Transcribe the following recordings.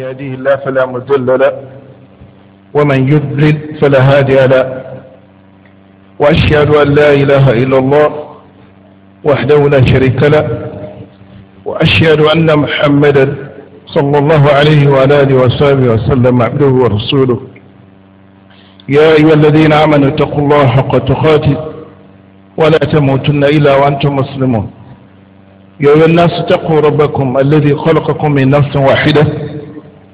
يهديه الله فلا مضل له ومن يضلل فلا هادي له واشهد ان لا اله الا الله وحده لا شريك له واشهد ان محمدا صلى الله عليه وعلى اله وصحبه وسلم عبده ورسوله يا ايها الذين امنوا اتقوا الله حق تقاته ولا تموتن الا وانتم مسلمون يا أيها الناس اتقوا ربكم الذي خلقكم من نفس واحدة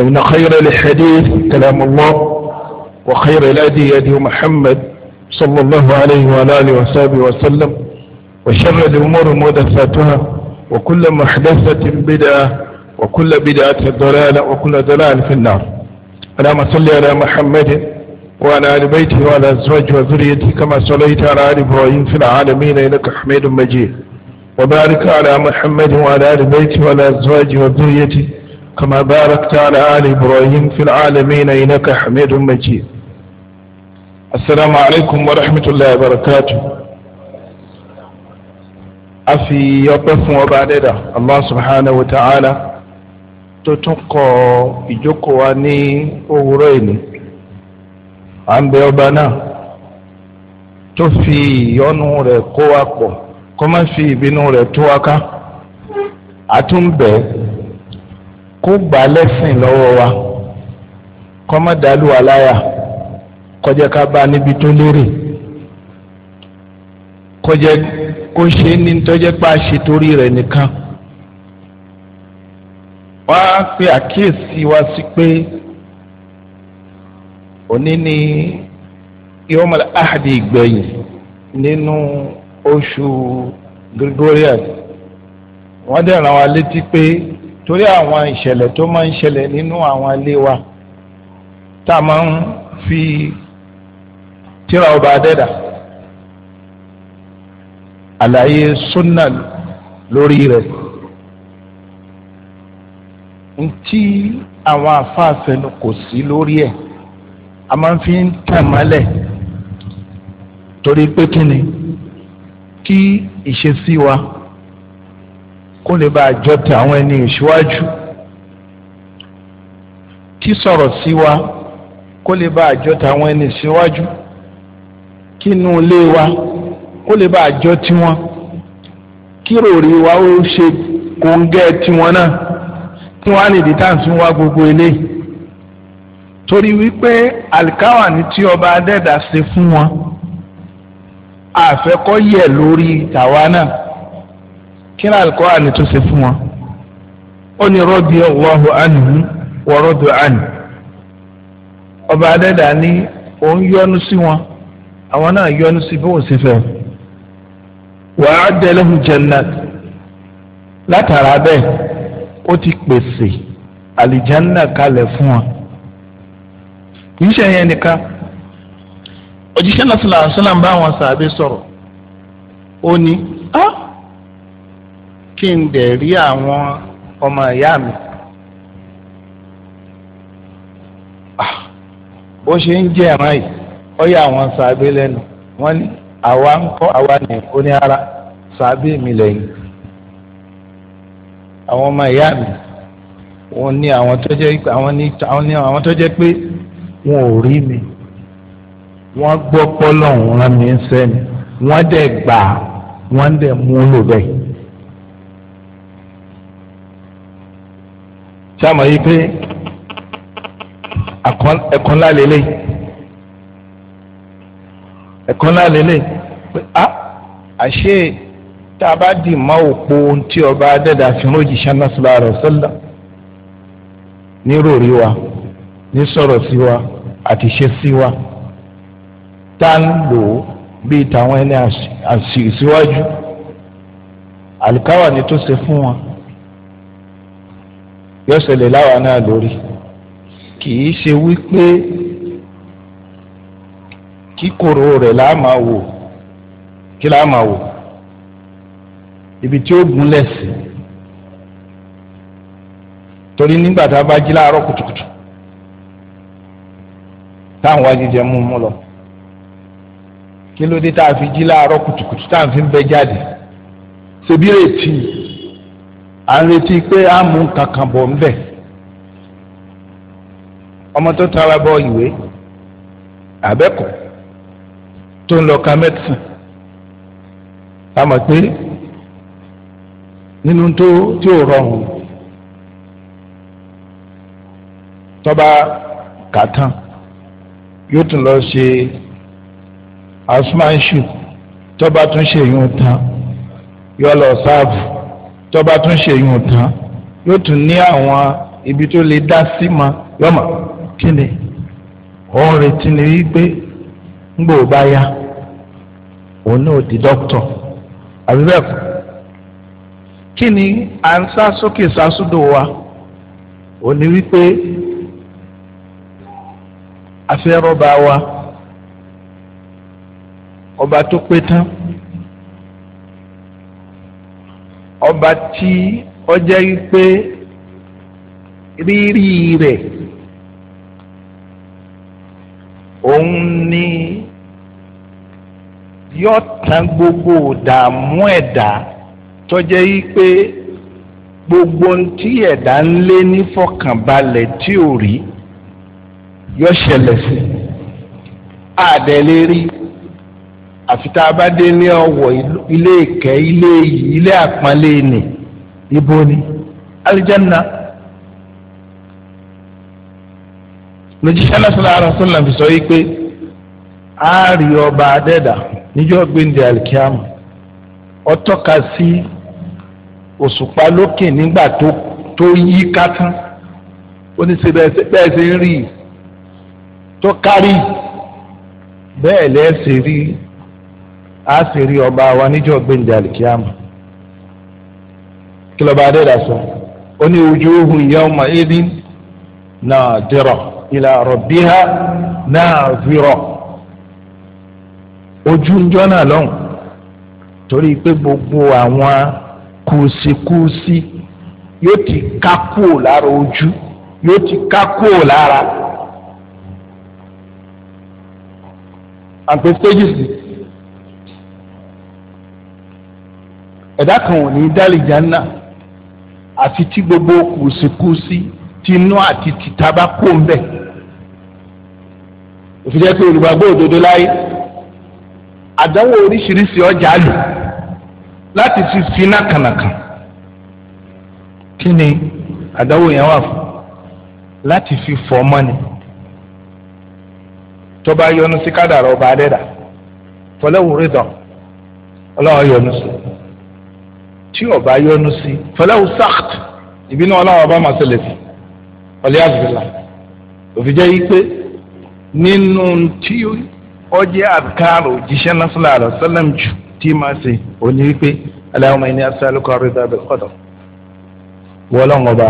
فإن خير الحديث كلام الله وخير الأدي أدي محمد صلى الله عليه وعلى آله وصحبه وسلم وشر الأمور محدثاتها وكل محدثة بدعة وكل بدعة ضلالة وكل ضلال في النار اللهم صل على محمد وعلى آل بيته وعلى أزواجه وذريته كما صليت على آل إبراهيم في العالمين إنك حميد مجيد وبارك على محمد وعلى آل بيته وعلى أزواجه وذريته كما باركت على آل إبراهيم في العالمين إنك حميد مجيد السلام عليكم ورحمة الله وبركاته أفي يطف وبعددا الله سبحانه وتعالى تتقى إجوكواني أوريني عن بيوبانا tó fi ìyọ́nú rẹ̀ kó wa pọ̀ kó má fi ìbínú kó gbà lẹ́sìn lọ́wọ́ wa kọ́mọ́dàlú aláyà kọjá ká bá níbi tó lérè kọjá kó ṣe ní tọ́jẹ́ pa ṣètòrí rẹ̀ nìkan wọ́n á pe àkíyèsí wa sí pé òní ni yọmọlẹ ahadi ìgbẹ̀yìn nínú oṣù Gregorian wọ́n dẹ̀ ràn létí pé torí àwọn ìṣẹ̀lẹ̀ tó máa ń ṣẹlẹ̀ nínú àwọn ilé wa tá a máa ń fi tíra ọba adẹ́dà àlàyé súnà lórí rẹ̀ ntí àwọn afáàfẹnu kò sí lórí ẹ̀ a máa ń fi ń tàn torí pé kí ni kí ìṣesí wa kó lè bá àjọ tẹ àwọn ẹni ìṣíwájú kí sọ̀rọ̀ sí wa kó lè bá àjọ tẹ àwọn ẹni ìṣíwájú kí inú ilé wa kó lè bá àjọ tiwọn kí ròrí wa ó ṣe kóńgẹ́ tiwọn náà tí wọ́n á lè dé táǹsì wá gbogbo eléyìí torí wípé àlìkáwàní tí ọba adẹ́dà ṣe fún wọn àfẹ́kọ́ yẹ̀ lórí tàwa náà. kíra alukoran tó ṣe fún wọn ó ní radiyallahu anhu wa radu anhu ọba adẹ́dà ní òun yọ́nú sí wọn àwọn náà yọ́nú sí bóun ṣe fẹ́ wa a'adda jannat látara bẹ́ẹ̀ ó ti pèsè àlìjánná kalẹ̀ fún wọn kì í ṣe yẹn nìkan òjíṣẹ́ náà sallallahu alaihi wasallam bá wọn sàbẹ̀ sọ̀rọ̀ ó ní á. Ah? kí n dẹ̀ rí àwọn ọmọ ìyá mi. Ah, bó ṣe ń jẹ́ ẹ̀ràn yìí ó yà àwọn sàbí lẹ́nu wọ́n ní àwa ń kọ́ àwa ní ìkóní ara sàbí mi lẹ́yìn. àwọn ọmọ ìyá mi wọ́n ní àwọn tó jẹ́ àwọn ní àwọn tó jẹ́ pé wọn ò rí mi wọ́n gbọ́ pọ́lọ́ wọn mi ń sẹ́ni wọ́n dẹ̀ gbà wọ́n dẹ̀ mú lò bẹ́ẹ̀. sáàmù yìí pé ẹ̀kọ́ ńlá lélẹ̀ ẹ̀kọ́ ńlá lélẹ̀ pé a àṣé tá a bá dì má òpó ohun tí ọba adẹ́dà fi ń rojì sanna sílá rẹ̀ sọ́lá ní ròrí wa ní sọ̀rọ̀ sí wa àti ṣe sí wa tá ń lò ó bíi tàwọn ẹni àṣìṣíwájú àlùkáwà ni tó ṣe fún wọn yóò ṣẹlẹ̀ láwa náà lórí kì í ṣe wípé kíkorò rẹ̀ là á máa wò kí là á máa wò ibi tí ó gúnlẹ̀ sí torí nígbà tá a bá jí láàárọ̀ kùtùkùtù táwọn wá jíjẹ mú mú lọ kí ló dé tá a fi jí láàárọ̀ kùtùkùtù tá fi ń bẹ jáde ṣebí rè tì í à ń retí pé a mú kankan bọ̀ ń bẹ̀ ọmọ tó tara bọ ìwé àbẹ́kọ̀ tó ń lọ ka mẹ́tìsìn a mọ̀ pé nínú tó tí ò rọrùn tọ́ba kà yóò tún lọ ṣe asumanṣu tọ́ba tún ṣe yún tán yóò lọ sáàbù. tọba tún ṣe yùn tán yóò tún ní àwọn ibi tó lè dá sí ma yọmọ kí ni òun ni wípé ńgbò bá yá òun náà di dókítọ̀ àbí bẹ́ẹ̀ à ń sá sókè sásúdò wa òun ni wípé wa ọba tó pé ọba tí ó jẹ́ pé rírí rẹ̀ òun ni yóò tán gbogbo ìdààmú ẹ̀dá tó jẹ́ pé gbogbo tí ẹ̀dá ń lé ní fọkànbalẹ̀ tí ò rí yóò ṣẹlẹ̀ sí àdẹ̀lé àfi tá a ile eke ní ọ̀wọ̀ ilé ilé ilé ni ibo ni alijanna lójúṣẹ́ lásìlá arásùn náà fi sọ yìí pé a ọba adẹ́dà níjọ́ gbẹ̀ndẹ̀ alikiamu ó sí òṣùpá lókè nígbà tó yí kátán ó ní ṣe bẹ́ẹ̀ ṣe ń rí a sì rí ọba wa níjọ́ gbẹ̀ǹdà àlìkíyàmù kí lọ́ba adéda sọ ó ní wujuhun yawma idhin nadira ila rabbiha nazira ojú ń jọ́ náà lọ́hùn torí pé gbogbo àwọn kùsìkùsì yóò ti ká kúò lára ojú yóò ti ká lára ẹ̀dá kan ò ní dálì jánà àfi tí gbogbo kùsìkùsì tinú àti tìta bá kó ń bẹ̀ òfin jẹ́ pé olùgbàgbọ́ òdodo láyé àdánwò oríṣiríṣi ọjà lò láti fi finá kànàkàn kí ni àdánwò yẹn wà fún láti fi fọ́ mọ́ni tó bá yọnu sí kádàrá ọba adẹ́dà fọlẹ́wò ọlọ́wọ́ yọnu sí i tí ọba yọnu sí fẹlẹ́wù sáàt ìbínú ọlọ́wọ́ ọba máa ṣẹlẹ̀ sí ọlẹ́ àzùbẹ́là òfin jẹ́ yìí pé nínú tí ọjẹ́ àbíkárò jíṣẹ́ lásìlá rẹ̀ sẹ́lẹ̀m jù tí máa ṣe òní wípé aláwọ̀ ẹni asálùkọ́ rẹ̀dá bẹ̀ kọ́dọ̀ wọ́lọ́wọ́ ọba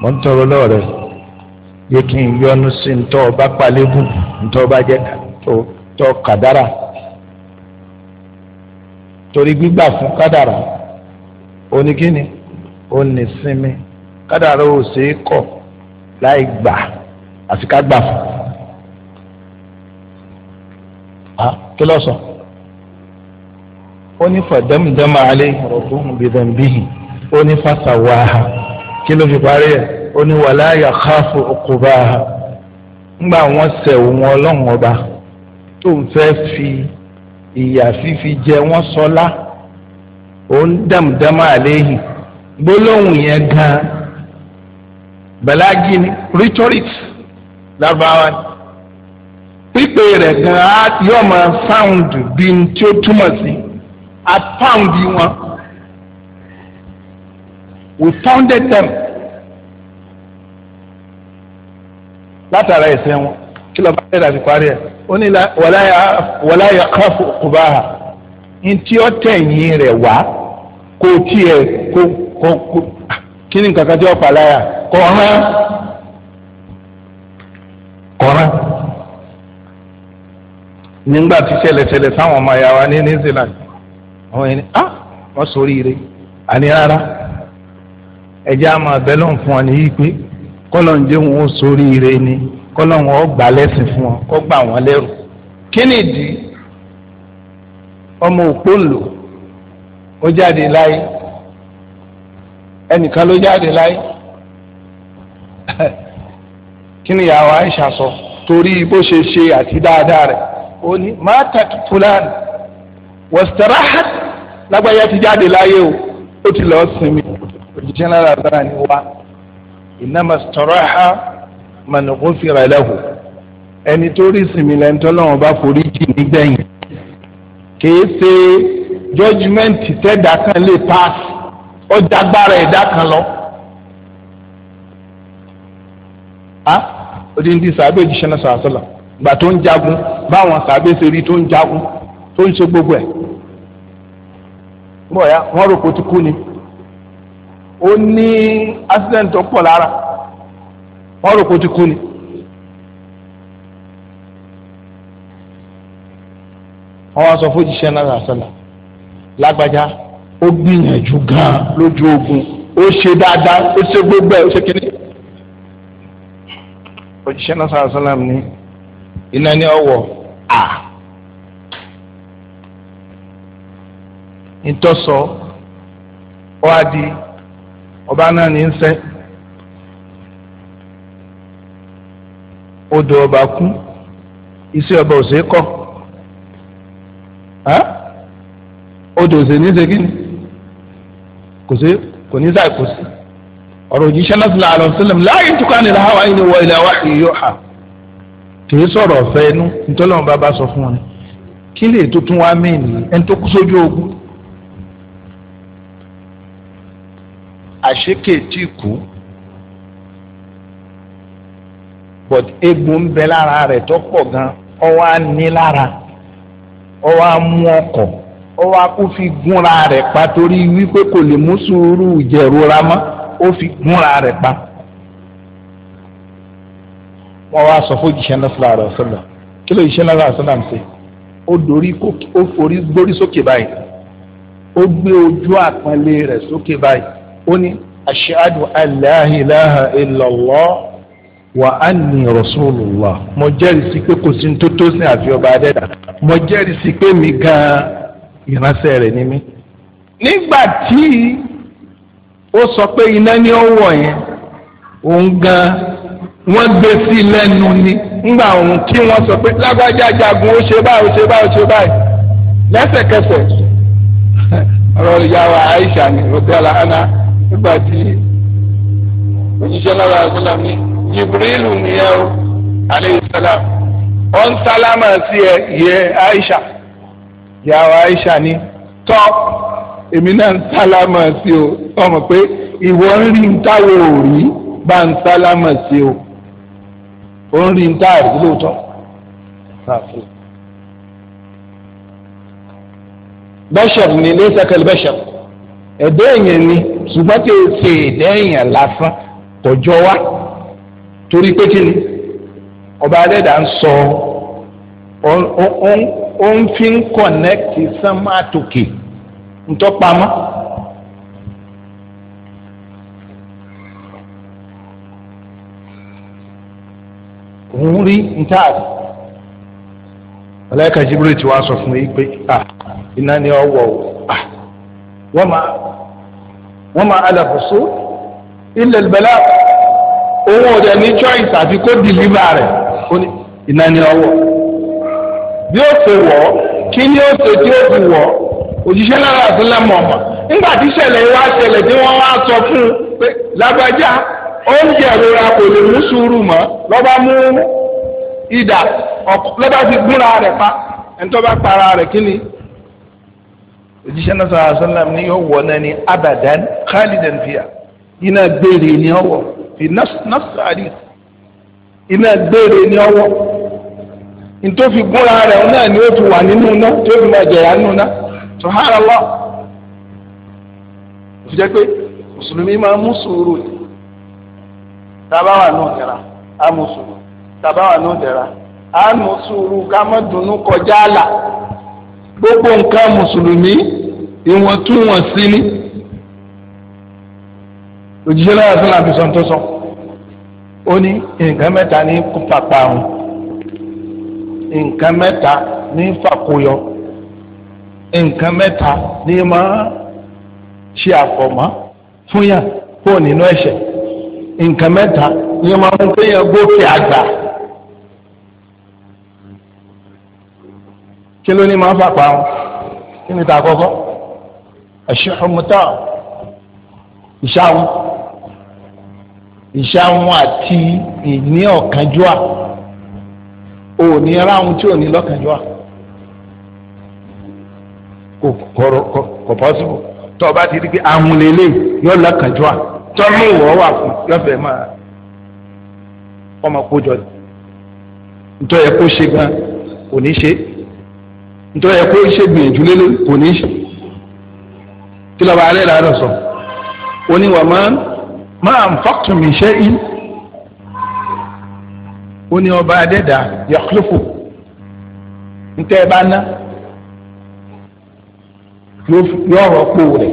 mọ̀ ń tọrọ lọ́wọ́ rẹ̀ yẹ kí n yọnu sí ntọ́ ọba palẹ́gùn ntọ́ ọba jẹ́ tọ́ kàdárà torí gbígbà fún kádàrà oníkíni onísinmi kádàrá ò ṣe é kọ̀ láì gbà àfi ká gbà fún un. kí ló sọ ó ní fàdámdámà alẹ́ rọ̀bùn bìdànbìhì ó ní fàṣàwáhà kí ló fi parí ẹ̀ ó ní wàláyà káfù ọkùbáhà ńgbà wọn sẹ̀wọ̀n wọn ọlọ́run ọba tó ń fẹ́ fi ìyà fífi jẹ wọ́n sọlá. So òun dàmdàmà àléhì gbólóhùn yẹn gan balaji ni rhetoric labawa pípé rẹ̀ gan á yóò máa sound bí n tí ó túmọ̀ sí a pound wọn we founded them látara ẹsẹ̀ wọn kí lọ́ba ẹ̀rọ àti parí ẹ̀ ó ní wàláyà kọ́fù kùbáhà ntí ọ̀tẹ̀yìn rẹ̀ wá. kó tiẹ̀ kó kí ni kankan tí ó pa láyà kọ̀ọ̀rán kọ̀ọ̀rán nígbà tí ṣẹlẹ̀ṣẹlẹ̀ táwọn ọmọ ayáwa ní New Zealand àwọn ẹni ah wọ́n sori ire àní rárá ẹjẹ́ fún ọ jẹ́ wọn ó ire ni wọn ó gbà lẹ́sìn fún ọ gbà lẹ́rù kí ó jáde láyé ẹnìkan ló jáde láyé kí ni ìyàwó Aisha sọ torí bó ṣe ṣe àti dáadáa rẹ̀ ó ní mátàkì fúlàní wọ́sítẹ́ráhà lágbàáyé ti jáde láyé o ó ti lọ́ọ́ sinmi òjijì náírà dára ni wá ìnáma sítọ́ráhà mànìkún fìrà lẹ́hùn ẹni tó rí sinmi lẹ́ńtọ́ lọ́wọ́ bá forí jì nígbẹ̀yìn kì í ṣe. judgment tẹ́dà kan lè pass ọjà agbára ẹ̀dá kan lọ. sàbẹ̀ náà sọ̀rọ̀ sọ̀rọ̀ gbà tó ń jagun báwọn sàbẹ̀ ṣe rí tó ń jagun tó ń ṣe gbogbo ẹ̀. wọ́n rò kó kú ni ó ní accident tó pọ̀ lára wọ́n kú ni. wọ́n wá sọ lágbájá ó gbìyànjú gan lójú ogun ó ṣe dáadáa ó ṣe gbogbo ẹ̀ ó ṣe kíní. òjíṣẹ́ náà sọ̀rọ̀ sọ́làm ní iná ní ọ̀wọ̀ à ìtọ́sọ ọ́ adi ọba náà ní í sẹ́. odò ọba kú iṣẹ́ ọba ò ṣeé kọ́ odò òsè ní segin kò sí kò ní sáì kò sí ọ̀rọ̀ òjíṣẹ́ lọ́sọ̀lá àlọ́sọ̀lẹ̀m láàyè tó kàn ní làwọn àyìn wọ ilẹ̀ wa kì í yọ sọ̀rọ̀ ọ̀fẹ́ inú nítorí wọn bá bá sọ fún wọn kí lè tó wá mí nìyí ẹni tó kú sójú ogun àṣekè tí kú but egbò ń bẹ lára rẹ̀ tó pọ̀ gan ọwọ́ á ní lára ọwọ́ á mú ọkọ̀ ó wá kó fi gúnra rẹ̀ pa torí wípé kò lè mú sùúrù jẹ̀rora mọ́ ó fi gúnra rẹ̀ pa wọ́n wá sọ fún ìjìṣẹ́ náà fúlàrà ọ̀sọ́là kí ló ìjìṣẹ́ náà fúlàrà ṣe ó dorí ó forí gbórí sókè báyìí ó gbé ojú àpọ́nlé rẹ̀ sókè báyìí ó ní ashhadu an la ilaha illallah wa anni rasulullah mo jẹ́rìí sí pé kò sí ní tó tó sí àfi ọba adẹ́dà mo jẹ́rìí sí pé mi gan-an ìránṣẹ́ rẹ̀ ni mí. nígbà tí ó sọ pé iná ni ó wọ̀ yẹn òun gan wọ́n gbé sí lẹ́nu ni ńgbà òun kí wọ́n sọ pé lágbájá jagun ó ṣe báyìí ó ṣe báyìí ó ṣe báyìí lẹ́sẹ̀kẹsẹ̀ ọ̀rọ̀ ìyàwó Aisha ni rọ̀bẹ́lá ana nígbà tí òjíṣẹ́ náà wà sọ́nà mi Jibrilu nìyẹn o aleyhi salam ọ̀n sálámà sí ẹ yẹ Aisha ìyàwó Aisha ni tọ́ èmi náà ń sálámà sí o ọmọ pé ìwọ ń rí ń òrí bá ń sálámà sí o ó ń rí ń tá àrí lóòótọ́ bẹ́ṣọ̀p ni lẹ́sẹ̀kẹ́lì bẹ́ṣọ̀p ẹ̀dẹ́ èèyàn ni ṣùgbọ́n tí o ṣe ẹ̀dẹ́ èèyàn lásán kò jọ wá torí pé kí ni ọba adẹ́dà ń sọ ọ́n òun fi ń kọ̀nẹ́kì sánmà àtòkè ntọ́pamọ́. òun rí ntaàrí ọlọ́yẹ̀ká jibril ti wá sọ fún yìí pé iná ni ọ wọ̀ wọ́n máa wọ́n máa alàkóso ilẹ̀ ìbẹ̀lẹ̀ òun ò dẹ̀ ní choice àfi kó dìlíbà rẹ̀ iná ni ọ wọ̀ bí ó ṣe wọ̀ ọ́ kí ni ó ṣe tí ó fi wọ̀ ọ́ òjíṣẹ́ lára àtúnlẹ̀ mọ̀ ọ̀mọ̀ nígbà tí ìṣẹ̀lẹ̀ wá ṣẹlẹ̀ tí wọ́n wá sọ fún un pé lágbájá oúnjẹ ìrora kò lè mú sùúrù mọ́ lọ́ba mú ìdà lọ́ba fi gúnra rẹ̀ pa ẹni bá para rẹ̀ kí ni òjíṣẹ́ náà sọ̀rọ̀ àtúnlẹ̀ ní yóò wọ̀ náà ní abadan khalidan fiya iná gbére ní ọwọ́ fi nọ́ọ̀sì àdìs iná gbére ní ọwọ́ nítòfi gúnra rẹ̀ òun náà ni ó fi wà nínú iná tí ó fi máa jẹ̀yà nínú iná subhanallah ó fi jẹ́ pé mùsùlùmí máa mú sùúrù tábàwà náà dẹ̀ra á mú sùúrù tábàwà náà dẹ̀ra á mú sùúrù ká má dùnnú kọjá àlà gbogbo nǹkan mùsùlùmí ìwọ̀ntúnwọ̀nsí ni òjíṣẹ́ lára sọ́nà àbísọ̀ tó sọ ó ní nǹkan mẹ́ta ní kó pàpà ọ̀hún. nǹkan mẹ́ta ní fàkóyọ nǹkan mẹ́ta ní máa ṣe àfọ̀mọ́ fún yàn kó nínú ẹ̀ṣẹ̀ nǹkan mẹ́ta ní máa mú kéèyàn gòkè àgbà. kí ló ní máa fàpá wọn kí ni ta kọ́kọ́ ẹ̀ṣẹ̀ ọmọọta ìṣàwọn ìṣàwọn àti ìní o ò ní ra ohun tí ò ní lọ́kànjọ́ à kò kọ̀rọ̀ kò pọ́sibú tó o bá ti di pé ahun lélẹ̀ yóò lọ́kànjọ́ à tọ́lú ìwọ́ wà fún yọ̀fẹ̀ máa ọmọ kójọ ntọ́ yẹ kó ṣe gan kò ní ṣe ntọ́ yẹ kó ṣe gbìyànjú lé kò ní ṣe kí lọ́ba alẹ́ làárọ̀ sọ oníwàmọ́ máa ń fọ́tùmí ṣẹ́yìn. ó ọba adẹ́dà yọkúlùfù ntẹ́ ẹ bá ná yọ rọ́pò rẹ̀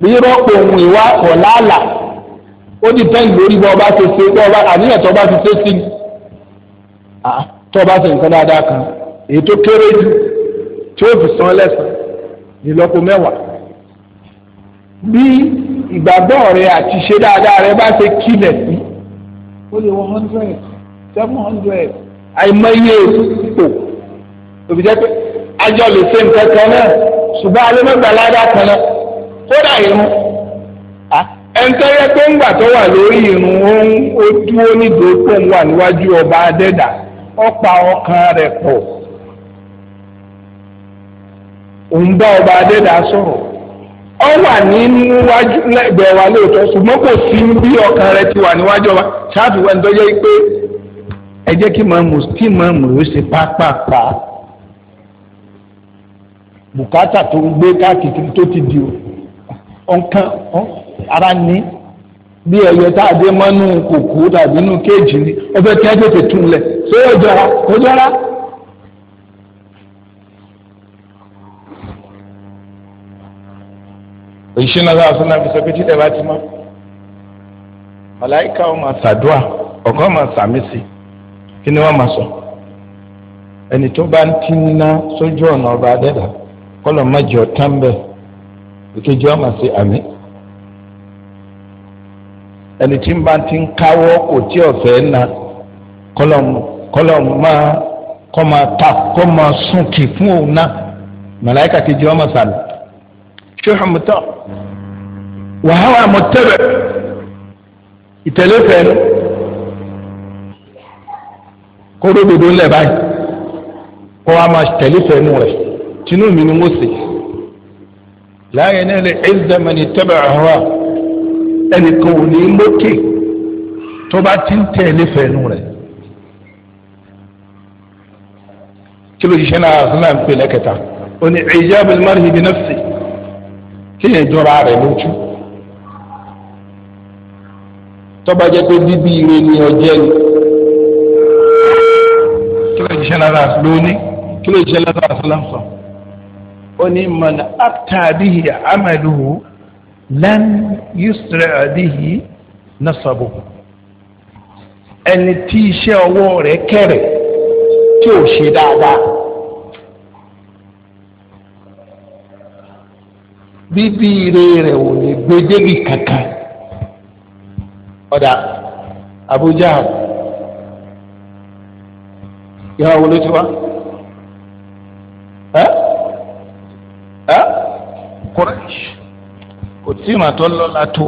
bí ohun ìwà ọ̀làlà ó di pẹ́ǹ lórí bọ́ ọba ṣe ọba àníyàn tó ọba ti ṣe sí tó ọba ṣe nǹkan dáadáa kan èyí tó kéré jù tí ó fi san lẹ́sàn-án mẹ́wàá bí ìgbàgbọ́ rẹ rẹ bá ó lè wọ hundred seven hundred àìmọye ipò òbí jẹ́ pé àjọ lè ṣe nǹkan kan náà ṣùgbọ́n alẹ́ mẹ́gbàá ládàá kan náà kódà irun ẹnitọ́ yẹ pé ńgbà tó wà lórí irun òun ó dúró nídòó tó ń wà níwájú ọba adẹ́dà ó ọkàn rẹ̀ pọ̀ òun ọba adẹ́dà sọ̀rọ̀. ọ wà níwájú lẹ́gbẹ̀ẹ́ wa lóòótọ́ ṣùgbọ́n kò sí bí ọkàn rẹ ti wà níwájú wa ṣáàbì wẹ́n tó yẹ pé ẹ jẹ́ kí mọ̀ọ́mù kí mọ̀ọ́mù yóò ṣe pápápá bùkátà tó ń gbé káàkiri tó ti di ọ̀kan ara ní bí ẹyẹ tá a dé mọ́nú kòkó tàbí inú kéèjì ni ọbẹ̀ tí lẹ̀ ṣé òṣìṣẹ́ náà sọ náà fi sọ pé títẹ̀ bá ti mọ́ màláìka wọn máa ṣàdúà ọ̀gá máa kí ni wọ́n máa sọ ẹni tó bá ń tí ń ná sójú ọ̀nà ọba adẹ́dà kọ́lọ̀ mẹ́jọ tán bẹ́ẹ̀ ìkejì ọmọ sí àmì ẹni tí ń bá ti ń káwọ́ kò tí ọ̀fẹ́ ń kọ́lọ̀ máa kọ́ máa ta kọ́ máa sùn kì fún òun náà màláìka kejì ọmọ sàmì. شيخ متاق وهو متبع يتلفه قولوا بدون لبعي هو ما اشتلفه نورش تنو من موسي لا ينال عزة من يتبع هو أن يكوني موكي تبع تنتلفه نورش كل شيء أنا أصلاً في لكتا وني عجاب المرهي بنفسي tí ìjọra rẹ̀ lójú tọ́ba jẹ́ pé bíbí ire ni ọjẹ́ ni kí ló ṣiṣẹ́ lára lónìí kí ló ṣiṣẹ́ lára sọ́lámsọ. ó ní man abta bihi amaluhu lan yusra nasabu ẹni tí iṣẹ́ ọwọ́ rẹ̀ kẹrẹ̀ tí ò ṣe dáadáa. bíbí ire rẹ̀ ò ní gbedégi kankan ọ̀dà Abuja ìhà wo ló ti wá ẹ ẹ Quraish kò tí ì mà tó lọ́la tó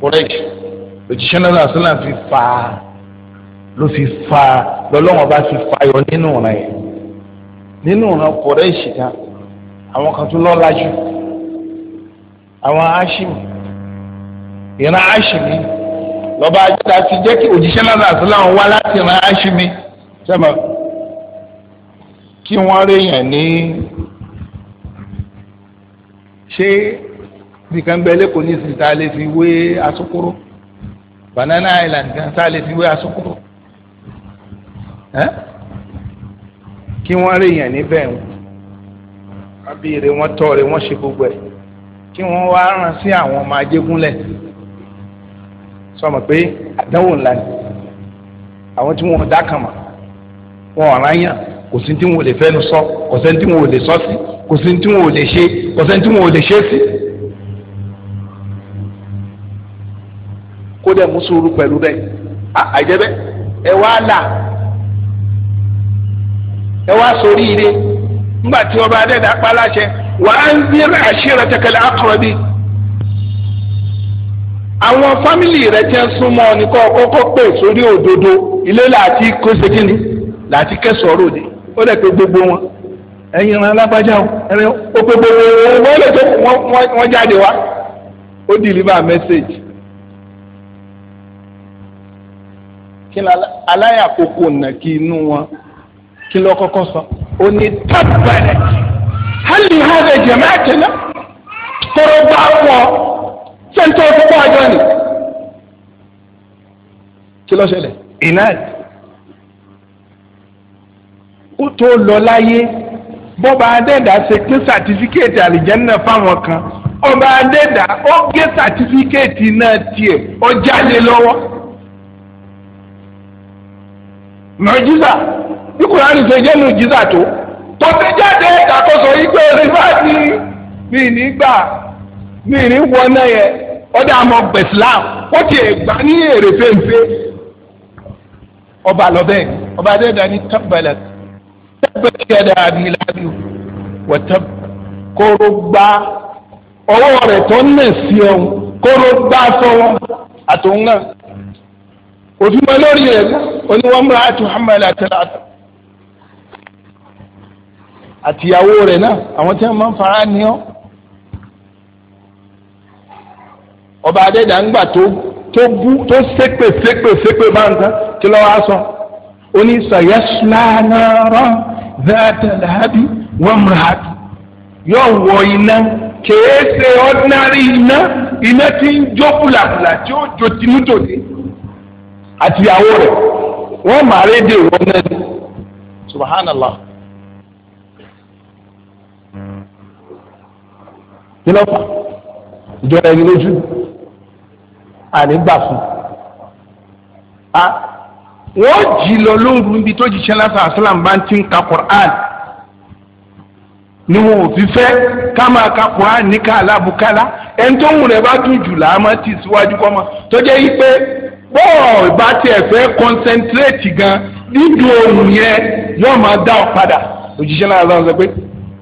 Quraish òjíṣẹ́ náà làásùlà fi fà á ló fi fà á lọ́lọ́wọ́n bá fi fà yọ nínú rẹ̀ nínú rẹ̀ Quraish kan àwọn kan tó lọ́la jù àwọn ashim ìran ashimi lọ́ba ajá ti jẹ́ kí òjíṣẹ́ náà àti láwọn wá láti ìran ashimi sẹ́mọ̀ kí wọ́n réèyàn ní ṣé nìkan bẹ lẹ́kọ̀ọ́ ní ìsìn tá a lè fi wé asokoro banana island kan tá a lè fi wé asokoro kí wọ́n réèyàn níbẹ̀ ń àbí ire wọn tọ́ rẹ̀ wọ́n ṣe gbogbo ẹ̀ kí wọ́n wá rán sí àwọn ọmọ ajégúnlẹ̀ sọmọ pé àdánwò ńlá ni àwọn tí wọn dá kàn mọ́ wọn ọ̀rá yàn kò sí tí wọn ò lè fẹ́nu sọ kò sẹ́ni tí wọn ò lè sọ sí kò sí tí wọn ò lè ṣe kò sẹ́ni tí wọn ò lè ṣe sí. kó dẹ̀ mú sùúrù pẹ̀lú bẹ́ẹ̀ àjẹbẹ́ ẹ wá là ẹ wá sórí ire ńgbà tí ọba adẹ́dá pa láṣẹ wà á ń dín àṣírẹ tẹkẹlẹ àkọrọbí àwọn fámìlì rẹ jẹ́ súnmọ́ ní kọ́ kọ́kọ́ pè sórí òdodo ilé láti kó segínì láti kẹsọ̀rọ̀ òde ó dẹ̀ pé gbogbo wọn ẹ̀yin ran alágbájá o ẹ̀rẹ́ o pé gbogbo wọn wọ́n lè tó wọ́n jáde wá ó deliver message. kí ni aláyàkókò nà kí inú wọn kí ló sọ. So òní tábàlẹ̀ hali hàbẹ̀ jẹ̀mẹ́ àtẹnà kọ́rọ̀ bá wọ̀ sẹ́ńtọ́ púpọ̀ àjọ ni. kí ló ṣẹlẹ̀ ináàt ó tó lọ láyé bọ́ba adẹ́dà ṣe pín sàtífíkẹ́ẹ̀tì àlìjẹ́nà fáwọn kan ọba adẹ́dà ó gé sàtífíkẹ́ẹ̀tì náà tiẹ̀ ó jáde lọ́wọ́ mọ̀jísà bí kùránì ṣe jẹ́ nu jíza tó tó ti jáde ìdàkóso yìí pé rìfáàsì mi nígbà mi ní wọná yẹn ọdẹ àmọ́ gbẹ̀sìlám ó ti gbà ní èrè fèǹfé ọba lọ́bẹ̀ ọba dẹ́dà ní tábàlẹ̀ tábàlẹ̀ kẹ́dà àbí lábíù wọ́tá kóró gbá ọwọ́ rẹ̀ tó ń nà sí ọ̀hún kóró gbá fọwọ́ àtòun òfin mọ́ lórí rẹ̀ oníwọ́n àti muhammed àti aláàtọ̀ àtìyàwó rẹ̀ náà àwọn tí wọ́n máa ń fara ní ọ́ ọba adẹ́dà ń gbà tó bú tó ṣépè ṣépè ṣépè bá nǹkan kí lọ́wọ́ á sọ ó ní sàyẹ́sùlá náà rán dáadáa wọ́n múra yóò wọ iná kèése ordinary iná iná tí ń jó fúlàfúlà tí ó jó tinútòdì àtìyàwó rẹ̀ wọ́n màá rédè wọ́n náà subhanallah. kí ló fà ìjọra ẹni lójú ànígbà fún wọ́n jì lọ lóru níbi tó jíṣẹ́ lásán àṣàlám bá ń ti ń ka Qur'an ni wọn ò fi fẹ́ ká máa ka Qur'an ní ká alábùkálá ẹni tó ń wù rẹ̀ bá dùn jù láàmú ti síwájú kọ́ ma tó jẹ́ yí pé bọ́ọ̀ ìbá tiẹ̀ fẹ́ kọ́nsẹ̀ntrétì gan dídùn ohun yẹn yóò máa dá ọ padà òjíṣẹ́ náà lọ́wọ́ sọ pé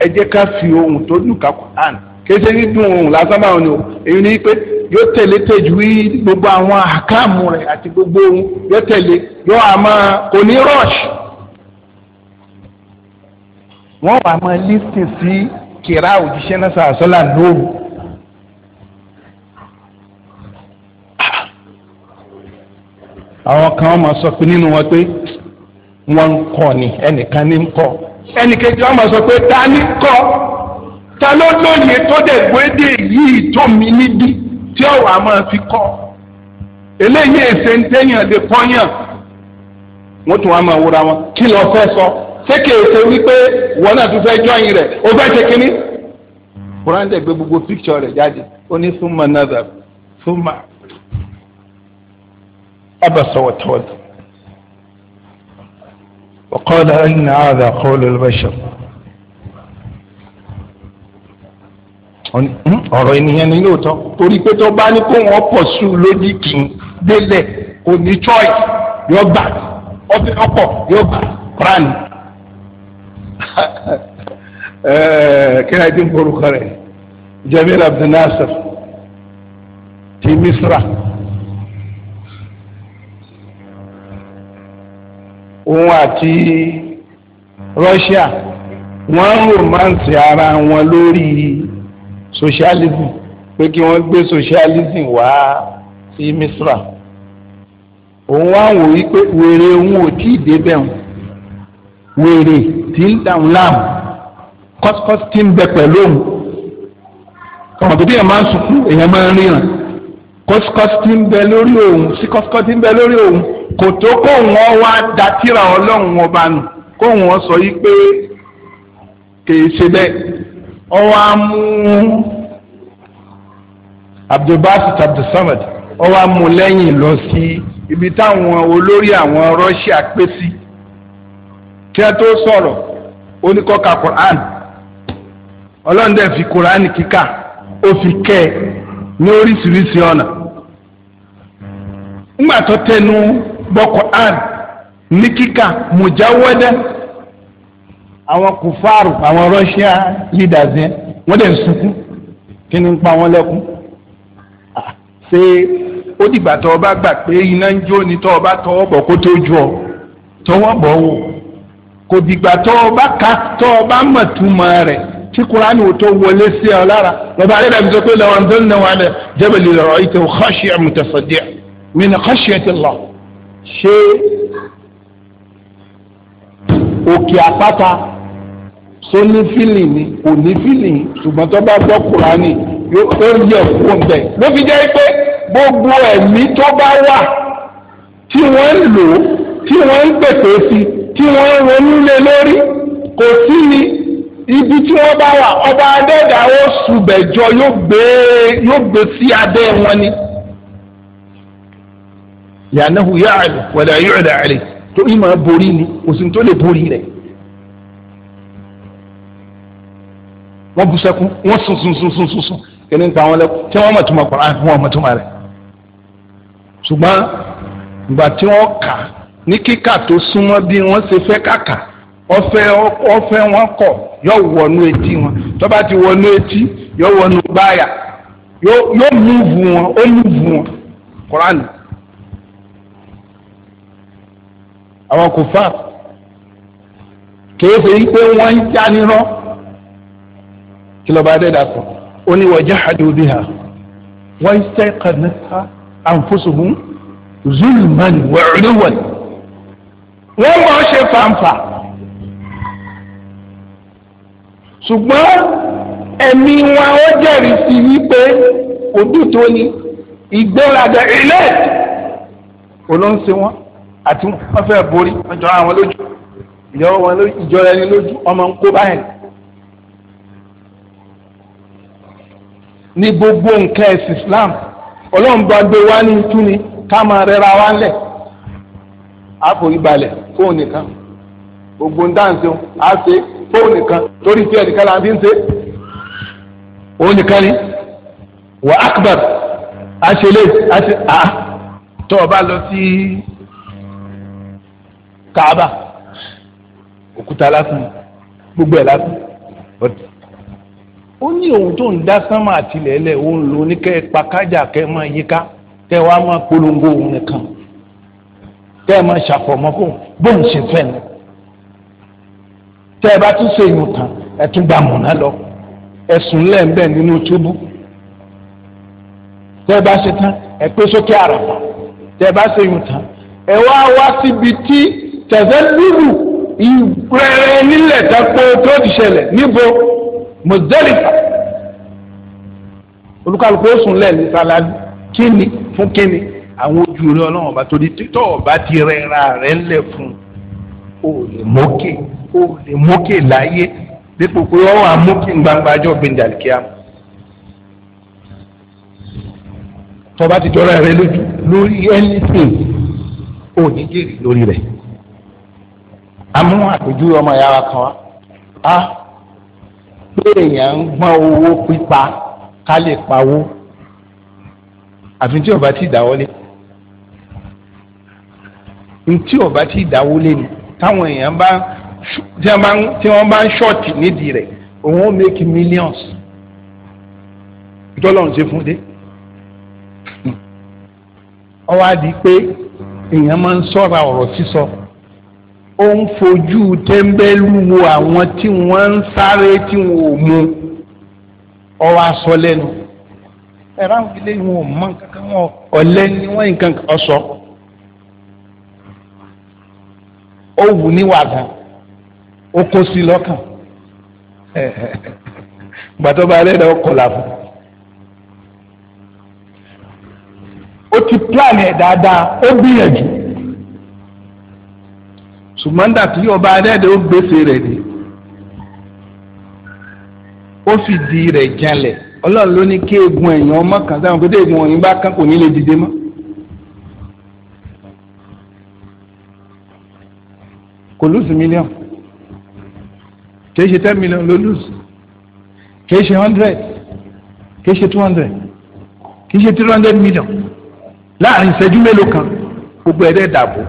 ẹ jẹ́ ká fi ohun tó dùn ká Qur'an kéṣe ní dùn òun lásán báwọn ni o èyí ni pé yóò tẹ̀lé tẹ̀jú wí gbogbo àwọn àkàmù rẹ̀ àti gbogbo ohun yóò tẹ̀lé yóò àmọ́ kò ní rush wọ́n wà máa lísìn sí kìrá òjíṣẹ́ náà sàásọ́là lóru. àwọn kan máa sọ pé nínú wọn pé wọ́n ń kọ́ ni ẹnìkan ní ń kọ́ ẹnìkejì wọn máa sọ pé ta ni kọ́ ta ló lóye tó dẹ̀ gbédè yìí tó mi níbi tí ọ̀wà máa fi kọ́ eléyìí èsè ń téèyàn lè pọ́yàn wọ́n tún wá máa wúra wọn kí lọ fẹ́ sọ sékè èsè wípé wọn náà tún fẹ́ jọyìn rẹ̀ o fẹ́ ṣe kínní. Quran gbé gbogbo píkṣọ rẹ̀ jáde ó ní súnmọ́ nazar súnmọ́ abasọ̀wọ̀tọ̀wọ̀tọ̀. وقال إن هذا قول البشر Hm, ọ̀rọ̀ ènìyàn ni lóòótọ́ torí pé tó bá ní kó wọn pọ̀ sí i lódì kì í délẹ̀ kò ní choice yóò gbà ọbẹ̀ ọkọ̀ yóò gbà kúránì. Eh, kí ni a ti ń borúkọ rẹ̀ Jamil Abdul ti Misra. òun àti Russia wọ́n ń romance ara wọn lórí socialism pé kí wọ́n gbé socialism wá sí misra òun wá wò yí pé wèrè òun ò tí ì débẹ̀ wọn wèrè tí ń dàrún láàmú kọ́síkọ́sí tí ń bẹ pẹ̀lú òun ọmọ tó bí èèyàn máa ń sunkún èèyàn máa ń ríran kọ́síkọ́sí tí ń bẹ lórí òun sí tí ń bẹ lórí òun kò tó kóun ọ wá datira ọlọ́run ọba nù kóun ọ sọ yí pé kèé ṣe bẹ́ẹ̀. ọwọ́ amú abdulbasit abdulsamad ọwọ́ amú lẹ́yìn lọ sí ibi táwọn olórí àwọn Russia pé sí kí ẹ tó sọ̀rọ̀ oníkọ́ka Quran ọlọ́run dẹ̀ fi Quran kíkà ó fi kẹ́ ẹ ní oríṣiríṣi ọ̀nà ńgbà tó tẹnu bọ Quran ní kíkà mùjáwọ́dẹ́. àwọn kùfàrù àwọn Russia leaders yẹn wọ́n dẹ̀ ń sunkún kí ni ń pa wọ́n lẹ́kún ṣé ó dìgbà tó o bá gbà pé iná ń jó ni tó o bá tọwọ́ bọ̀ kó tó jù ọ tọwọ́ bọ̀ wò kò dìgbà tó o bá ka tó o bá mọ̀ túmọ̀ rẹ̀ tí kurani ò tó wọlé sí ọ lára lọba alẹ́ dàbí sọ lọ́wọ́ ń dọ́nà wà lẹ́ jẹ́bẹ̀lì lọ́rọ̀ ìtẹ̀ khashi'a mutasaddi'a min khashyati Allah ṣé òkè àpáta so ní fílì ni kò ní fílì ṣùgbọ́n tó bá gbọ́ kúránì yóò yẹ kó bẹ̀. ló fi jẹ́ pé gbogbo ẹ̀mí tó bá wà tí wọ́n ń lò tí wọ́n ń pèpè sí tí wọ́n ń ronú lé lórí kò sí ni ibi tí wọ́n bá wà ọba adẹ́dà ó ṣùbẹ̀jọ yóò gbé sí abẹ́ wọn ni. yànnàhùn yáàlú wàlẹ́ yóò dà tó ìmọ̀ borí ni kò sí ní tó lè borí rẹ̀. wọ́n bu sẹ́kún wọ́n sùn sùn sùn sùn sùn sùn kìnnì ń pa wọn lẹ́kún tí wọ́n mọ̀túnmọ̀ kọ́ra wọn mọ̀túnmọ̀ rẹ̀ ṣùgbọ́n ìgbà tí wọ́n kà ní kíkà tó súnmọ́ bí wọ́n ṣe fẹ́ kàkà ọ̀fẹ́ ọ̀fẹ́ wọn kọ̀ yóò wọnú etí wọn tó bá ti wọnú etí yóò wọnú báyà yóò múvu wọn ó múvu wọn kọ́ránì. àwọn kò fà kéèfé yìí pé wọ́n ń já nírọ́ kí lọ́ba adẹ́dà sọ ó ní wọ́n jahadu biha wọ́n istayqanatha anfusuhum zulman wa 'uluwan wọ́n mọ̀ ọ́ ṣe fàǹfà ṣùgbọ́n ẹ̀mí wa ó jẹ́rìí sí wípé òdùtò ni ìgbéraga ilé olóńsè wọn àti wọn fẹ́ borí wọn àwọn lójú ìjọ ẹni lójú ọmọ ń kó báyìí. ní gbogbo nǹkan ẹ̀sìn Islam ọlọ́run bá gbé wá ní túni ká máa rẹra wá ńlẹ̀ àforí balẹ̀ fóun nìkan gbogbo dáǹsì á ṣe fóun nìkan torí tí ẹnìkan la fi ń ṣe òun nìkan ni wà akbar àṣẹlẹ̀ àṣẹ àá tó o bá lọ sí Kaaba òkúta lásán gbogbo ẹ̀ lásán ó ní òun tó ń dá sánmà àtìlẹ́lẹ̀ òun lò ní kẹ́ ẹ pa kájà kẹ́ ẹ máa yíká kẹ́ ẹ wá máa polongo òun nìkan kẹ́ ẹ máa ṣàfọ̀mọ́ fún bóun ṣe fẹ́ ni tẹ́ ẹ bá tún ṣe ìyún tán ẹ tún gba mọ̀nà lọ ẹ̀sùn lẹ́ẹ̀mbẹ́ nínú túbú tẹ́ ẹ bá ṣe tán ẹ pé sókè àràpà tẹ́ ẹ bá ṣe ìyún tán ẹ wá wá síbi tí tẹ̀sẹ̀ lúlù ìrẹ̀rẹ̀ nílẹ̀ dápò tó ti ṣẹlẹ̀ níbo. Muzdalifa olùkàlùkù ó sùn lẹ́ẹ̀lì sàlàyé kíni fún kíni àwọn ojú rẹ ọlọ́run ọba torí títọ́ ọba ti rẹra rẹ lẹ̀ fún o lè mókè o lè mókè láyé dípò pé ọwọ́ àmókè gbangba ajọ́ gbẹ̀ndàlìkíá tọba ti jọra rẹ lójú lórí anything o ní jèrè lórí rẹ amú àpèjúwe ọmọ ìyá kan wa kéèyàn ń gbọ́n owó pípa ká lè pawó àfi tí ọba ti dáwọ́lé ntí ọba ti dáwọ́lé ni táwọn èèyàn bá tí wọ́n bá ń ṣọ́ọ̀tì nídìí rẹ̀ òun ó make millions dọ́là ṣe fún dé ó wá di pé èèyàn máa ń sọ́ra ọ̀rọ̀ sísọ. So ó ń fojú tẹ́ḿbẹ́lú wo àwọn tí wọ́n ń sáré tí wọ́n ò mu ọwọ́ aṣọ lẹ́nu ẹ̀rọ àwọn ilé wọn ò mọ nǹkan kan wọn ọ̀lẹ́ ni wọ́n nǹkan ọ̀sọ́ ó wù níwà gan ó kó sí lọ́kàn gbàtọ́ bá alẹ́ náà kọlà ó ti plan ẹ̀ dáadáa ó gbìyànjú ṣùgbọ́n dàtí ọba adẹ́dẹ́ ó gbèsè rẹ̀ dé ó fìdí rẹ̀ janlẹ̀ ọlọ́run ló ní kí egun ẹ̀yàn ọmọ kan sáwọn pété egun ọ̀yìn bá kán kò ní lè dìde mọ́. kò lùsì mílíọ̀n kì í ṣe ten million ló lùsì kì í ṣe hundred kì í ṣe two hundred kì í ṣe three hundred million láàrin ìṣẹ́jú mélòó kan gbogbo ẹ̀rẹ́ dàbò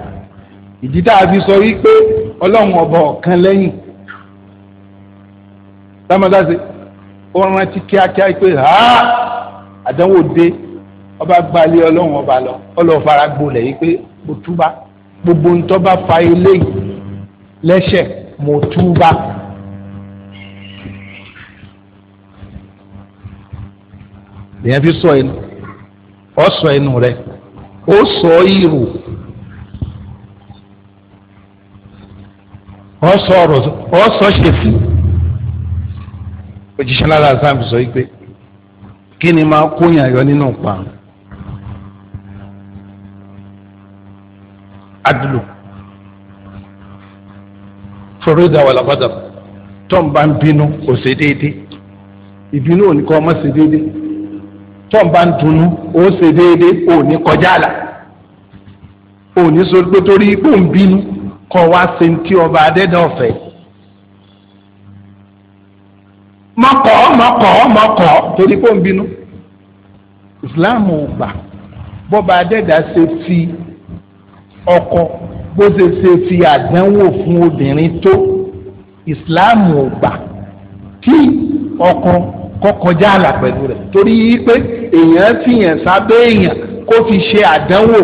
ìdí tá a fi sọ wípé ọlọ́run ọba ọ̀kan lẹ́yìn lámọ́dáṣe ó rántí kíákíá pé ha àdánwò dé ọba gbalẹ̀ ọlọ́run ọba lọ ọlọ́run fara gbolẹ̀ yìí pé mo túbá gbogbo ntọ́ bá fa eléyìí lẹ́sẹ̀ mo túbá. lèyàn fi sọ ẹnu ọ sọ ẹnu rẹ ó sọ ìrù ọsọ ọ̀rọ̀ ọsọ ṣe fún òjíṣẹ́ lára sam sọ wípé kí ni máa kóyàn yọ nínú pa adulu fọrọdà wà lábàdà tọ́m bá ń bínú kò ṣe déédé ìbínú ò ní kọ́ ọmọ ṣe déédé tọ́m bá ń dunnú ó ṣe déédé ò kọjá àlà ò sọ pé torí ipò ń bínú kọ́ wá ṣe ń tí ọba adẹ́dọ̀fẹ́ mọ́kọ́ mọ́kọ́ mọ́kọ́ torí pé ó ń bínú Islam ò gbà bọ́ba adẹ́dà ṣe fi ọkọ bó ṣe ṣe fi àdánwò fún obìnrin tó Islam ò gbà kí ọkọ kọkọjá àlà pẹ̀lú rẹ̀ torí pé èèyàn fìyàn sábẹ́ èèyàn kó fi ṣe àdánwò.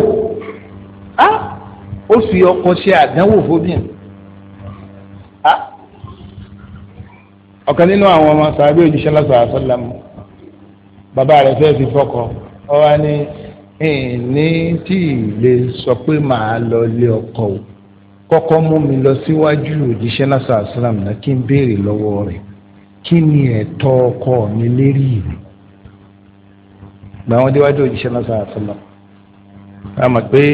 Ah? ó fi ọkọ ṣe àdánwò fóbìnrin ah. ọ̀kan nínú àwọn ọmọ sàbẹ̀ òjíṣẹ́ lọ́sọ̀ àṣọlámù bàbá rẹ̀ fẹ́ẹ́ fi fọkọ ọ wá ní ní tí lè sọ pé màá lọ lé ọkọ o kọ́kọ́ mú mi lọ síwájú òjíṣẹ́ lọ́sọ̀ àṣọlámù náà kí n béèrè lọ́wọ́ rẹ̀ kí ni ẹ̀tọ́ ọkọ mi lérí mi gbà wọ́n déwájú òjíṣẹ́ lọ́sọ̀ àṣọlámù. a mọ̀ pé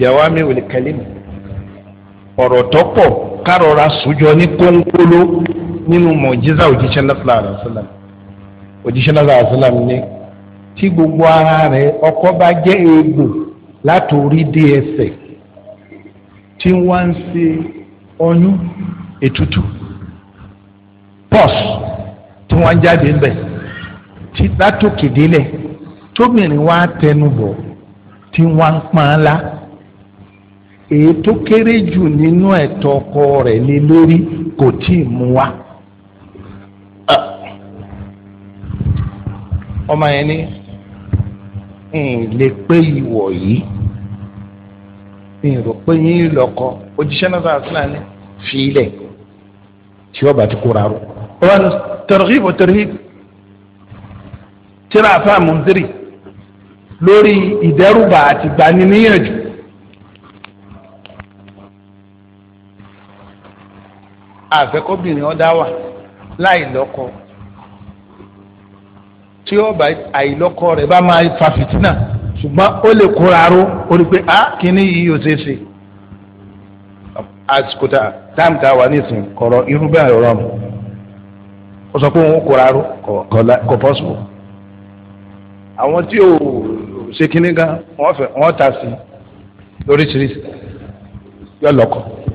jawami wòle kẹlẹmi ọ̀rọ̀ tó pọ̀ kárọra sójọ ní kónkóló nínú mọ̀jísà òjíṣẹ́ lásìlá àràsílà òjíṣẹ́ lásìlá àràsílà ní tí gbogbo ara rẹ̀ ọkọ bá jẹ́ egbò látòrí dé ẹsẹ̀ tí wọ́n ń ṣe ọyún ètùtù pọ́s tí wọ́n ń jáde ńbẹ̀ tí látòkè wa tẹnu bọ̀ tí wọ́n ń èyí tó kéré jù nínú ẹ̀tọ́ ọkọ rẹ̀ lé lórí kò tí ì mú wa. ọmọ yẹn ní n lè pé ìwọ̀ yìí n rò pé yín lọ́kọ òjíṣẹ́ náà sáà sílẹ̀ ní fílẹ̀ tí ọba ti kóra rò. wọn targhib wa tarhib tíra àfa mùndírì lórí ìdẹ́rùbà àti gbaniníyànjú. àfẹ́kọ́bìnrin ọ̀dá wà láì lọ́kọ tí ọba àìlọ́kọ rẹ̀ bá máa fa fìtínà ṣùgbọ́n ó lè kóra ró ó rí pé ah kíní yìí yóò ṣeé ṣe àsìkò tá táàmù tá a wà nísìnyí kọ̀rọ̀ irú bẹ́ẹ̀ rọrùn mu ó sọ pé òun kóra ró kò pọ́sibú àwọn tí ò ṣe kíní gan wọ́n ta sí lóríṣiríṣi yọ lọ́kọ̀ọ́.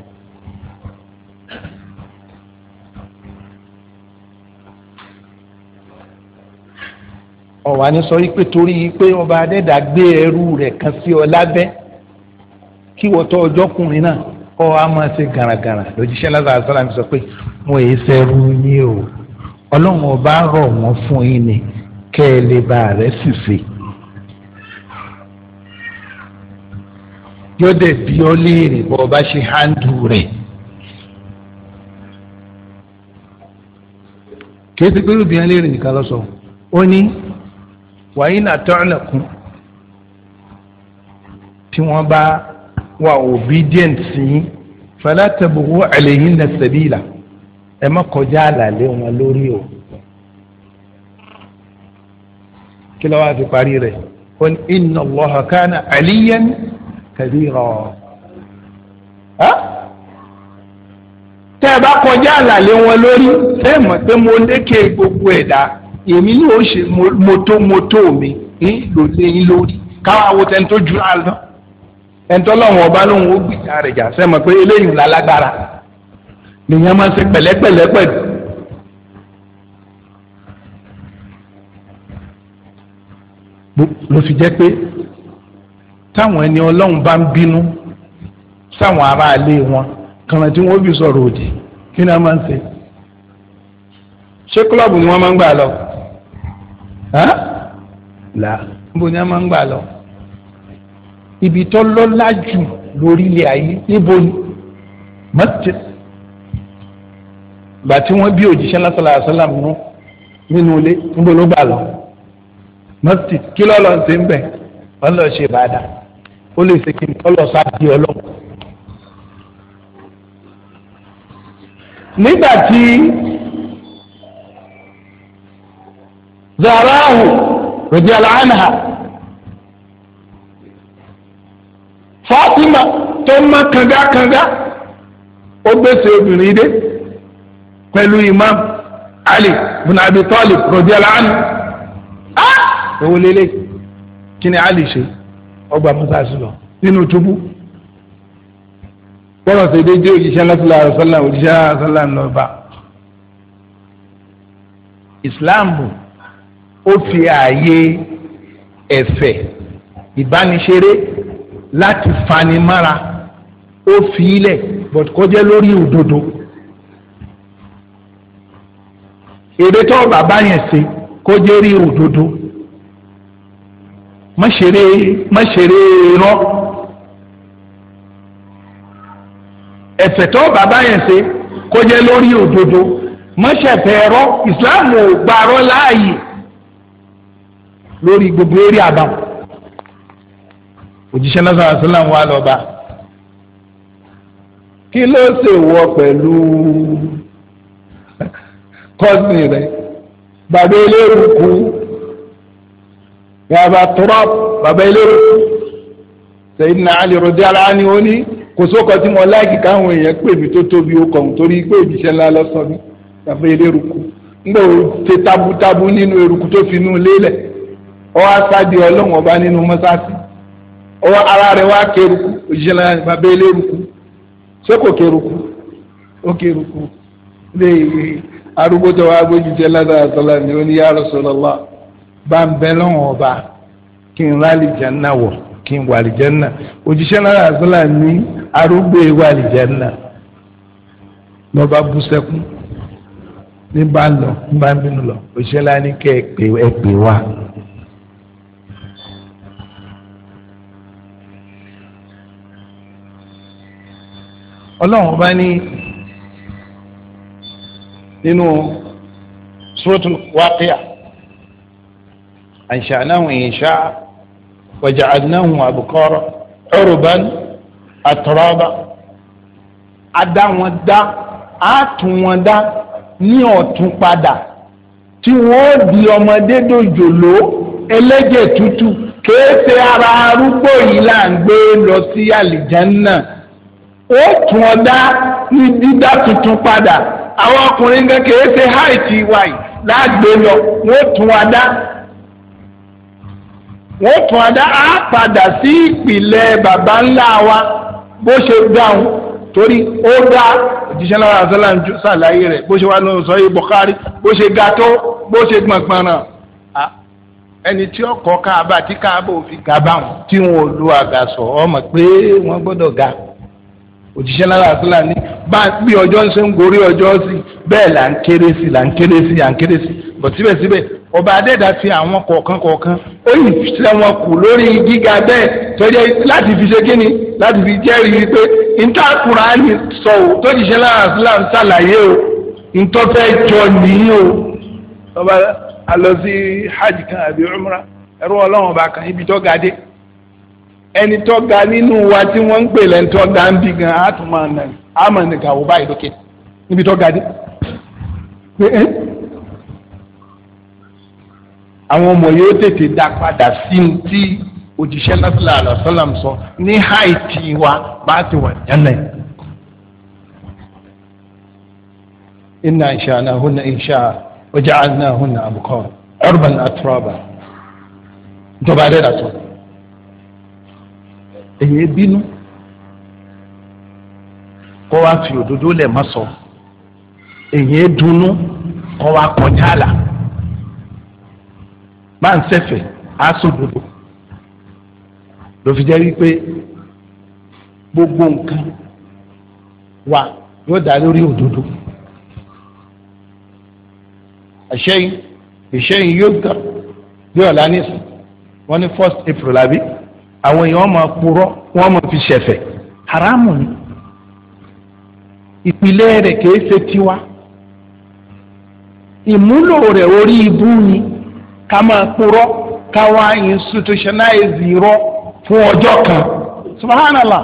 ọ̀wá ní sọ wípé torí pé ọba adẹ́dà gbé ẹrú rẹ̀ kan sí ọ lábẹ́ kí wọ́tọ́ ọjọ́kùnrin náà kọ́ a máa ṣe gàràgàrà lójíṣẹ́ lázàrà sálàmì sọ pé mo èé fẹ́rù yín o ọlọ́run ọba rọ̀ wọ́n fún yín ni kẹ́ ẹ lè ba rẹ̀ sì ṣe. yóò dẹ̀ bí ọ léèrè bọ́ ọba ṣe hándù rẹ̀. kí ẹ ti pé rúbìyàn léèrè nìkan lọ sọ ó ní wàyí nà tọ́lẹ̀kùn tí wọ́n bá wà obedient sí fala tabghu alayhinna sabila ẹ má kọjá àlàlé wọn lórí o kí ló wá fi parí rẹ̀ ó ní inna Allaha kana aliyan kabira tẹ́ ẹ bá kọjá àlàlé wọn lórí ẹ mọ̀ pé mo lékè gbogbo ẹ̀dá èmi ní o ṣe mọ́tò moto mi ń lò léyìn lórí káwá wo tẹni tó ju àlọ ẹni tó lọ́wọ́ ọba lóhùn ó gbìyà rẹ̀ jà sẹ́mọ̀ pé eléyìí ńlá lágbára nìyẹn máa ń ṣe pẹ̀lẹ́pẹ̀lẹ́ pẹ̀lú. ló fi jẹ́ pé táwọn ẹni ọlọ́run bá ń bínú sáwọn aráalé wọn kànáà tí wọ́n fi sọ̀rọ̀ òdì kí ni a máa ń ṣe ṣé kílọ̀bù ni wọ́n máa ń gbà lọ là níbo ni a máa ń gbà lọ ibi tó lọ́lá jù lórí ilẹ̀ ayé níbo ni masjid bàtí wọ́n bí òjíṣẹ́ lásàlá àṣàlá mú nínú ilé níbo ló gbà lọ masjid kí lọ́ọ́ lọ sí ń bẹ̀ wọ́n lọ ṣe ìbàdà ó lè ṣe kí n kọ́ lọ sáà di ọlọ́run. nígbà tí زاراه رضي الله عنها Fatima tó ń mọ kangakanga ó gbèsè obìnrin dé pẹ̀lú Imam Ali bin Abi Talib radiyallahu anhu ewu ah! lele kí ni Ali ṣe ọgbà mọ́sáàsì lọ Islam ó fi ààyè ẹ̀fẹ̀ ìbániṣeré láti fanimára ó fi ilẹ̀ but kó jẹ́ lórí òdodo èrè tó bàbá yẹn ṣe kó jẹ́ rí òdodo mọ̀ṣeré mọ̀ṣeré irọ́ ẹ̀fẹ̀ tó bàbá yẹn ṣe kó jẹ́ lórí òdodo mọ̀ṣẹ̀fẹ̀ ẹ̀rọ ìsìláàmù ò gbàrọ́ láàyè. lórí gbogbo eré àbá òjíṣẹ́ náà sọ̀rọ̀ sílẹ̀ wà lọ́ba kí ló ṣe wọ pẹ̀lú kọ́sìn rẹ bàbá eléruku bàbá turab bàbá eléruku Sayyidina Ali radiyallahu anhu ó ní kò sókò tí mo láìkì káwọn èèyàn pè mí tó tóbi ó kàn torí pé ńlá lọ́sọ̀ọ́ mi bàbá eléruku ń ṣe ó wá sáde ọlọ́run ọba nínú mọ́sáàsì ó wá ara rẹ̀ wá kéruku òṣìṣẹ́ náà nípa bẹ́ẹ̀ léruku ṣé kò kéruku ó kéruku lè arúgbó tó wá gbójútẹ́ ládàá sọlá ni ó ní yá Rasulullah bá ń bẹ lọ́wọ́n ọba kí n rálì jẹ́nà wọ̀ kí n wà lì jẹ́nà òṣìṣẹ́ náà sọlá ní arúgbó e wà lì jẹ́nà lọ́ba bú sẹ́kún ní bá ń lọ ní bá ń bínú lọ òṣìṣẹ́ láni kẹ́ ẹ ọlọ́run bá ní nínú suratul waqi'a ansha'nahu insha'a wa ja'alnahu abukara urban atraba adá wọn dá àtún wọn dá ní ọ̀tún padà tí wọ́n di ọmọdé dòjòló ẹlẹ́jẹ̀ tútù kéèsè ara arúgbó yìí là ń gbé lọ sí àlìjánná ó tún ọ dá ní dídá tuntun padà àwọn ọkùnrin gan kìí ṣe háìtì wa yìí láàgbé lọ wọ́n tún ọ dá wọ́n tún ọ dá á padà sí ìpìlẹ̀ baba ńlá wa bó ṣe dáhùn torí ó dá òjíṣẹ́ náà àṣọlá ń ṣàlàyé rẹ̀ bó ṣe wà lóhùn sọ yìí Bukhari bó ṣe ga tó bó ṣe gbọ̀ngbọ̀n ẹni tí ọkọ̀ káàbà tí káàbà òfin ga báwọn tí wọn ò lo àgàsọ ọmọ pé wọ́n gbọ́dọ̀ ga òjíṣẹ́ náírà àtúlà ní bá bí ọjọ́ ń ṣe ń gorí ọjọ́ sí bẹ́ẹ̀ là ń kéré sí là ń kéré sí là ń kéré sí bọ̀ síbẹ̀síbẹ̀ ọba adẹ́dà fi àwọn kọ̀ọ̀kan kọ̀ọ̀kan ó yìí ṣe wọn kù lórí gíga bẹ́ẹ̀ tọ́jú láti fi ṣe kíni láti fi jẹ́rìí pé níta Kùránì sọ ò tó jíṣẹ́ náírà àtúlà ń ṣàlàyé o ntọ́fẹ́ jọ nìyí o ọba alọ sí hajj kan àbí umra ẹrú ọlọ́run ọba kan ibi tó ga dé ẹni tó ga nínú wa tí wọ́n ń pè lẹ́ni tó ga ń bí gan á nà á máa gàwó báyìí lókè níbi tó ga dé àwọn ọmọ yóò tètè dá padà sí ní tí òjíṣẹ́ lásìlá àlọ́sọ́làm sọ ní háìtì wa bá ti wà jẹ́nẹ̀. inna urban èyí bínú kó wá fi òdodo lẹ̀ má sọ èyí dunú kó wá kọjá àlà má ń sẹ́fẹ̀ á sòdodo ló fi jẹ́ wípé gbogbo nǹkan wa yóò dá lórí òdodo àṣẹyìn ìṣẹyìn yóò gbà bí ọ̀la nísìn wọ́n ní first April àbí. àwọn èèyàn máa purọ́ wọ́n máa fi ṣẹ̀fẹ̀ haramu ni ìpìlẹ̀ rẹ̀ kìí ṣe tiwa ìmúlò rẹ̀ orí ibú ni ká máa purọ́ ká wá institutionalize irọ́ fún kan subhanallah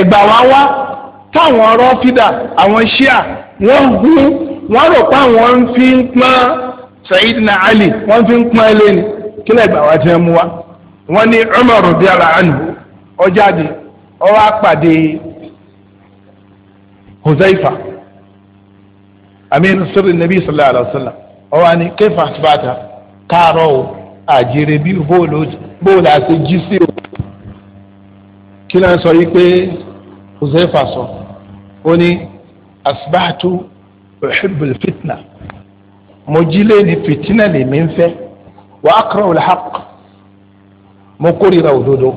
ẹgbà wá wá táwọn ọ̀rọ̀ fìdá àwọn ṣíà hu wọ́n rò pé àwọn ń fi ń pọ́n na Ali fi ń kílẹ̀ ìgbà wa ti ń mú wa wọ́n ní Umar radiyallahu anhu ó jáde ó wá pàdé Huzaifa amin sirri nabi sallallahu alaihi wasallam ó wá ní kayfa asbahta káàárọ̀ o àjèrè bí bóòlù àti jí sí o kí ló sọ yìí pé Huzaifa sọ ó ní asbahtu uhibbu al mo jí lé ní fìtínà lèmi ń fẹ́ wa akọrọ wòle haq mo kórìíra òdodo.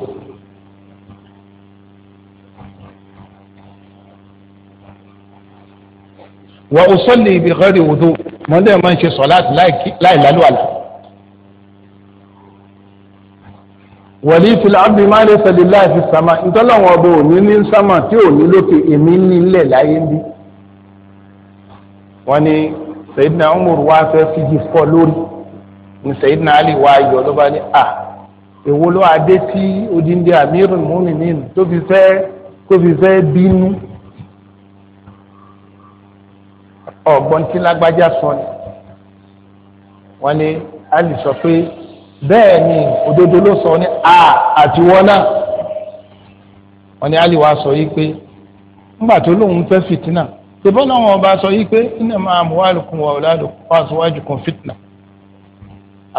wa usalli bi ghayri wudu mo dẹ́ máa ń ṣe sọ̀láàtì láì lálùwàlà. wàlí fìlà abdi máa lè sẹ́lẹ̀ láì fi sàmà ntọ́láwọn ọba òní ní sàmà tí òní lókè èmi nílẹ̀ láyé ń bí. wọ́n ní Sayyidina Umar wá fẹ́ fìdí fọ́ lórí ní Sayyidina Ali wá yọ ló bá ní à èwo ló adé tí odindi Amirul Mu'minin tó fi fẹ́ tó fi fẹ́ bínú ọ̀gbọ́n tí lágbájá sọ ni wọ́n ní Ali sọ pé bẹ́ẹ̀ ni òdodo ló sọ ní a àti wọ́n náà wọ́n ní Ali wá sọ yìí pé ńgbà tó lóun fẹ́ fìtínà ṣùgbọ́n náà wọ́n bá sọ yìí pé inna ma amwalukum wa auladukum wa azwajukum fitna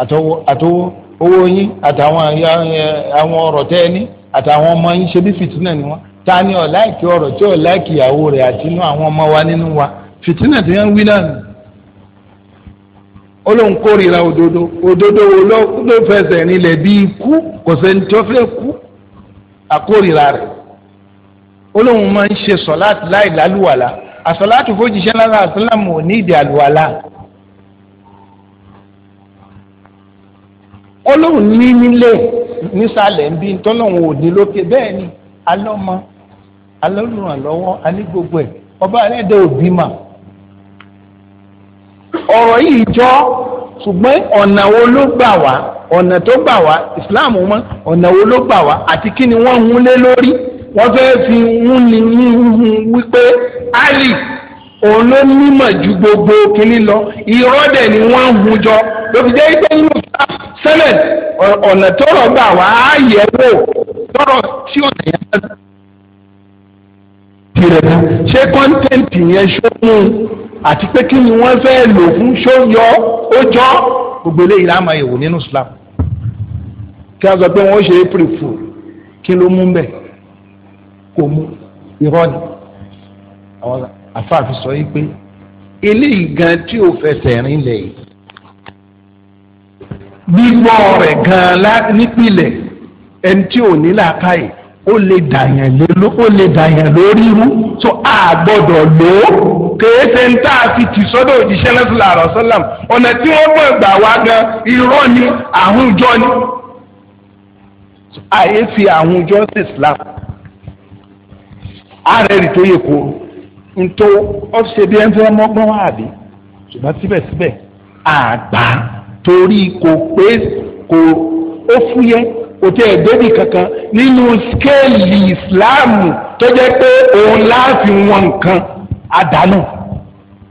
àtọwọ́ owó yín àtàwọn àwọn ọ̀rọ̀ tẹ́ ẹ ní àtàwọn ọmọ yín ṣe bí fìtínà ni wọ́n ta ni ọ̀láìkì ọ̀rọ̀ tí ọ̀láìkì ìyàwó rẹ̀ àti inú àwọn ọmọ wa nínú wa fìtínà tí wọ́n ń wí náà nù. ó lóun kórìíra òdodo òdodo wo ló fẹsẹ̀ nílẹ̀ bí ikú kò sẹ́ni tó fẹ́ kú àkórìíra rẹ̀ ó lóun máa ń ṣe sọ̀láàtì láì lálùwàlà àsọ̀láàtì fojìṣẹ́ lára àsọ̀láàmù ò ní ìdí àlùwàlà ọlọ́run ní nílé nísàlẹ̀ ń bí tọ́lọ́run ò ní lókè bẹ́ẹ̀ ni alọ́mọ alẹ́ gbogbo ẹ̀ ọba ẹlẹ́dẹ̀ òbí mà ọ̀rọ̀ yìí jọ ṣùgbọ́n ọ̀nà wo ló gbà wá ọ̀nà tó gbà wá Islam mọ́ ọ̀nà wo ló wípé Ali òun ló nímọ̀ ju gbogbo kínní lọ ìrọ́dẹ̀ ni wọ́n ń hun jọ lóbi jẹ́ pé nínú sẹ́lẹ̀ ọ̀nà tọrọ gbà wá yẹ̀ wò tọrọ tí ò tẹ̀yẹ́ náà tirẹ̀ náà ṣé kọ́ńtẹ́ǹtì yẹn ṣókun àti pé kí ni wọ́n fẹ́ lò fún ṣóyọ ó jọ gbogbo eléyìí láàmà yẹ̀wò nínú Islam kí a sọ pé wọ́n ṣe april fool kí ló mú bẹ́ẹ̀ kò mú irọ́ ni àwọn náà afáàfin sọ yìí pé eléyìí gan tí ò fẹsẹ̀ rìn lẹ̀ yìí gbígbọ́ rẹ̀ gan nípìnlẹ̀ ẹni tí ò ní làákàyè ó lè dàyàn lé ó lè dàyàn lórí irú tó a gbọ́dọ̀ lò ó kèése ń tá a fi tì sọ́dọ̀ òjíṣẹ́ lọ́sọ̀lá àròsọ́làm ọ̀nà tí wọ́n mọ̀ gbà wá gan irọ́ ni àwùjọ ni àyè fi àwùjọ sí Islam ààrẹ rì tó yẹ kó ntó ọ̀sẹ̀ bí ẹni tí wọ́n mọ́gbọ́n wá àbí ṣùgbọ́n síbẹ̀síbẹ̀ àgbà torí kò pé kò ó fúyẹ́ kò tẹ́ ẹ̀ débi kankan nínú skéèlì ìsìláàmù tó jẹ́ pé òun láàfin wọn nǹkan àdánù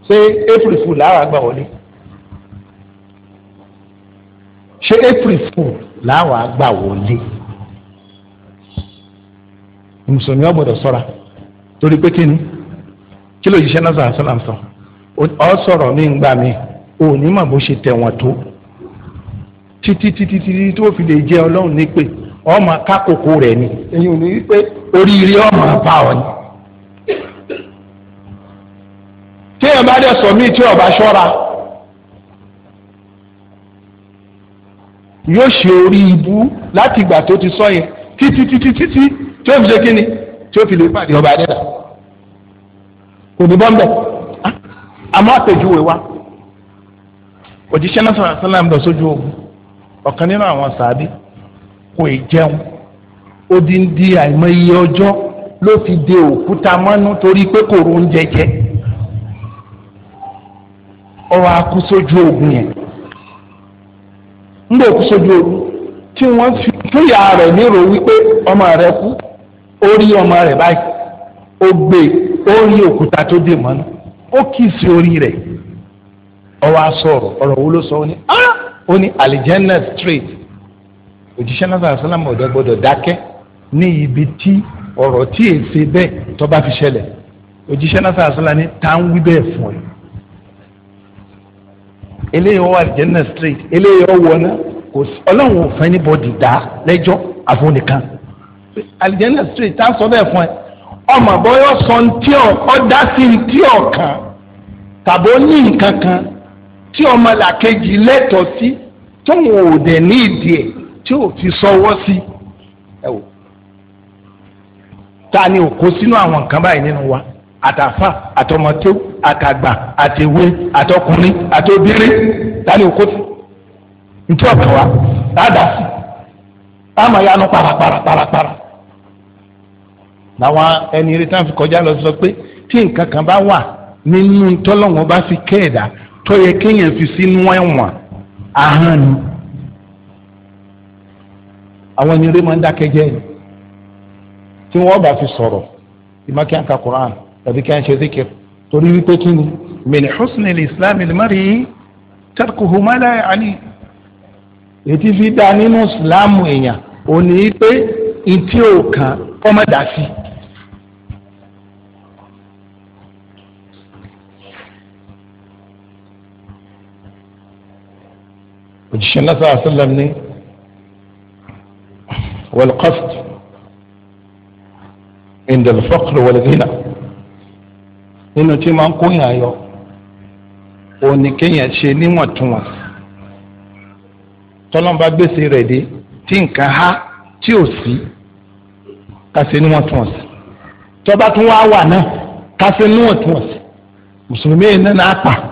ṣé april fool lára gbà wọlé ṣé april fool lára gbà wọlé mùsùlùmí ọgbọ́dọ̀ ṣọ́ra torí pé kí ni kí ló jíṣẹ́ náà sọ̀rọ̀ sọ́nà sọ ọ sọ̀rọ̀ mí ń gbà mí òní mà bó ṣe tẹ̀ wọ́n tó títí títí títí tó fi lè jẹ́ ọlọ́run ní pé ọmọ kákòókò rẹ̀ ni èyí ò ní wípé oríire ọmọ apá ọ ni. téèyàn bá dẹ̀ sọ míì tí ọba ṣọ́ra yóò ṣe orí ibú láti ìgbà tó ti sọ yẹn títí títí títí tí ó fi ṣe kí ni tí ó fi lè pàdé ọba dẹ́dà. kò ní bọ́m̀bẹ̀ àmọ́ àpèjúwe wa òjíṣẹ́ náà sọ̀rọ̀ sọ́lá ń bẹ̀ sójú ogun ọ̀kan nínú àwọn sàábí kò ì jẹun ó di ń di àìmọye ọjọ́ ló fi de òkúta mọ́nú torí pé kò ń jẹjẹ ọwọ́ akú sójú ogun yẹn ń ogun tí fi fúyà nírò wípé ọmọ rẹ̀ kú ó rí ọmọ rẹ̀ báyìí ó gbé e. ó rí òkúta tó dè mọ́nú ó kì í sí orí rẹ̀ ọwọ́ asọ̀rọ̀ ọ̀rọ̀ wo ló sọ ó ní ah! ó ní alijanna straight òjíṣẹ́ náà sàlámù ọ̀dọ́ gbọ́dọ̀ dákẹ́ ní ibi tí ọ̀rọ̀ tí è ṣe bẹ́ẹ̀ tó bá fi ṣẹlẹ̀ òjíṣẹ́ náà sàlámù ní tá wí bẹ́ẹ̀ fún ẹ. eléyìí ọwọ́ alijanna straight eléyìí ọwọ́ náà kò sí ọlọ́run ò fẹ́ níbọ̀dì dá lẹ́jọ́ àfọ̀nìkan alijanna straight tá sọ bẹ́ẹ̀ fún ẹ ọmọ bọ́yọ̀ sọ ntí ọ̀ ọ́dá sí ntí ọ̀kan tàbó ní nǹkan kan tí ọmọ làkejì lẹ́tọ̀ọ́ sí tó ń wò dẹ̀ ní ìdí ẹ̀ tí ò fi sọwọ́ sí ẹ wò ta ni ò kó sínú àwọn nǹkan báyìí nínú wa àtàfà àtọmọtó àtàgbà àtẹwé àtọkùnrin àtobìnrin ta ni ò kó sí ntí ọ̀kan wa dáadáa sí táwọn yanu parapara parapara. Para, para làwọn ẹni rí tán fi kọjá lọ sọ pé tí nǹkan kan bá wà nínú tọ́lọ́wọ́n bá fi kẹ́ẹ̀dá tó yẹ kéèyàn fi sínú ẹ̀wọ̀n ahọ́n ni àwọn ẹni rí máa ń dákẹ́ ni tí wọ́n bá fi sọ̀rọ̀ ìmọ̀ kí Quran tàbí kí á ṣe zikir torí wípé kí ni min husni islam ilmari tarkuhu ma la yaani ètí fi dá nínú islam èèyàn òní pé ìtí òkan kọ́mọ̀dá sí òjíṣẹ́ náà sọ̀rọ̀ sọ́lẹ̀m ní wal-qasd inda al-faqr wal-ghina nínú tí máa ń kó yàn ayọ̀ òní kéèyàn ṣe níwọ̀ntúnwọ̀nsì tọ́lọ́mbà gbèsè rẹ̀ dé tí nǹkan há tí ò sí kásẹ̀ níwọ̀ntúnwọ̀nsì tọ́ba tún wá wà náà kásẹ̀ níwọ̀ntúnwọ̀nsì mùsùlùmí yìí náà pa.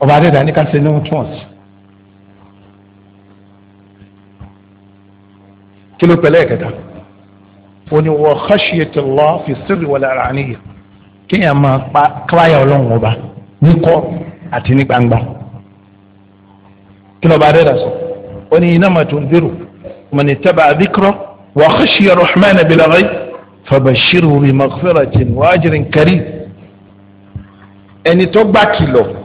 ọba adéda ní ká ṣe ní wọ́n kí ló pẹ̀lẹ́ ẹ̀kẹta ó ní wọ́n khashiyati Allah fi sirri wal alaniya kéèyàn máa pa kíláyà ọlọ́run ọba ní kọ́ àti ní gbangba kí lọ́ba adéda sọ ó ní innama tunziru man ittaba'a dhikra wa khashiya rahmana bil ghaib fabashshirhu bi maghfiratin wa ajrin karim ẹni tó gbà kìlọ̀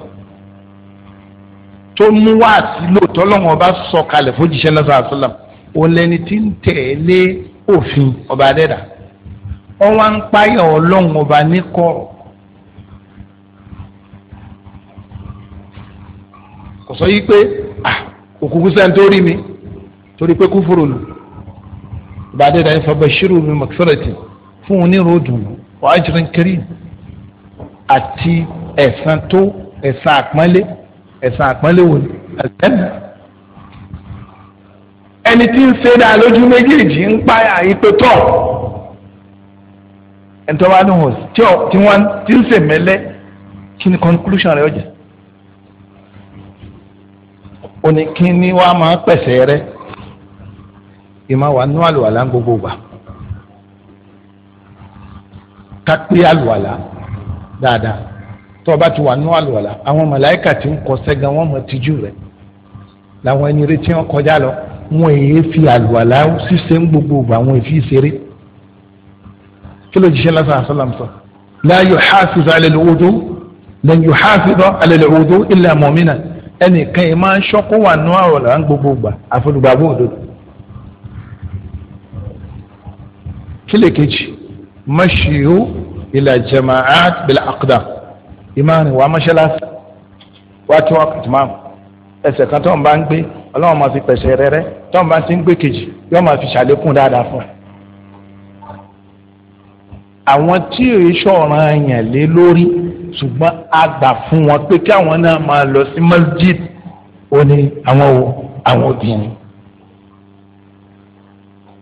tó mú wá sí lóòótọ́ lọ́wọ́ ọba sọ kalẹ̀ fojìṣẹ́ náà sàlá sàlám òun lẹni tí ń tẹ̀lé òfin ọba adẹ́dà ọwọ́ ń páyà ọlọ́run ọba ní kò sọ yí pé òkùnkùn sẹ́ni tó rí mi torí pé kú fúru lù ọba adẹ́dà yẹn fọba ṣírù mi mọ̀kísọ́rẹ̀tì fún un ní ròdùn wàá jẹun kiri àti ẹ̀sán tó ẹ̀sán àpọ́nlé ẹ̀sán àpọ́nlé wò ni àlùjẹ́nà ẹni tí ń ṣe dáa lójú méjèèjì ń páyà ìpè tọ̀ ẹ̀ńtọ́wá ní hòs tí wọ́n ti ń ṣe mẹ́lẹ́ kí ni conclusion rẹ̀ ọ̀jẹ̀ ó ní kí ni wàá máa pẹ̀sẹ̀ rẹ̀ ìmọ̀ wà nú àlùwàlà ń gbogbo gbà ká pé àlùwàlà dáadáa tó o bá ti wà nínú àlùwàlà àwọn màláìkà tí ń kọsẹ́ gan wọ́n mọ̀ tìjú rẹ̀ làwọn ẹni retí wọn kọjá lọ wọn èyí fi àlùwàlà ṣíṣe ń gbogbo ògbà wọn èfi ṣeré kí ló jíṣẹ́ lásán àṣàlám sọ la yuhafizu ala al-wudu lan yuhafizu ala al-wudu illa mu'minan ẹnìkan yìí máa ń ṣọ́kó wà nínú àlùwàlà ń gbogbo ògbà àfọlùgbàgbọ́ òdodo kí lè kejì mashiyu ila jama'at bil aqdam ìmáàrin wà mọ́ṣáláṣí wá kí wákàtí máa ẹsẹ̀ kan tó ń bá ń gbé ọlọ́run máa fi pẹ̀sẹ̀ rẹ́rẹ́ tó ń bá ti ń gbé kejì yóò máa fi ṣàlékún dáadáa fún ẹ. àwọn tí iṣẹ́ ọ̀ràn yàn lé lórí ṣùgbọ́n a gbà fún wọn pé kí àwọn náà máa lọ sí masjid ó ní àwọn wo àwọn obìnrin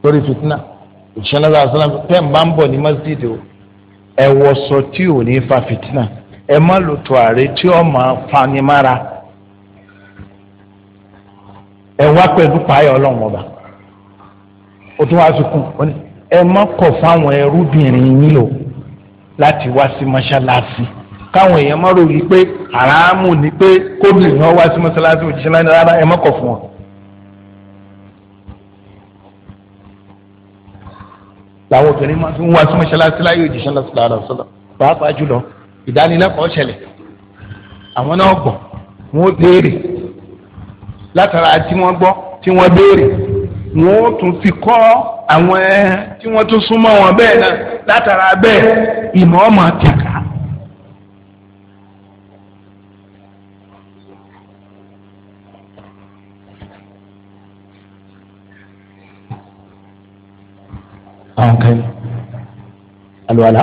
lórí fitna òṣìṣẹ́ náà sọ́lá tẹ́ ń bá ń bọ̀ ní masjid o ẹ̀wọ̀ sọ tí ò ní fa fitna ẹ má lò tùràrí tí ó máa fani mára ẹ wá pẹ̀lú pààyà ọlọ́run ọba ó tún wá sunkún ẹ má kọ̀ fáwọn ẹrúbìnrin yín lò láti wá sí mọ́ṣáláṣí káwọn èèyàn má rò wípé àràámù ni pé kóbìnrin wọn wá sí mọ́ṣáláṣí òjíṣẹ́ láti rárá ẹ má kọ̀ fún wọn. làwọn obìnrin máa ń wá sí mọ́ṣáláṣí láyé òjíṣẹ́ láti rárá sọ́lá pàápàá jùlọ ìdánilẹ́kọ̀ọ́ ṣẹlẹ̀ àwọn náà gbọ́ wọn ó béèrè látara tí wọ́n gbọ́ tí wọ́n béèrè wọn ó tún fi kọ́ àwọn tí wọ́n tún súnmọ́ wọn bẹ́ẹ̀ náà látara bẹ́ẹ̀ ìmọ̀ ọmọ tẹ̀ka. àwọn kan alùpàlà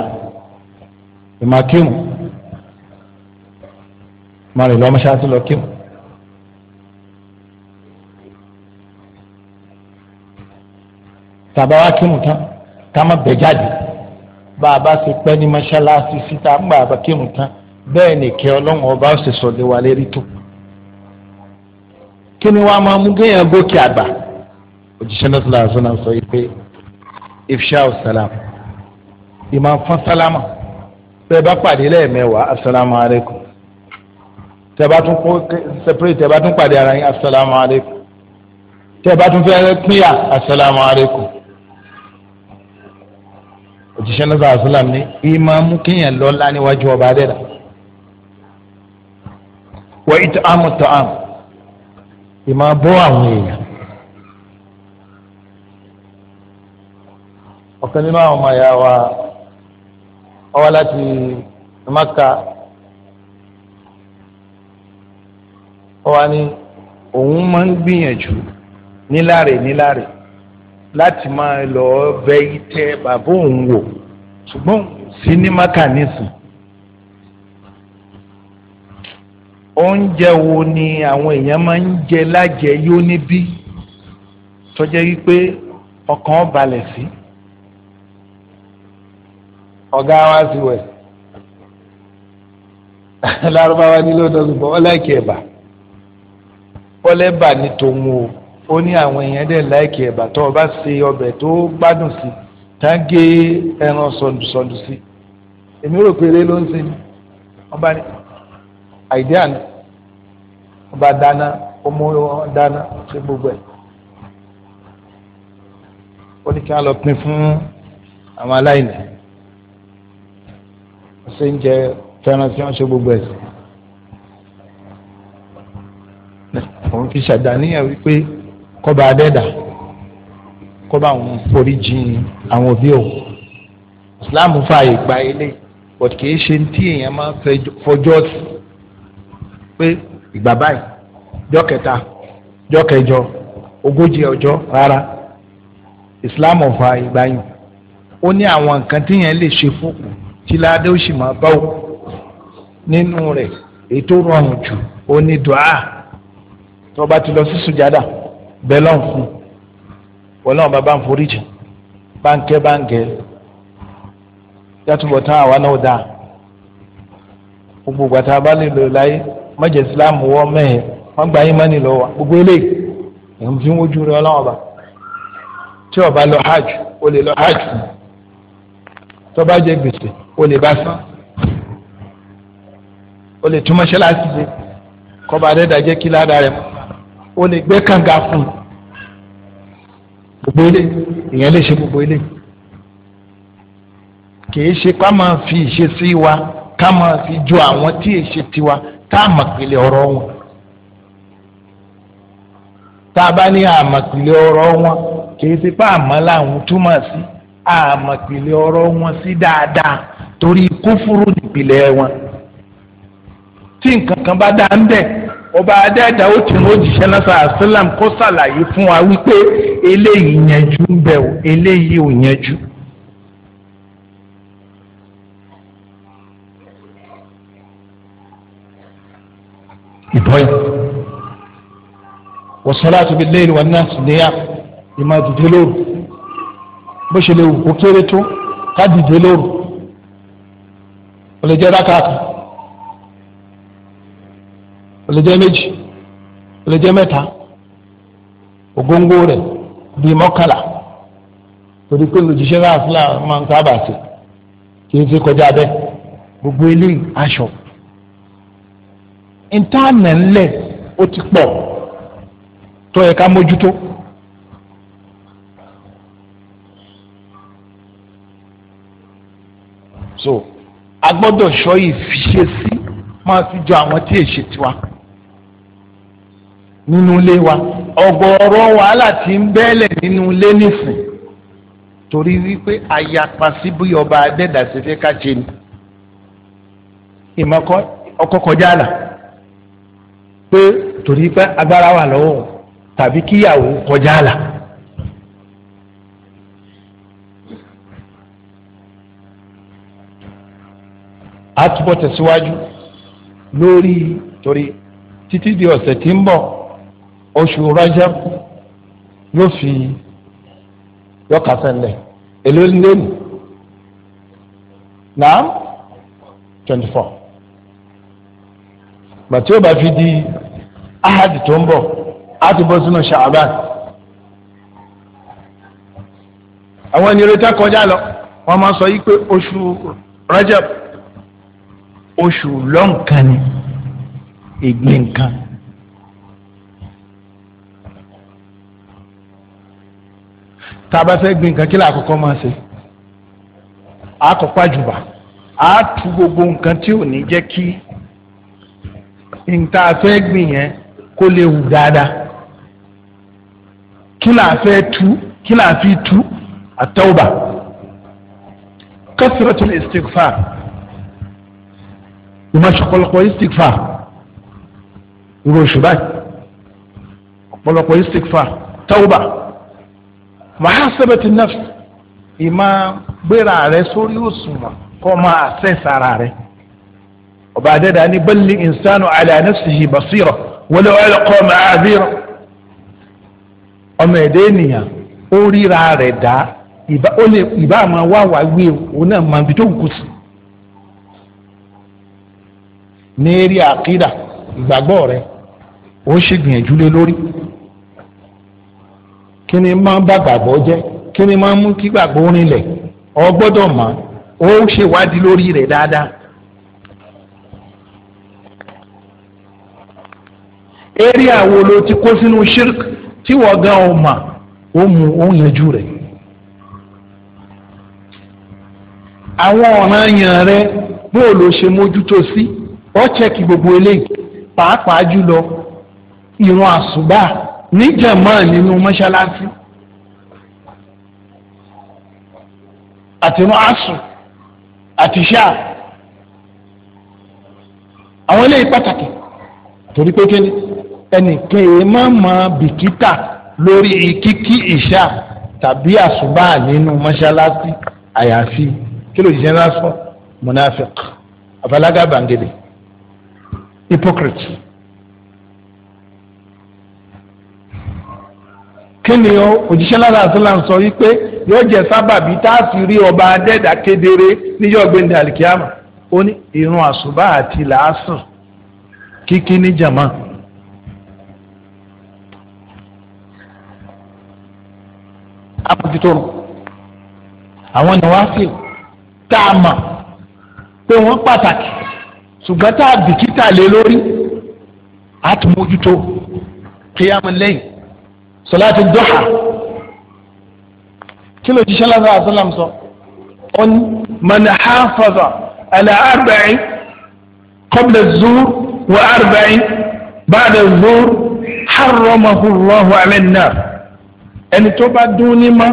ìmọ̀ akéwọ̀n máa rìn lọ mọ́ṣáláṣí lọ kí. tàbá wa kí mu tán ká má bẹ̀ jáde bá a bá ṣe pẹ́ ní mọ́ṣáláṣí síta ń gbà bá kí mu tán bẹ́ẹ̀ ni kí ọlọ́run ọba ó sì sọ̀lẹ̀ wà lérí tó. kí ni wàá máa mú géèyàn gòkè àgbà òjíṣẹ́ náà sọ̀rọ̀ àṣọ náà sọ yìí pé ifṣà ọ̀sálàmù ìmọ̀ fún sálámà bẹ́ẹ̀ bá pàdé lẹ́ẹ̀mẹ́wàá asalaamualeykum tẹ́bá tún kó separate tẹ́bá tún pàdé ara yín asalaamu aleykum tẹ́bá tún fẹ́ pínyà asalaamu aleykum òjíṣẹ́ náà sàrà sàlám ní ìmáàmù kéèyàn lọ́lá níwájú ọba adẹ́dà wọ́n ìtò àmù tọ́ àmù ìmáà bọ́ àwọn èèyàn. ọ̀kan nínú àwọn ọmọ ìyá wa ó wá láti Maka ọwọ́ ni òun máa ń gbìyànjú níláre níláre láti máa lọ bẹ ìtẹ́ bàbá òun wò ṣùgbọ́n sí ní maka nísìn. oúnjẹ wo ni àwọn èèyàn máa ń jẹ lájẹ yóò níbí tó wípé ọkàn balẹ̀ sí. ọ̀gá wa ti wẹ̀ lárúbáwá nílò dọ́gbọ̀n ọlẹ́kẹ̀ẹ́ bá bọ́lẹ́bà ní tòun o ó ní àwọn èèyàn dẹ̀ láìkì ẹ̀bà tó o bá ṣe ọbẹ̀ tó gbádùn sí tán gé ẹran sọ̀dùsọ̀dù sí èmi rò pé eré ló ń ṣe ni wọ́n bá ní àìdíà ni wọ́n bá dáná ọmọ wọn dáná ṣe gbogbo ẹ̀ ó ní kí wọ́n lọ pín fún àwọn aláìní ọ̀sẹ̀ ń jẹ fẹ́ràn tí wọ́n ṣe gbogbo ẹ̀ sí. òun fi ṣàdáníyàn wípé kọ́ba adẹ́dà kọ́ba òun forí jìn àwọn òbí òun islam fààyè gba ilé but kì í ṣe tí èèyàn máa ń fọjọ́ sí pé ìgbà báyìí jọ́ kẹta jọ́ kẹjọ ogójì ọjọ́ rárá islam fààyè gba yìí ó ní àwọn nǹkan téèyàn lè ṣe fòkù tí ládé ó sì máa bá òkú nínú rẹ̀ ètò rọrùn jù ó ní dùá tó bá ti lọ sí sùjádà bẹ́ẹ̀ lọ́n fún wọlọ́n bàbá ń foríjì báńkẹ́ báńkẹ́ yàtúbọ̀ tán àwa náà dáa gbogbo gbàtà bá lè lò láyé mọ̀jẹ̀ ìsìláàmù wọ́ mẹ́hẹ̀ wọ́n gba yín mọ́ni lọ́wọ́ gbogbo eléyìí èèyàn fi ń wojú rẹ ọlọ́wọ́ bá tí ó bá lọ hajj ó lè lọ hajj fún tó bá jẹ gbèsè ó lè bá san ó lè tún mọ́ṣáláṣí jẹ kọ́ba adẹ́dàjẹ́ kí ládàá rẹ mọ́ o lè gbẹ́ kànga fún gbogbo ilé ìyẹn lè ṣe gbogbo ilé kìí ṣe ká máa fi ìṣesí wa ká máa fi jọ àwọn tí èṣe tiwa tá a mọ̀ pèlè ọ̀rọ̀ wọn tá a bá ní àmọ̀pìlẹ̀ ọ̀rọ̀ wọn kìí ṣe pé àmọ́ làwọn túmọ̀ sí àmọ̀pìlẹ̀ ọ̀rọ̀ wọn sí dáadáa torí kúfúrú nípìlẹ̀ wọn tí nǹkan kan bá dá ń bẹ̀ ọba adẹ́ẹ̀dá ó ti rán òjíṣẹ́ lọ́sàn àṣìlám kó ṣàlàyé fún wa wípé eléyìí yanjú ń bẹ̀ o eléyìí ò yanjú. ìbọyìn wasalaatu bi leyli wa nas niya ìmọ̀ dìde lóru bó ṣe lè wù kó kéré tó ká dìde lóru ó rákàtà ó lè jẹ́ méjì ó lè jẹ́ mẹ́ta ògóńgó rẹ̀ bíi mọ́kànlá torí pé olùjíṣẹ́ náà fúnra máa ń sábà sí kì í ti kọjá bẹ́ẹ̀ gbogbo eléyìí aṣọ ntaana ńlẹ̀ ó ti pọ̀ tó yẹ ká mójútó. so a gbọ́dọ̀ sọ yìí fi ṣe sí máa fi jọ àwọn tí èṣe tiwa. nínú ilé wa ọ̀gọ̀ọ̀rọ̀ wàhálà tí ń bẹ́ẹ̀lẹ̀ nínú ilé nìsín torí wípé àyàpá sí bí ọba adẹ́dà ṣe fẹ́ ká ṣe ni ìmọ̀kọ́ ọkọ̀ kọjá àlà pé torí pé agbára wà lọ́wọ́ tàbí kíyàwó kọjá àlà. a túbọ̀ tẹ̀síwájú lórí torí títí di ọ̀sẹ̀ tí ń bọ̀. oṣù Rajab yóò fi yọkà sẹ́lẹ̀ èlò lẹ́nu naam twenty four gbàtí ó bá fi di ahadi tó ń bọ̀ á ti bọ́ sínú Sha'ban àwọn ènìyàn tá kọjá lọ wọ́n máa sọ yìí pé oṣù Rajab oṣù lọ́nkàn ni ìgbín nǹkan. tá a bá fẹ́ gbin nǹkan kí là àkọ́kọ́ máa ṣe àkọ́kọ́ àjùbà á tu gbogbo nǹkan tí ò ní jẹ́ kí nǹkan àfẹ́ gbìn yẹn kó lè wù dáadáa kí là fẹ́ tu kí là fi tu àtọ́wọ́bà kasratul istighfar ìmọ̀ṣọ̀pọ̀lọpọ̀ istighfar ìròṣùbá ọ̀pọ̀lọpọ̀ istighfar tọ́wọ́bà muhasabati nafs ìmọ̀ gbéra rẹ sórí òṣùwọ̀n kọ́ máa access ara rẹ ọba adẹ́dàá ní bẹ́ẹ̀lì insanu ala nafsihi basira wọlé wọlé kọ́ máa àbírọ̀ ọmọ ẹ̀dẹ́ ènìyàn ó ríra rẹ̀ dá ìbá máa wá wá wí òun náà máa bí tó ń kú ní eré àkídà ìgbàgbọ́ rẹ̀ ó ṣègbìyànjú lé lórí. kí ni máa ń bá gbàgbọ́ jẹ́ kí máa ń mú kí gbàgbọ́ rinlẹ̀ o gbọ́dọ̀ mọ̀ ó ṣèwádìí lórí rẹ̀ dáadáa. eré àwo ló ti kó shirk tí wọ́n gan ọ mà ó mu ó yanjú rẹ̀. àwọn ọ̀ràn yàn rẹ bó ló ṣe mójútó sí ọ́ chẹ́kì gbogbo eléyìí pàápàá jùlọ níjàmá nínú mọ́ṣáláṣí àtìrún asùn àti ṣáà àwọn eléyìí pàtàkì torí pé kéde ẹnìkan èyí má máa bìkítà lórí kíkí ìṣá tàbí àsùbá nínú mọ́ṣáláṣí àyàfi kí ló jẹ́ lásán monafik àfàlágà bàǹgẹ̀dẹ̀ hypocrite. kí ni o òjíṣẹ́ lára àtúnlá ń sọ wípé yóò jẹ́ sábàbí tá a sì rí ọba adẹ́dà kedere níjọ́ gbẹ̀ndẹ̀ àlìkíyàmà ó ní irun àṣùbà àti làásùn kíkí ní jàmá. àpòjútó àwọn ni wàá fi tá a mọ̀ pé wọ́n pàtàkì ṣùgbọ́n tá a bìkítà lé lórí àtúmójútó kíyàmù lẹ́yìn sọláàtì dọ́hà kí ló jíṣẹ́ lọ́sọ̀ àṣọlá sọ ó ní mọ̀nà hàfàzà àlà àrbàáyìn kọ́bìlẹ̀ zuur wà àrbàáyìn bàdà zuur hàrọ̀mọ̀hù lọ́hùn àmẹ́nà ẹni tó bá dún ní mọ́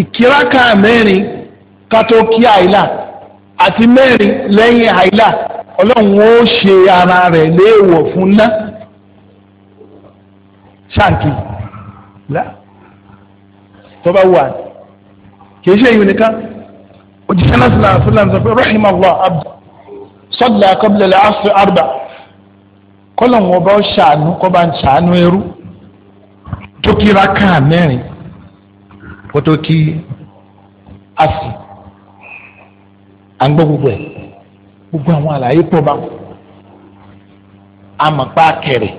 ìkíráka mẹ́rin kátó kí àìlà àti mẹ́rin lẹ́yìn àìlà ọlọ́run ó ṣe ara rẹ̀ léèwọ̀ fún ná ṣáàkì lá tó bá wà kì í ṣe ìwé nìkan òjìṣẹ́ náà sílá sílá ń sọ pé rahimahullah abdu sọ́dà kọ́bílẹ̀ àṣẹ àrùbà kọ́lọ̀ wọn bá ṣàánú kọ́ bá ń ṣàánú ẹrú tó kí rákà mẹ́rin kó tó kí àṣì à ń gbọ́ gbogbo ẹ̀ gbogbo àwọn àlàyé pọ̀ bá àmọ̀pá kẹrẹ̀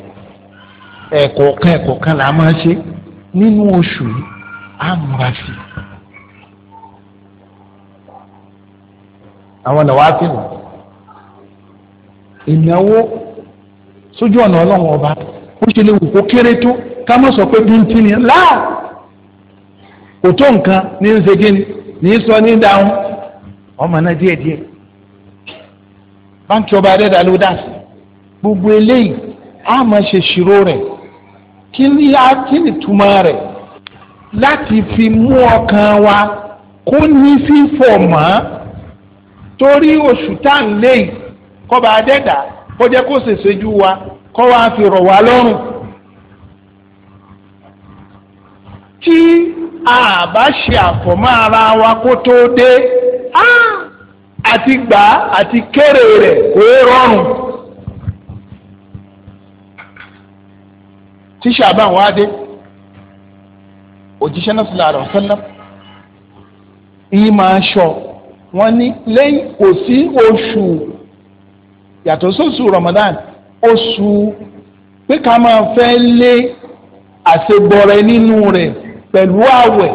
ẹ̀kọ̀ọ̀kan ẹ̀kọ̀ọ̀kan là á máa ṣe nínú oṣù yìí àwọn ọ̀nà wàá fìlà ìnáwó sójú ọ̀nà ọlọ́run ọba ó ṣe lè wù kó kéré tó ká má sọ pé bíntín ni láà kò tó nǹkan ní ń ni ní sọ ní dáhùn ọmọ náà díẹ̀díẹ̀ báńkì ọba adẹ́dàá ló dá sí gbogbo eléyìí á máa ṣe ṣírò rẹ̀ kí ni a kí ni túmọ̀ rẹ̀ láti fi mú ọkàn wa kó ní fífọ̀ mọ́ torí oṣù tá à ń lé yìí kọba adẹ́dà kó jẹ́ kó ṣèṣejú wa kó wá fi rọ̀ wá lọ́rùn. tí a bá ṣe àfọ̀mọ́ ara wa kó tó dé àti gbà àti kéré rẹ̀ kó rọrùn. tí ṣàbàn wá dé òjíṣẹ́ náà sílẹ̀ àrùn sẹ́lẹ̀ yìí máa ṣọ wọ́n ní lẹ́yìn kò sí oṣù yàtọ̀ sóṣù Ramadan oṣù pé ká máa fẹ́ lé àṣebọrẹ nínú rẹ̀ pẹ̀lú àwẹ̀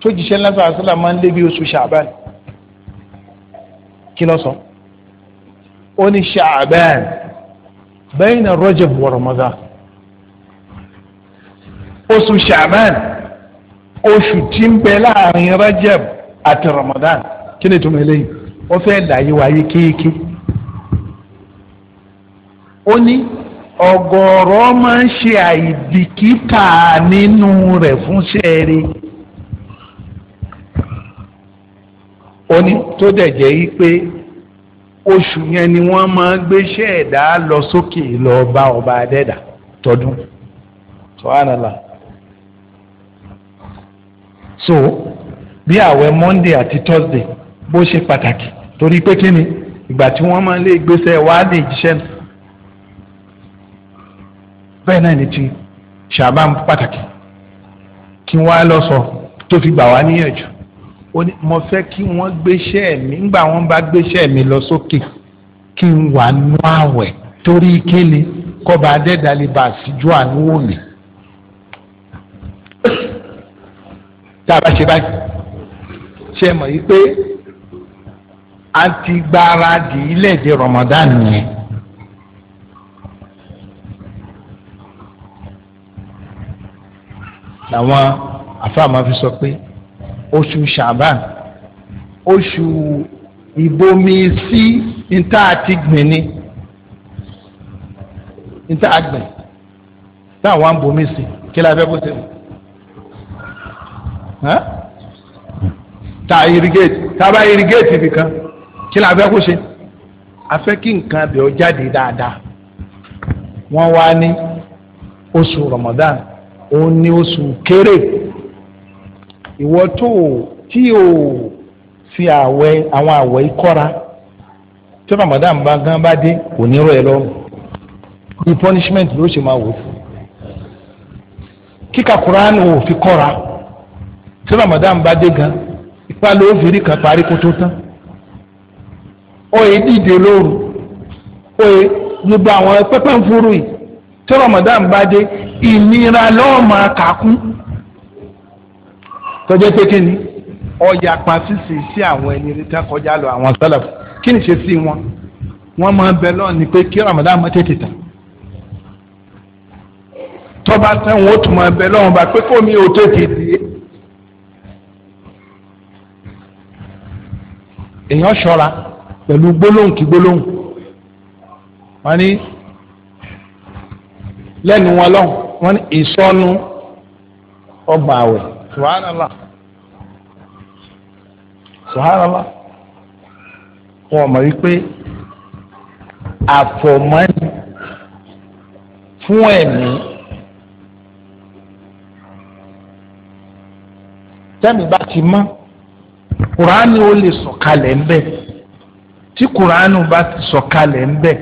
tó jíṣẹ́ náà sílẹ̀ àrùn sẹ́lẹ̀ máa ń lé bí oṣù ṣàbàn kí ló ó ní ṣàbàn bayna Rajab wa Ramadan oṣù shaban oṣù tí ń bẹ láàrin rajab àti ramadan kí ni ìtumọ̀ eléyìí wọ́n fẹ́ dàyé wáyé kéèké ó ní ọ̀gọ̀ọ̀rọ̀ máa ń ṣe àìbìkítà nínú rẹ̀ fún ṣẹ́ẹ̀rì ó ní tó dẹ̀ jẹ́ yí pé oṣù yẹn ni wọ́n máa ń gbéṣẹ́ ẹ̀dá lọ sókè lọ bá ọba adẹ́dà tọdún tọ́hánàlá so bí àwẹ̀ monday àti thursday bó ṣe pàtàkì torí pé kí ni ìgbà tí wọ́n máa ń lé gbèsè wàhálà ìjíṣẹ́ nù bẹ́ẹ̀ náà ni ti ṣàbá pàtàkì kí wọ́n á lọ sọ tó fi gbà wá níyànjú ó ní mo fẹ́ kí wọ́n gbéṣẹ́ mi ńgbà wọ́n bá gbéṣẹ́ mi lọ sókè kí n wà nú àwẹ̀ torí kíni kọba adẹ́dàlẹ́ bá síjú àánú wò mí. tá a bá ṣe báyìí ṣe mọ̀ yìí pé a ti gbáradì ilẹ̀ di Ramadan yẹn. làwọn afáàmà fi sọ pé oṣù Ṣàbán oṣù ìbomi sí níta àti gbìn ni níta àgbẹ̀ táwọn ń bomi sí kí la fẹ́ kó tẹ̀ wọ́n. ta irrigate ta bá irrigate ibìkan kí ni a fẹ́ kó ṣe a fẹ́ kí nǹkan abẹ́ ọ jáde dáadáa wọ́n wá ní oṣù Ramadan òun ni oṣù kéré ìwọ tó tí o fi àwẹ̀ àwọn àwẹ̀ ìkọ́ra tí Ramadan bá gán bá dé kò ní rọ̀ ẹ́ lọ́rùn ní punishment ló ṣe máa wò fún kíka Quran fi kọ́ra. tí Ramadan bá dé gan ipa ló fi rí kan parí kó tó tán oyè dìde lóru oyè gbogbo àwọn pẹpẹ ń furu yìí tí Ramadan bá dé ìnira lọ́ọ́ máa kà kún tọ́jọ́ pé kí ni ọ̀yà pàṣísì sí àwọn ẹni rí tán kọjá lọ àwọn sálàfù kí ni ṣe sí wọn wọn máa ń bẹ lọ́ọ̀ ni pé kí Ramadan má tètè tán tọ́ba tán wọn ó tún máa bẹ lọ́wọ́n bá pé kó mi ò tètè dìé. èèyàn ṣọ́ra pẹ̀lú gbólóhùn kí gbólóhùn wọ́n ní lẹ́nu wọn lọ wọ́n ní ìsọnù ọgbà àwẹ̀ subhanallah subhanallah wọn mọ̀ wípé àfọ̀mọ́ni fún ẹ̀mí tẹ́mi bá ti mọ́ kùránì ó lè sọ̀kalẹ̀ ńbẹ̀ tí kùránì bá ti sọ̀kalẹ̀ ńbẹ̀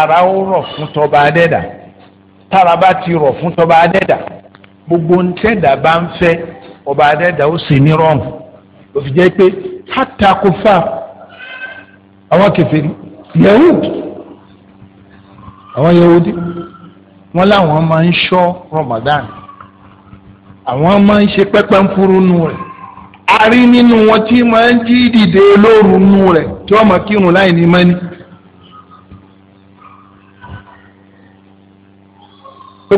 ara ó rọ̀ fún tọba adẹ́dà tára bá ti rọ̀ fún tọba adẹ́dà gbogbo ntẹ́dà bá ń fẹ́ ọba adẹ́dà ó sì ní rọrùn òfin jẹ́ pé hátà kò fà àwọn kèfèrí yahud àwọn yahudi wọn làwọn máa ń ṣọ́ Ramadan àwọn máa ń ṣe pẹ́pẹ́ ń furu nu rẹ̀ a rí nínú wọn tí máa ń jí dìde lóru nu rẹ̀ tí wọ́n máa kírun láì ní mọ́ni.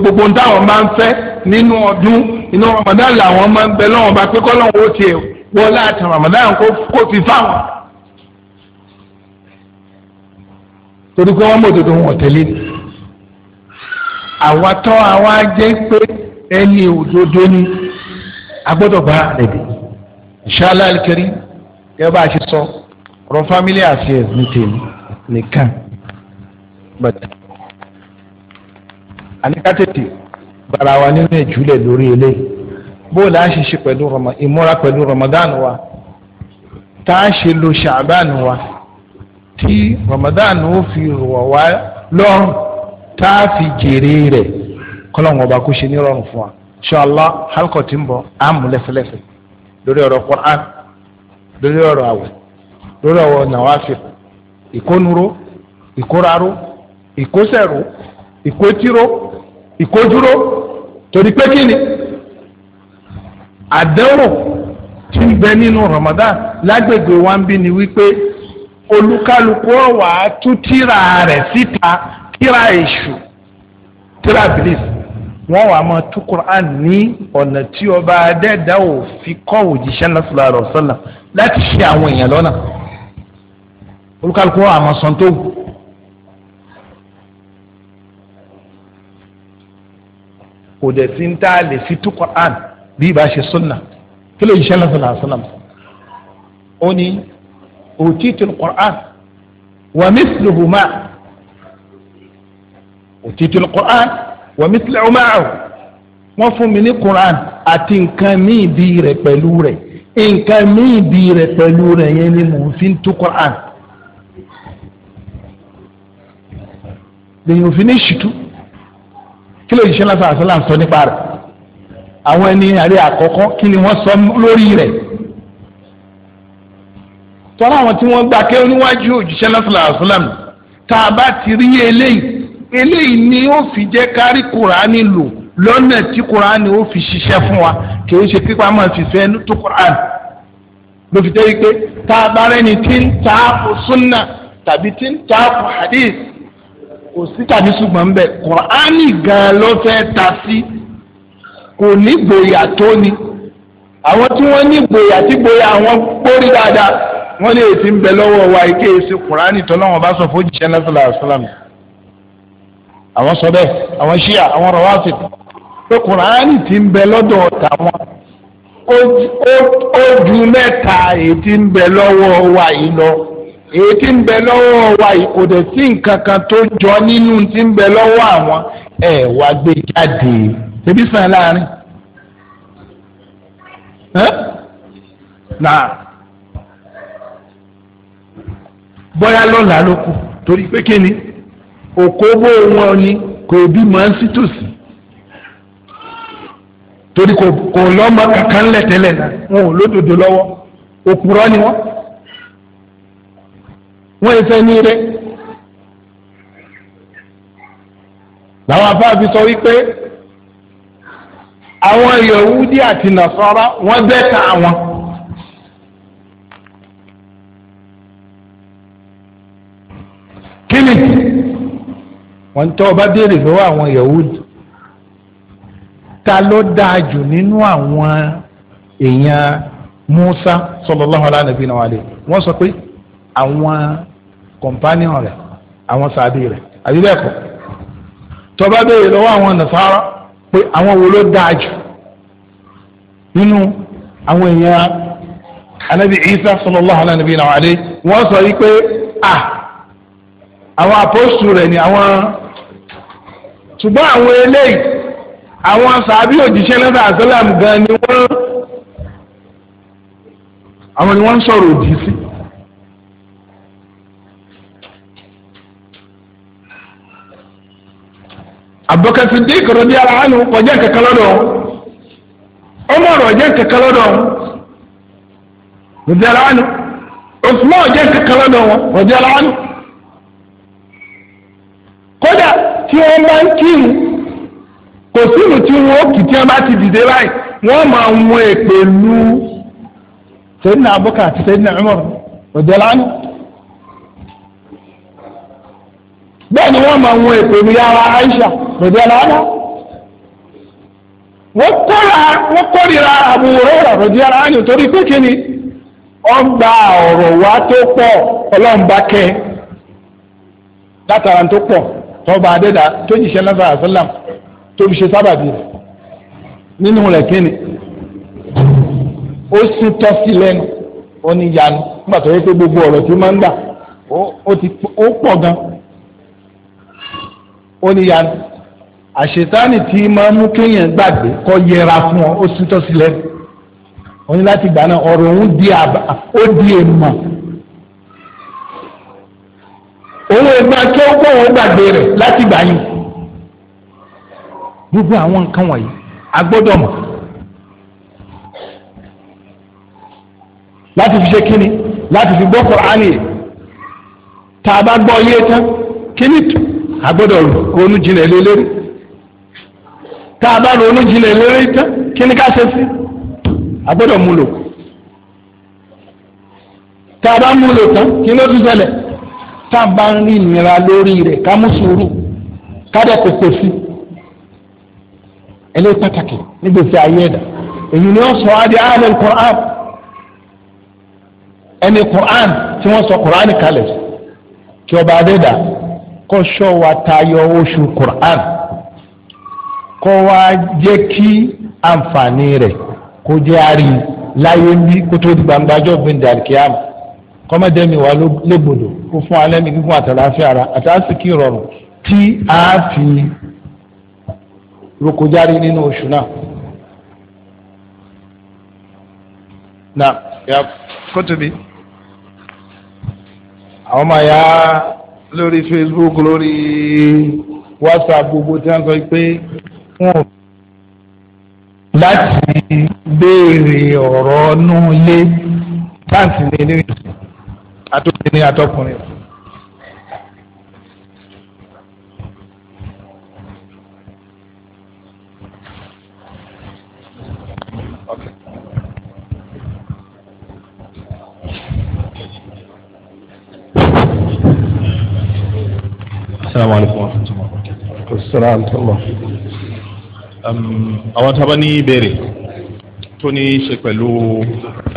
gbogbo ń táwọn máa ń fẹ́ nínú ọdún inú Ramadan làwọn máa ń bẹ lọ́wọ́n bá pé kọ́lọ́wọ́n ó tiẹ̀ wọ́n láti Ramadan kó fi fáwọn. torí pé wọ́n mọ̀ òdodo wọn tẹ̀lé ni àwa tán àwa jẹ́ pé ẹni òdodo ni agbọ́dọ̀ bá rẹ̀dẹ̀ inshallah al-karim yẹ bá a ṣe sọ ọ̀rọ̀ family affairs ní tèmi nìkan but àníká tètè bara wa nínú ìjúlẹ̀ lórí eléyìí bóòlù à ń ṣe ṣe pẹ̀lú ìmúra pẹ̀lú Ramadan wa tá a ṣe lo Sha'ban wa tí Ramadan ó fi rọ̀ wá lọ́rùn tá a fi jèrè rẹ̀ kọ́lọ́hún ọba kó ṣe ní rọrùn fún wa ṣọlá halkọ tí ń bọ̀ á lẹ́sẹ̀lẹ́sẹ̀ lórí ọ̀rọ̀ Qur'an lórí ọ̀rọ̀ àwẹ̀ lórí ọ̀rọ̀ nàwáfì ìkónúró ìkóraró ìkósẹ̀ró ìkótíró ìkódúró torí pé kí ni àdéhùn tí ń bẹ nínú Ramadan lágbègbè wa ń bí ni wípé olúkálukú ọ̀wà tú tíra rẹ̀ síta tíra èṣù tíra bìlísì wọ́n wàá máa tú Qur'an ní ọ̀nà tí ọba adẹ́ẹ̀dá ò fi kọ́ òjíṣẹ́ lọ́sọ̀lá rọ̀ sọ́là láti ṣe àwọn èèyàn lọ́nà olùkálùkù wọn àmọ́ sàn tó wù. kò dẹ̀ sí ń tá a lè fi tú Qur'an bí ibà ṣe sunna kí ló yíṣẹ́ lọ́sọ̀lá sọ́là ó ní òtítù Qur'an wà mí sùlùmá òtítù Qur'an wọ́n mi tilẹ̀ ọmọ àrùn wọ́n fún mi ní Quran àti nǹkan míì bí rẹ̀ pẹ̀lú rẹ̀ nǹkan míì bí rẹ̀ pẹ̀lú rẹ̀ yẹn ni mò ń fi tú Quran. lèyìn òfin ní ṣìtú kí ló ṣiṣẹ́ lásán àṣọ láǹsọ nípa rẹ̀ àwọn ẹni àárẹ̀ àkọ́kọ́ kí ni wọ́n sọ lórí rẹ̀ tọ́lá àwọn tí wọ́n gbà kéwọn níwájú òjíṣẹ́ lásán àṣọ láǹsọ tá a bá ti rí eléyìí eléyìí ni ó fi jẹ́ kárí kuraani lò lọ́nà tí kuraani ó fi ṣiṣẹ́ fún wa kìí ṣe pípa máa fi fẹ́ tó kuraani ló fi jẹ́ pé tá a bá tí ń ta kò súnà tàbí tí ń ta kò hadith kò sí tàbí ṣùgbọ́n bẹ́ẹ̀ kuraani gan ló fẹ́ ta sí kò ní gboyà tó ni àwọn tí wọ́n ní gboyà tí gboyà àwọn gbórí dáadáa wọ́n lè ti ń bẹ lọ́wọ́ wa ike èsì kuraani tọ́lọ́wọ́n bá sọ fún jíṣẹ́ lásìlá àṣìlámù. àwọn sọ bẹ́ẹ̀ àwọn ṣíà àwọn rọwáfì pé kùránì ti ń bẹ lọ́dọ̀ tàwọn ó ju mẹta èyí ti ń bẹ lọ́wọ́ wa yìí lọ èyí tí ń bẹ lọ́wọ́ wa yìí kò dẹ̀ sí nǹkan kan tó jọ nínú ti ń bẹ lọ́wọ́ àwọn ẹ̀ wá gbé jáde ṣebí sàn láàrin. nà bóyá lọ́la ló kù torí pé kí ni. òkòwò wọn ni kò bí màá sí torí kò lọ kankan lẹ̀ tẹ́lẹ̀ náà wọn ò lódodo lọ́wọ́ òpùrọ́ ni wọ́n wọ́n ẹ fẹ́ ní rẹ̀ làwọn afáàfin sọ wípé àwọn Yahudi àti Nasara wọ́n bẹ́ẹ̀ ta àwọn. wọ́n tọ́ ọba béèrè lọ́wọ́ àwọn Yahudi ta ló dáa jù nínú àwọn èèyàn Musa sallallahu alaihi wa alihi wọ́n sọ pé àwọn companion rẹ̀ àwọn sàbí rẹ̀ àbí bẹ́ẹ̀ kọ́ tọ́ba béèrè lọ́wọ́ àwọn Nasara pé àwọn wo ló dáa jù nínú àwọn èèyàn anabi Isa sallallahu alaihi wa alihi wọ́n sọ yìí pé ah àwọn apostol rẹ̀ ni àwọn. ṣùgbọ́n àwọn eléyìí àwọn sàbí òjíṣẹ́ náà àtọ́làm gan ni wọ́n àwọn ni wọ́n ń sọ̀rọ̀ òdì sí. Abubakar Siddiq radiyallahu anhu ọjọ́ kankan lọ́dọ̀ Umar ọjọ́ kankan lọ́dọ̀ radiyallahu anhu Usman ọjọ́ kankan lọ́dọ̀ radiyallahu anhu kódà. tí wọ́n ń kírun kò sínú tí wọ́n ó kì tí ti dìde wọ́n máa ń wọ èpè lu abúkà àti sẹ́yìn náà Umar lánàá. bẹ́ẹ̀ ni wọ́n máa ń wọ èpè lu yàrá Aisha òde lánàá. wọ́n kọ́ra wọ́n lánàá torí pé tọba adẹ́dà tó jìṣẹ́ náà sàrà sálàm tó fi ṣe sábàbí rẹ̀ nínú rẹ̀ kíni ó sì tọ́ sí lẹ́nu ó ní yanu nígbà tó yẹ pé gbogbo ọ̀rọ̀ tí máa ń gbà ó pọ̀ gan ó ní yanu àṣetánì tí máa ń mú kéèyàn gbàgbé kọ́ yẹra fún ọ ó sì tọ́ lẹ́nu ó ní láti gbà náà ọ̀rọ̀ òun di àbá ó di èèmọ̀ òun ẹgbẹ́ akẹ́ ó kọ́ òun gbàgbé rẹ̀ láti gbà yín gbogbo àwọn nǹkan wọ̀nyí a gbọ́dọ̀ mọ̀ láti fi ṣe kíni láti fi gbọ́ Kùránì tá a bá gbọ́ yé tán kíni tó a gbọ́dọ̀ ronú jinlẹ̀ lé lórí tá a bá ronú jinlẹ̀ lé tán kíni ká ṣe sí a mú lò tá a bá mú lò tán kíni ó tún ṣẹlẹ̀ tá a bá ń rí ìnira lórí rẹ̀ ká mú sùúrù ká dẹ̀ pèpè sí i ẹlẹ́yìn pàtàkì nígbèsè ayé ẹ̀dá èyí ni wọ́n sọ adé àlẹ́ Qur'an ẹni Qur'an tí wọ́n sọ Qur'an kalẹ̀ kí ọba adéda kọ́ sọ wa tayọ oṣù Qur'an kọ́ wa jẹ́ kí àǹfààní rẹ̀ kó jẹ́ àrí láyé ní kótó gbangba ọjọ́ gbẹ̀ndẹ̀ àlùkìyàmù mi wà légbodò. fún alẹ́ ní gígùn àtàlàáfíà ara àtàsìkì rọrùn tí a fi rokojárí nínú oṣù náà. na ya kótóbi àwọn ọmọ ya lórí Facebook lórí WhatsApp gbogbo tí wọ́n sọ pé wọn ò láti béèrè ọ̀rọ̀ nù ilé láti ní lè rí. àtòkùnrin àtọkùnrin. Assalamu alaikum wa rahmatullahi wa barakatuh. Assalamu alaikum wa rahmatullahi. Um, àwọn tábà ní ìbéèrè tó ní í ṣe pẹ̀lú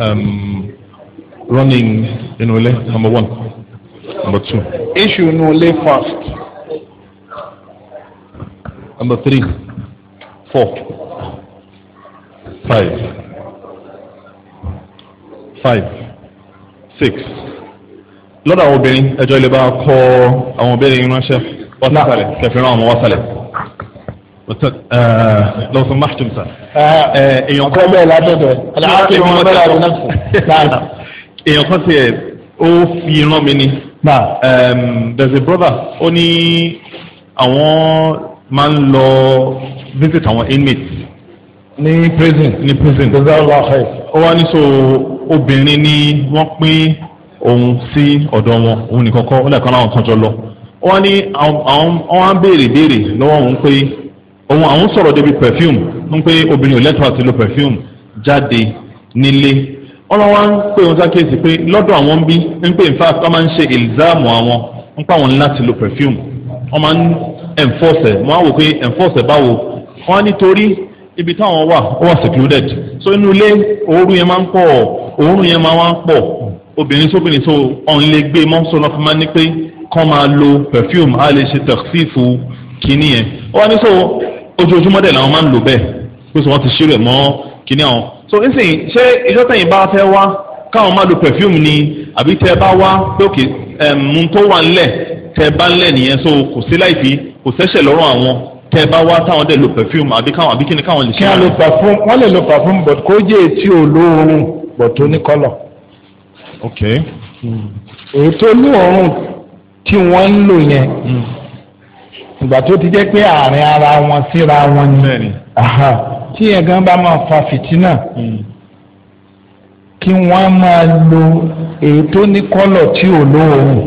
um, running inú ilé number one number two. issue inú ilé first. number three four five five six lọ́dọ̀ àwọn obìnrin ẹjọ́ ilé bá kọ́ àwọn obìnrin ránṣẹ́ wọ́sálẹ̀ kẹfìrán àwọn wọ́sálẹ̀ lọ́sùn máṣtùmùsà. èèyàn kọ́ bẹ́ẹ̀ ládọ́dọ̀ ẹ̀ aláàkè wọn bẹ́ẹ̀ ládọ́dọ̀ náà èèyàn kan tiẹ̀ ó fi rán mi ni. there's a brother ó ní àwọn máa ń lọ visit àwọn inmates. ní prison. ní prison. ó wá ní so obìnrin ni wọ́n pín òun sí ọ̀dọ̀ wọn òun nìkan kọ́ ó lẹ́ẹ̀kan láwọn kan jọ lọ. ó wá ní àwọn àwọn á béèrè béèrè lọ́wọ́ òun pé òun àwọn sọ̀rọ̀ débi perfume ń pé obìnrin ò lẹ́tọ̀ọ́ àti lo perfume jáde nílé wọ́n lọ wá ń pè wọn sákèsì pé lọ́dọ̀ àwọn bí ń pè in fact wọ́n máa ń ṣe ìlzáàmù àwọn ń pa wọn láti lo perfume wọ́n máa ń enforce ẹ̀ wọ́n á wò pé enforce ẹ̀ báwo wọ́n á nítorí ibi táwọn wà ó wà secluded so inú ilé òórùn yẹn máa ń pọ̀ òórùn yẹn máa ń pọ̀ obìnrin sóbìnrin so ọ̀n lè gbé e mọ́ sọ́nà fún máa ní pé kán máa lo perfume á lè ṣe tẹ̀sífù so ojoojúmọ́ dẹ̀ làwọn máa ń lò bẹ́ẹ̀ pé sọ wọ́n so nsìn ṣé ìjọ tẹ̀yìn bá fẹ́ wá káwọn máa lo perfume ni àbí tẹ́ bá wá pé òkè mu tó wà ńlẹ̀ tẹ́ bá ńlẹ̀ nìyẹn so kò sí láìpí kò sẹ́sẹ̀ lọ́rùn àwọn tẹ́ bá wá táwọn dẹ̀ lo perfume àbí káwọn àbí kíni káwọn lè ṣe. kí wọ́n lo perfume wọ́n lè lo perfume but kó jẹ́ etí olóorun but tó ní kọ́lọ̀. ok. Hmm. èyí tó ní òórùn tí wọ́n ń lò yẹn hmm. ìgbà tó ti jẹ́ pé àárín ara wọn síra wọn ni tí ẹ̀gán bá máa fa fìtínà hmm. kí wọ́n máa lo èyí tó ní kọ́lọ̀ tí ò lóorùn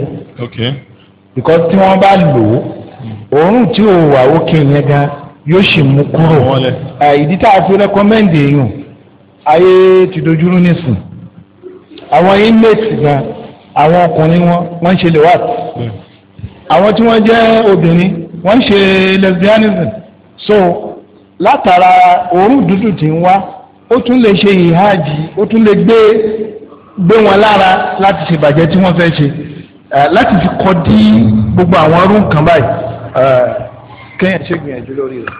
because tí wọ́n bá lò ó hmm. òórùn tí ò wà òkè yẹn gan yóò sì mú kúrò ah, ìdí tá a fi rẹ́kọ́mẹ́ǹdì èèyàn ayé ti dojúrú nísìn àwọn inmate gan àwọn ọkùnrin wọn wọ́n ń ṣe lè wà hmm. àwọn tí wọ́n jẹ́ obìnrin wọ́n ń ṣe lesbianism so látara òórùn dúdú tí ń wá ó tún lè ṣe ìhájì ó tún lè gbé gbé wọn lára láti ṣèbàjẹ́ tí wọ́n fẹ́ ṣe láti fi kọ́ dí gbogbo àwọn arú nǹkan báyìí kẹ́yìn ṣe gbìyànjú lórí rẹ̀.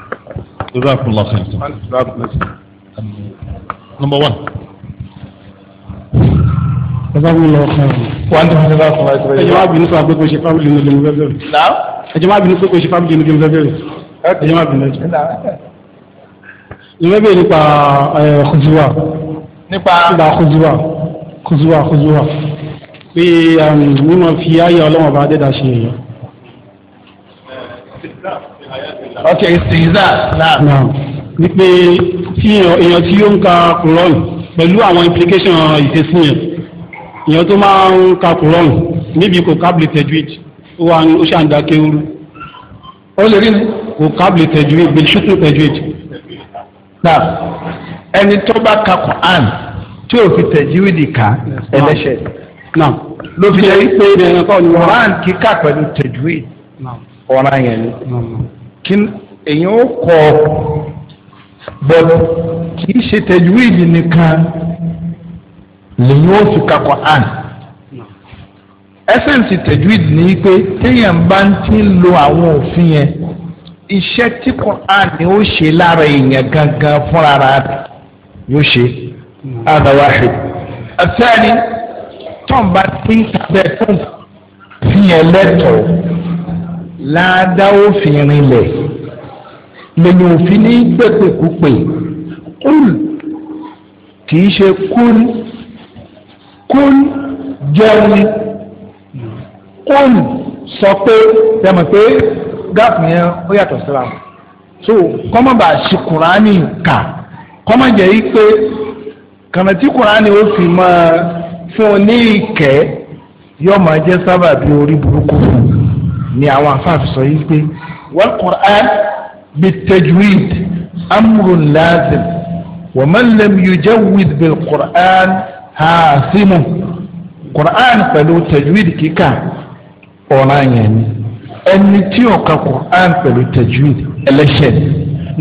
lórí àpòlọ kan number one. bàbá mi lọ kàn án. wà á ní ọ̀sẹ̀ bá fún wa. ẹ̀jẹ̀ máa bínú fún agbẹ́kọ̀ ṣe fábìlì nínú ìdílé mi fẹ́ bẹ̀rẹ̀. ẹ̀jẹ̀ máa bínú fún agbẹ́kọ̀ ṣe fábìlì nínú ìdílé mi fẹ́ bẹ̀rẹ̀. ẹ̀jẹ̀ máa bínú ẹ̀jẹ̀ ìwé bèèrè nípa kùzùwà nípa nípa kùzùwà kùzùwà kùzùwà pé um, mímọ fi ayé ọlọ́wọ́n bá dẹ́dà ṣe èèyàn. ok ṣèyíza náà. wípé tí èèyàn tí yóò ń ka kùrọ́ọ̀n pẹ̀lú àwọn implication ìṣesí yẹn èèyàn tó máa ń ka kùrọ́ọ̀n níbi kò kábìlì tẹ̀júìtì ó wà ó ṣàǹdà kéwúrú. ó lè rí kò kábìlì tẹ̀júìtì bẹ̀rẹ̀ ṣùtù tẹ̀júìtì na ẹni tó bá ka Quran tí o fi tẹ̀júwìdì ká ẹlẹ́ṣẹ̀ náà ló fi jẹ́ pé Quran kíkà pẹ̀lú tẹ̀júwìdì ọ̀ràn yẹn ni èyàn ó kọ bọ́ọ̀lù kì í ṣe tẹ̀júwìdì nìkan lèyìn ó fi ka Quran ẹsẹ̀nsì tẹ̀júwìdì ni pé téèyàn bá ń ti lo àwọn òfin yẹn iṣẹ́ tí Qur'an ni ó ṣe lára èèyàn gangan fúnra rẹ̀ yóò ṣe hada wahid. àtẹ́ni tọ́ǹba tí ń tàbẹ́ fún fi yẹn lẹ́tọ̀ọ́ ládàá òfin rinlẹ̀ lèyìn òfin ní pèpèkúpè kúl kì í ṣe kúl kúl jẹun kúl sọ pé tẹmọ pé gáàpù yẹn ó yàtọ̀ síra wọn so kọ́mọ̀ bá ṣe kùránì kà kọ́mọ̀ jẹ́ yí pé kànáà tí kùránì ó fi máa fún un ní ìkẹ́ yóò máa jẹ́ sábà bí orí burúkú fún ni àwọn afáàfin sọ yí pé wal Qur'an bi tajwid amrun lazim wa man lam yujawwid bil Qur'an haasimu Qur'an pẹ̀lú tajwid kíkà ọ̀ràn yẹn ni ẹni tí ò ka Quran pẹ̀lú tajwid ẹlẹ́ṣẹ̀.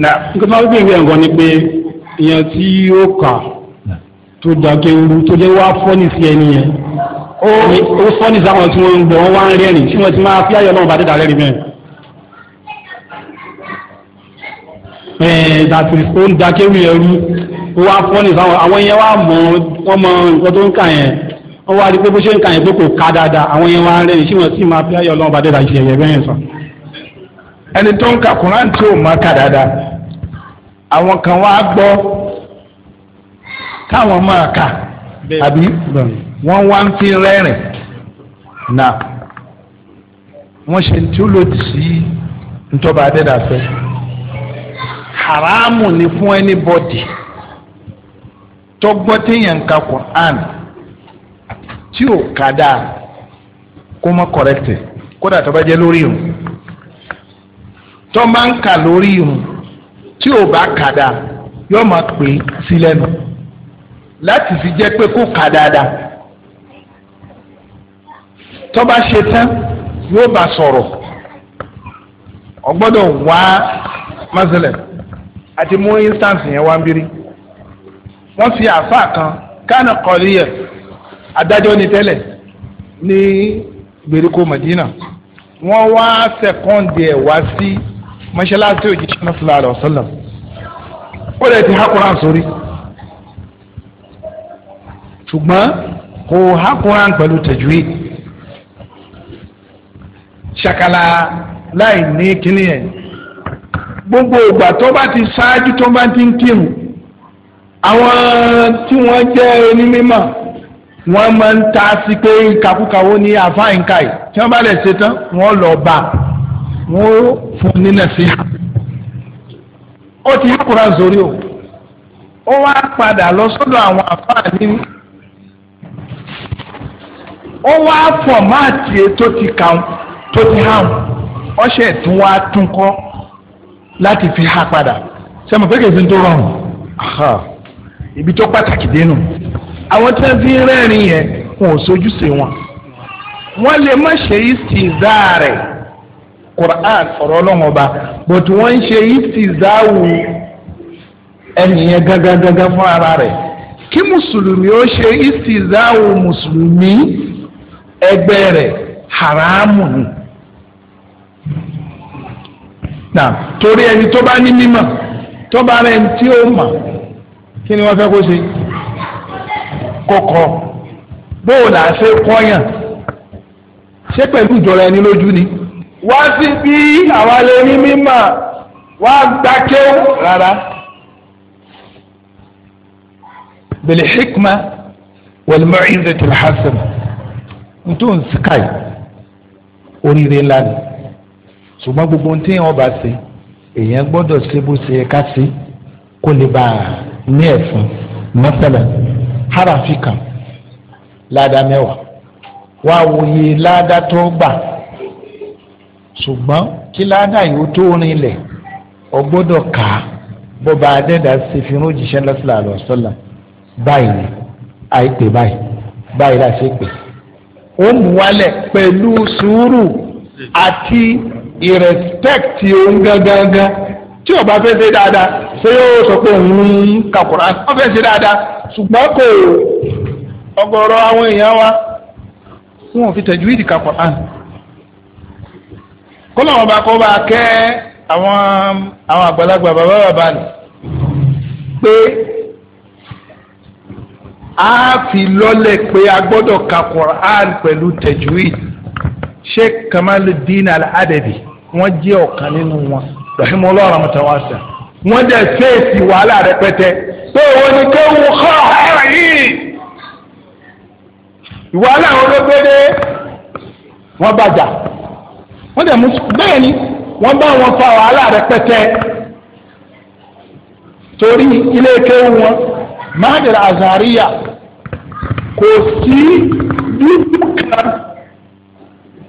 na nǹkan tó bí ìwé ẹ̀gbọ́n ni pé ìyẹn tí ó kà tó dàgé irú tó lé wá fọ́nì sí ẹni yẹn ó fọ́nì sáwọn tí wọ́n ń gbọ́ wọ́n wá ń rẹ́rìn tí wọ́n ti máa fi ayọ̀ náà bá dé dàrẹ́ rí mẹ́rin. dàtí ó ń dàgé irú yẹn rú ó wá fọ́nì sáwọn àwọn yẹn wá mọ̀ wọ́n mọ nǹkan tó ń kà yẹn. wọ́n wá rí pé bó ṣe ń kàn kò ká dáadáa àwọn yẹn wá ń rẹ́yìn tí wọ́n máa fi ayọ̀ ọlọ́run bá dé láti bẹ́ẹ̀ ẹni tó ń ka tí ò máa ka dáadáa àwọn kan wá gbọ́ káwọn máa kà àbí wọ́n wá ń fi rẹ́rìn haramu ni fún ẹni bọ́dì tí ò ká dáa kó mọ́ correct kódà tó bá jẹ́ lórí ìrun tó máa ń kà lórí ìrun tí ò bá ká dáa yóò máa pè é sí lẹ́nu láti fi jẹ́ pé kó ká dáadáa tó bá ṣe tán yóò bá sọ̀rọ̀ ọgbọ́dọ̀ wá mọ́sálẹ̀ àti mú instance yẹn wá ń biri wọ́n fi àáfàá kan kánà kọ́lí yẹn. adájọ́ ni tẹ́lẹ̀ ní gbèríko Madina wọ́n wá sẹ́kọ́ndì ẹ̀ wá sí mọ́ṣáláṣí òjíṣẹ́ náà sallallahu alaihi wasallam ó lè ti hákùnrán sórí ṣùgbọ́n kò hákùnrán pẹ̀lú tajwid ṣàkàlà láì ní kíní ẹ̀ gbogbo ìgbà tó bá ti ṣáájú tó bá ti ń kírun àwọn tí wọ́n jẹ́ onímọ̀ wọ́n máa ń ta sí pé ìkàkùkàwó ní àfáìǹkà yìí tí wọ́n bá lè ṣe tán wọ́n lọ bá wọ́n fún un nínà sí i. ó ti hákùrà sórí o ó wá padà lọ sọ́dọ̀ àwọn àfáàní ó wá fọ̀máàtì ètò ti kàn tó ti hàn ọ̀ṣẹ̀ tí wọ́n á tún kọ́ láti fi há padà sẹ́mi pé kèsì ń tó rọrùn ibi tó pàtàkì dénú. àwọn tí wọ́n fi ń rẹ́rìn yẹn wọn ò sojúṣe wọn wọ́n lè má ṣe ìsìnzá rẹ̀ Quran ọ̀rọ̀ but wọ́n ń ṣe ìsìnzá wù ẹnìyẹn gángan fún ara rẹ̀ kí mùsùlùmí ó ṣe ìsìnzá wù mùsùlùmí ẹgbẹ́ rẹ̀ haramu ni na torí ẹni tó bá ní mímọ̀ tó bá rẹ̀ tí ó ni kó kọkọ bóò là á ṣe kọyàn ṣé pẹ̀lú ìjọra ẹni lójú ni. wá sí bí àwa lè ní mímọ̀ wá gbàkéw rárá. bil hikma wal mau'izati al ntòun sky oríire ńlá ni ṣùgbọ́n gbogbo ohun tí èèyàn bá ṣe èèyàn gbọ́dọ̀ ṣe bó ṣe ká ṣe kó lè bá a ní ẹ̀fọn mọ́sálà harafi kan ládàá mẹ́wàá wàá wòye ládàá tó gbà ṣùgbọ́n kí ládàá yìí ó tó rinlẹ̀ ó gbọ́dọ̀ kà á bó ba adẹ́dà ṣe fi rún jíṣẹ́ lọ́sílà àlọ́sọ́là báyìí àìpè báyìí báyìí la ṣe pè ó mú wálẹ̀ pẹ̀lú sùúrù àti ìrẹ́spẹ̀kì ohun gangan tí ó fẹ́ ṣe dáadáa ṣé yóò sọ pé òun ń ka Quran wọ́n fẹ́ ṣe dáadáa ṣùgbọ́n kò ọ̀gọ̀rọ̀ àwọn èèyàn wa wọn ò fi tajwid ka Quran kọ́lọ̀ wọn bá kọ́ bá kẹ́ àwọn àwọn àgbàlagbà bàbá bàbá ni pé a fi lọ́lẹ̀ pé a gbọ́dọ̀ ka Quran pẹ̀lú tajwid Sheikh Kamaluddin Al-Adabi wọ́n jẹ́ ọ̀kan nínú wọn rahimahullah rahmatan wasi'a wọ́n dẹ̀ fèsì wàhálà rẹpẹtẹ pé òun ni kéwù kọ́ ẹ̀rọ yìí wàhálà àwọn olóògbédé wọ́n bàjá wọ́n dẹ̀ mú bẹ́ẹ̀ ni wọ́n bá wọn fa wàhálà rẹpẹtẹ torí ilé kéwù wọn mahadara azariya kò sí dúdú kan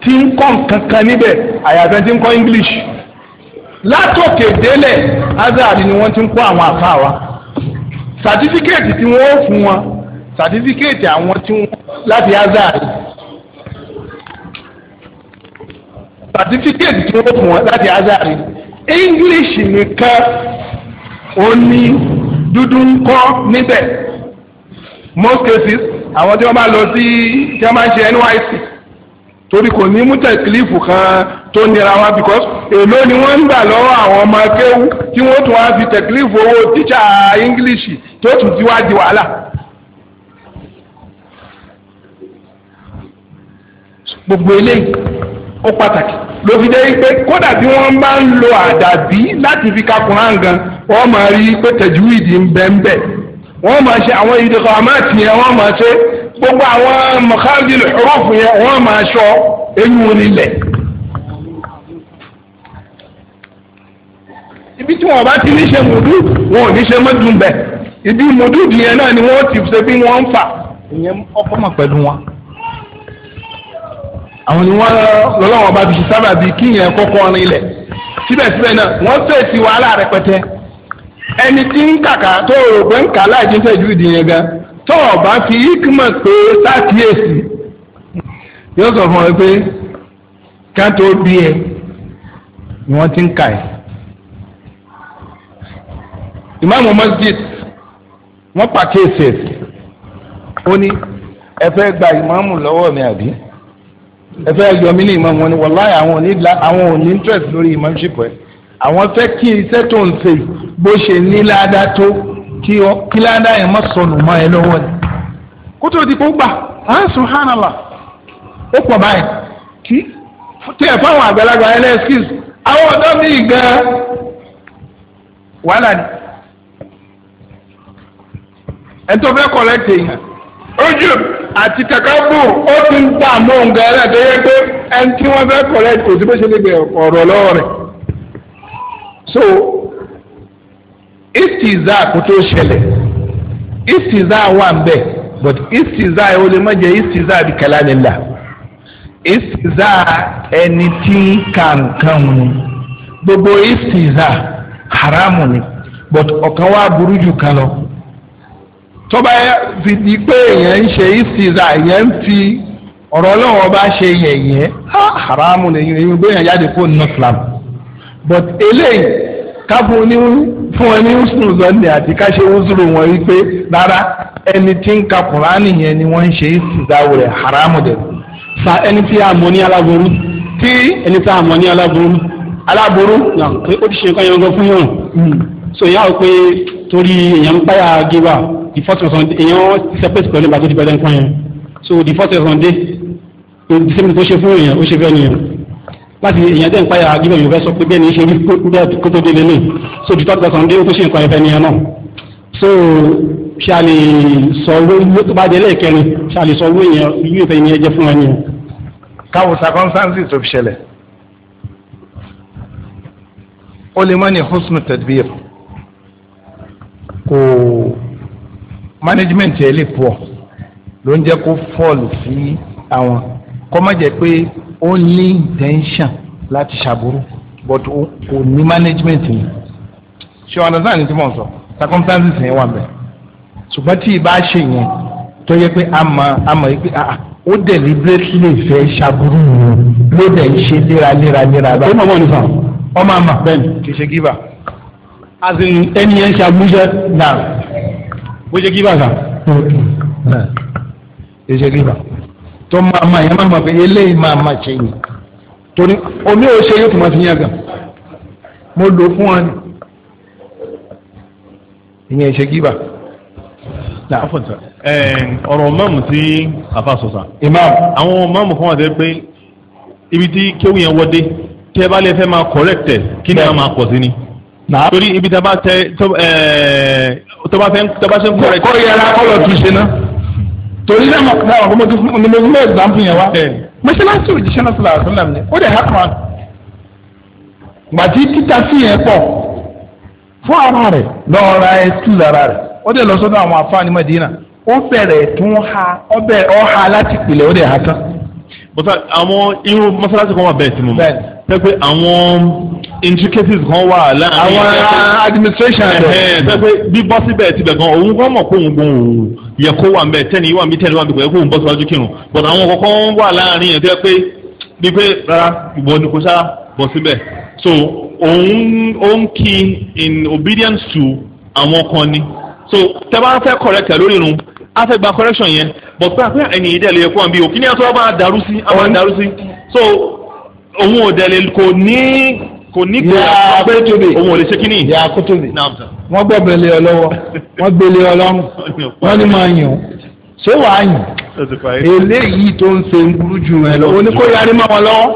tí ń kọ́ nǹkan kan níbẹ̀ àyàfẹ́ tí ń kọ́ English látòkè délẹ̀ azari ni wọ́n ti ń kó àwọn àfa wa sàtífíkẹ́ẹ̀tì tí wọ́n ó fún wọn sàtífíkẹ́ẹ̀tì àwọn tí wọ́n láti azari sàtífíkẹ́ẹ̀tì tí wọ́n ó fún wọn láti azari English nìkan ó ní dúdú ń kọ́ níbẹ̀ most cases àwọn tí wọ́n bá lọ sí tí wọ́n bá ń ṣe NYSC torí kò ní mútẹ̀kìlífù kan tó nira wa because èló ni wọ́n ń gbà lọ́wọ́ àwọn ọmọ akéwú tí wọ́n tún wá fi tẹ̀kìlífù owó tíṣà English tó tún ti wá di wàhálà. gbogbo eléyìí ó pàtàkì ló fi dé pé kódà bí wọ́n bá ń lo àdàbí láti fi kakùn àǹgàn wọ́n máa rí pé tẹ̀júwìdì ń bẹ́ẹ̀ bẹ́ẹ̀ wọ́n máa ṣe àwọn ìdíkọ̀ àmọ́ àtìyẹn wọ́n máa ṣe gbogbo àwọn mọ̀kábìlì ọ̀rọ̀fù yẹn wọ́n máa ṣọ eyín wọn nílẹ̀. ibi tí wọn bá ti ní ṣe mùdú wọn ò ní ṣe mọ́dún bẹ̀ ibi mùdú dìyẹn náà ni wọ́n ti ṣe bí wọ́n ń fà. ìyẹn ọkọ mà pẹ̀lú wọn. àwọn ni wọ́n lọ́lọ́wọ́n bá fi ṣe sábà bíi kí ìyẹn kọ́kọ́ rin ilẹ̀ síbẹ̀síbẹ̀ náà wọ́n fèsì wàhálà rẹpẹtẹ ẹni tí ń kàkà tó rò pé ń kà láì tọ́ ọ bá fi ikmọ̀ pé sákìyèsí yóò sọ fún ọ pé ká tó bí ẹ ni wọ́n ti ń kà ẹ́. ìmáàmù masjid wọ́n pàkíyèsí ẹ̀ ó ní ẹ fẹ́ gba ìmáàmù lọ́wọ́ mi àbí ẹ fẹ́ yọ mí ní ìmáàmù wọn ni wàláhì àwọn ò ní àwọn ò ní interest lórí ìmáàmù ṣìpọ̀ ẹ̀ àwọn fẹ́ kí iṣẹ́ tó ń ṣe bó ṣe ní ládàá tó. tí ọ kí yẹn má sọnù má ẹ lọ́wọ́ ni kó tó kó gbà ó pọ̀ báyìí kí tiẹ̀ fáwọn àgbàlagbà ẹlẹ́sìs àwọn ọ̀dọ́ mi gan wàhálà ni ẹ̀tọ́ fẹ́ kọ̀lẹ́tì ojú àti kàkàbù ó ti ń tà nǹkan yẹ pé ẹni tí wọ́n fẹ́ kò sí bó ṣe lè gbẹ ọ̀rọ̀ lọ́wọ́ rẹ̀ so. istiza kò tó ṣẹlẹ̀ istiza wà ń bẹ̀ but istiza yìí ó lè má jẹ́ istiza bí kalamillah istiza ẹni tí kankan mu gbogbo istiza haramu ni but ọ̀kan wá burú jù kan lọ tọ́ba fi di pé èèyàn ń ṣe istiza èèyàn ń fi ọ̀rọ̀ ọlọ́wọ́ bá ṣe yẹ̀yẹ́ haramu ni èèyàn gbé yàn jáde kó nù but eléyìí káfọ́ oníwúrú fún ẹni húsùn zọ́ọ̀nì àti káṣe húsùrù wọn wípé rárá ẹni tí ń ka kùránì yẹn ni wọ́n ń ṣe ìsìndáwò rẹ̀ haramu dẹ̀. sa ẹni tí a mọ̀ ní aláboru. tí ẹni tí a mọ̀ ní aláboru. aláboru pé ó ti ṣe nǹkan yẹn gan fún yàn. so ìyá o pé torí èèyàn ń báyà gé wa the first person èèyàn separate pẹ̀lú ìgbà tó ti bẹ̀rẹ̀ nǹkan yẹn so the first person dé the same thing tó ṣe fún èèyàn ó ṣe fẹ́ nìyẹn láti èèyàn tẹ̀ ń páyà gbígbẹ́ yóò fẹ́ sọ pé bẹ́ẹ̀ ni ṣe rí kótó délé ní so títọ́ tó kàn dé ó tó ṣe nǹkan ẹ̀fẹ́ nìyẹn náà so ṣe a lè sọ owó tó bá dé lẹ́ẹ̀kẹrin ṣe a lè sọ owó yẹn yóò fẹ́ yẹn jẹ́ fún ẹ nìyẹn. káwo circumstances tó fi ṣẹlẹ̀ ó lè má ní husnu tadbir kò management ẹ̀ lè pọ̀ ló ń jẹ́ kó fọ́ọ̀lù sí àwọn kó má jẹ́ pé ó ní intention láti ṣàbúrú but kò ní management ni ṣé ọ̀nà sáà ni tí mò ń sọ circumstances yẹn wà mẹ́ ṣùgbọ́n tí ì bá ṣe yẹn tó yẹ pé a mọ̀ a mọ̀ yìí pé ah, ó deliberately fẹ́ ṣàbúrú yẹn ló dẹ̀ ń ṣe léraléra léra báyìí. ó mọ̀ mọ́ nípa ọmọ àmà bẹ́ẹ̀ni kì í ṣe gíbà. as in ẹni yẹn ṣe àmúṣe náà bó ṣe gíbà sà. Hmm. kì í ṣe gíbà tó máa ma yẹn máa ma pé eléyìí máa ma ṣe yìí torí omi ò ṣe yóò tó máa fi yàn gàn mo lò fún wọn ìyẹn ṣe gíba. ọ̀rọ̀ mọ́mù tí afa sọ̀sà. imam. àwọn mọ́mù kan wà tẹ́ pé ibi tí kéwù yẹn wọ́dé tí ẹ bá lè fẹ́ máa correct ẹ̀ kí ni a máa pọ̀ sí ni. torí ibi tí a bá tẹ tó bá fẹ́ ń correct. kọ́ yẹra kọ́ lọ tún ṣe náà torí náà mo kọ́ ọmọ mi mo mọ ẹgbàmpù yẹn wa mọ́ṣáláṣí òjíṣẹ́ náà sọ̀rọ̀ àṣọ làmì ó dẹ̀ hákùn án gbàtí títà sí yẹn pọ̀ fún ara rẹ̀ lọ́ọ́ ra ẹtú lára rẹ̀ ó dẹ̀ lọ sọ́dọ̀ àwọn afáàní Mẹ́dínà ó bẹ̀rẹ̀ tún ha ọbẹ̀ ọha láti pìlẹ̀ ó dẹ̀ ha tán. bọ́tà àwọn irú mọ́ṣáláṣí kan wà bẹ́ẹ̀ sí mo mọ̀ pé pé àwọn intricacies kan wà láàrin àwọn administration rẹ̀ pé bí bọ́sibẹ̀ tibẹ̀ gan òun kan mọ̀ pé òun gbọ́n òun yẹ kó wà mbẹ tẹni wà mí tẹni wà mí kò yẹ kó ń síwájú kírun bọ̀dọ̀ àwọn kọ̀ọ̀kan wà láàrin yẹn tó pé bíi pé rárá ìbọn ni kò sá bọ̀ síbẹ̀ so òun òun kí in obedience to àwọn kan ni so tẹ́bá fẹ́ correct ẹ̀ lórí irun a fẹ́ gba correction yẹn but pé àpẹ́ ẹ̀yìn ìdẹ́ lè kó àbí òkìní àtúwọ́ bá dàrú sí a máa dàrú so òun ò dẹ̀ lè kò ní kò ní kí a pé tóbi òun ò lè ṣe kínní. ìyá kótóbi wọ́n gbọ́ bẹ̀lẹ̀ ọlọ́wọ́ wọ́n gbélé ọlọ́run wọ́n ní máa yàn ṣé wàá yàn eléyìí tó ń ṣe ń burú jù ẹ lọ. o ní kó yarí mọ́ wọn lọ́wọ́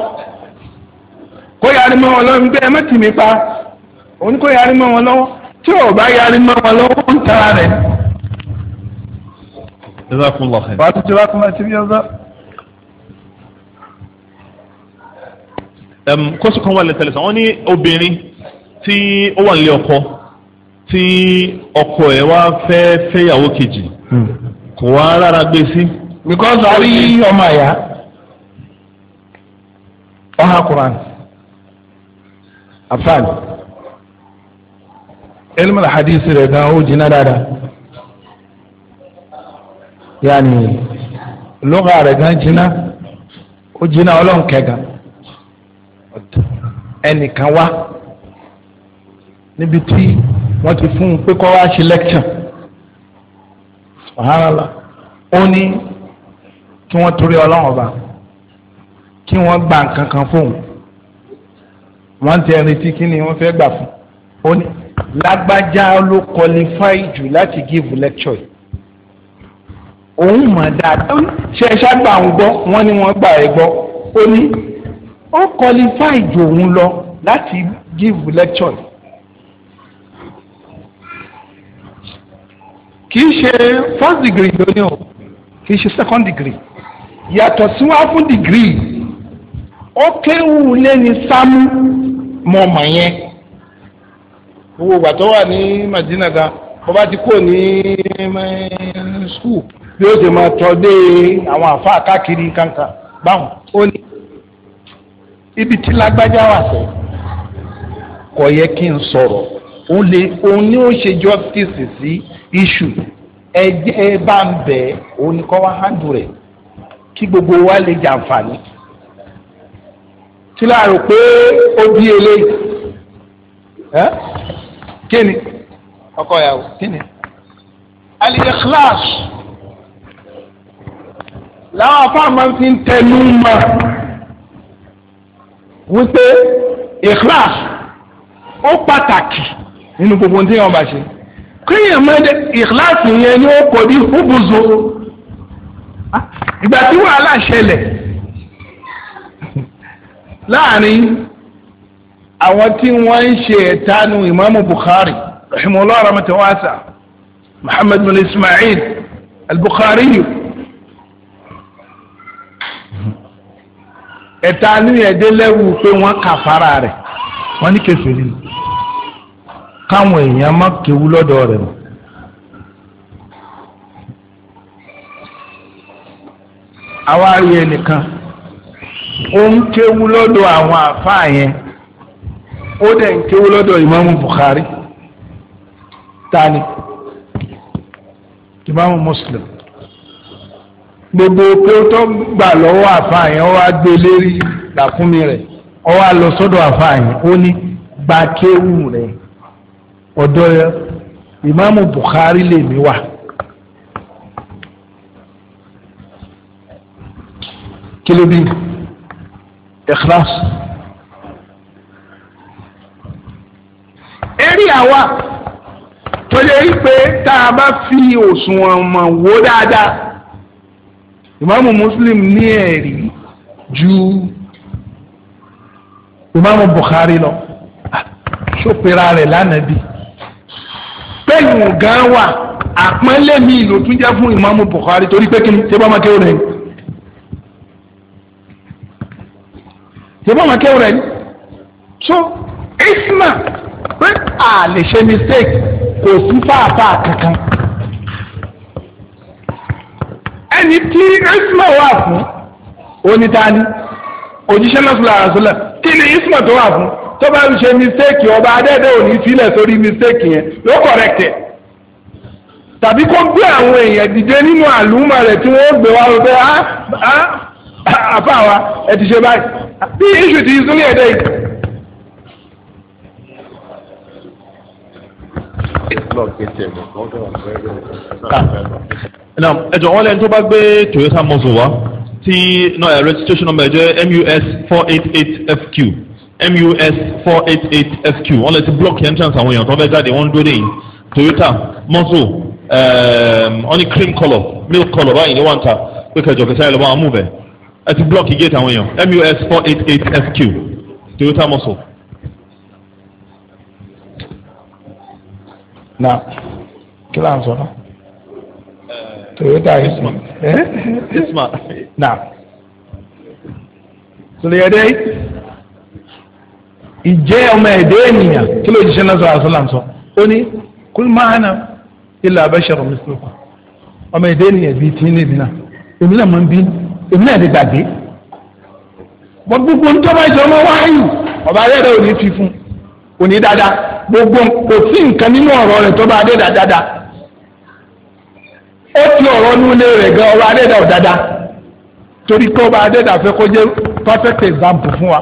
kó yarí mọ́ wọn lọ́wọ́ ń gbé ẹ mẹ́tì mi pa o ní kó yarí mọ́ wọn lọ́wọ́ tí ò bá yarí mọ́ wọn lọ́wọ́ ń tara rẹ̀. jazakumullah khair. wàá tún jẹ́ wàá kún kóso kan wà lẹ́tẹ̀lẹ̀ wọ́n ní obìnrin tí ó wà nílé ọkọ tí ọkọ ẹ̀ wá fẹ́ fẹ́yàwó kejì hmm. kò wá rárá gbé sí. because a rí ọmọ àyà ọha Quran afaan elmul hadith rẹ̀ gan ó jiná dáadáa yaani lóga rẹ̀ gan jiná ẹnìkan wá níbi tí wọ́n ti fún un pé kọ́ wá ṣe lẹ́kṣọ̀n wàhálà ó ní kí wọ́n torí ọlọ́run ọba kí wọ́n gba nǹkan kan fóun wọ́n ti ẹni tí kí ni wọ́n fẹ́ gbà fún ó ní lágbájá ló qualify jù láti give lecture yìí òun mọ̀ dáadáa ṣe é ṣàgbà àwọn gbọ́ wọ́n ní wọ́n gbà ẹ̀ gbọ́ ó ní ó qualify jù òun lọ láti give lecture. kì í ṣe first degree lónìí o kì í ṣe second degree yàtọ̀ sí wá fún degree ó kéwù lẹ́ni sámú mọ̀ọ́mọ̀ yẹn gbogbo ìgbà tó wà ní Madina ga. bó bá ti kó ní eh, skul bí ó ṣe máa tọ́ dé àwọn àfa káàkiri kankan báwọn ó ní ibi tí lágbájá wà sẹ́ kò yẹ kí n sọ̀rọ̀ ó lè òun ni ó ṣe justice sí iṣu ẹjẹ ẹ bá ń bẹ òun ni kọ́ wá handle rẹ̀ kí gbogbo wa lè jàǹfààní tí láàrò pé ó bí eléyìí kíni ọkọ ìyàwó kíni al-ikhlas làwọn afáàmọ́ fi ń tẹnu mọ́ wípé ikhlas ó pàtàkì nínú gbogbo ohun tí wọn bá ṣe kéèyàn mọ ikhlas yẹn ni ó kọ ní húbùzù ìgbà tí wàhálà ṣẹlẹ̀ láàrin àwọn tí wọ́n ń ṣe ẹ̀tánu ìmáàmù Bukhari rahimahullah rahmatan wasa Muhammad bin Ismail al-Bukhari yìí. ẹ̀ta níyẹn dé lẹ́wù pé wọ́n kà fara rẹ̀ wọ́n ní kèfèrí káwọn èèyàn má kéwú lọ́dọ̀ rẹ̀ mọ́. àwa rí ẹnìkan ó kéwú lọ́dọ̀ àwọn àfáà yẹn ó dẹ̀ ń kéwú lọ́dọ̀ ìmáàmù Bukhari tani ìmáàmù Muslim gbogbo pé ó tó gbà lọ́wọ́ àfààyàn ó wá gbé lérí làkúnmi rẹ̀ ó wá lọ sọ́dọ̀ àfààyàn ó ní gba kéwù rẹ̀ ọ̀dọ̀ ìmáàmù Bukhari lèmi wà. kí ló bí ikhlas. eré àwa tó lè rí pé tá a bá fi òṣùwọ̀n mọ̀ wò dáadáa ìmáàmù muslim ní ẹ̀rí ju ìmáàmù bukhari lọ ṣòpera rẹ̀ lánàbí pẹ̀yìn gan wà àpọ́nlé mi ló tún jẹ́ fún ìmáàmù bukhari torí pé kí ni ṣé bá máa kéwòn rẹ̀ ni ṣé bá máa kéwòn rẹ̀ ni so isma pé a lè ṣe mistake kò sí fáfáà kankan ẹni tí isma wà fún onítàní òjíṣẹ́ lọ́sùlá àràsùlẹ̀ kí ni isma tó wà fún tó bá ń ṣe mistake ọba adẹ́dẹ́ òní sílẹ̀ sórí mistake yẹn ló correct ẹ̀ tàbí kó gbé àwọn èèyàn dìde nínú àlùmọ̀ rẹ̀ tí wọ́n gbé wa wípé àfa wa ẹ ti ṣe báyìí bí iṣu ti sún ní ẹ̀dẹ́ yìí. Lord, get him. Hold on now ẹ̀jọ̀ wọn lẹ́nu tó bá gbé Toyota muscle wá tí registration number jẹ́ MUS four eight eight FQ MUS four eight eight FQ wọn lè ti block entrance àwọn èèyàn tó fẹ́ jáde wọ́n ń dúró dèyìn Toyota muscle ehm, wọ́n ní cream colour milk colour báyìí ní wọ́n ta pé kẹjọ kẹsàn án lọ́wọ́ àwọn move ẹ̀ ẹ ti block gate àwọn èèyàn MUS four eight eight FQ Toyota muscle. na kí ló ń toyota isma eh? isma na sọlẹ́yẹ dẹ́ ìjẹ́ ọmọ ẹ̀dẹ́ ènìyàn kí ló jíṣẹ́ náà sọ àṣọlá sọ ó ní kul ma ana illa basharun mislukum ọmọ ẹ̀dẹ́ ènìyàn bíi tí ní ìbínà èmi náà máa ń bí èmi náà lè gbàgbé wọ́n gbogbo ń tọ́ bá ọmọ wáyù ọba rẹ̀ rẹ̀ ò ní fi fún òní dáadáa gbogbo kò sí nǹkan nínú ọ̀rọ̀ rẹ̀ tó bá dé dáadáa ó ti ọ̀rọ̀ nílé rẹ̀ gan ọba adẹ́dà ò dáadáa torí pé ọba adẹ́dà fẹ́ kó jẹ́ perfect example fún wa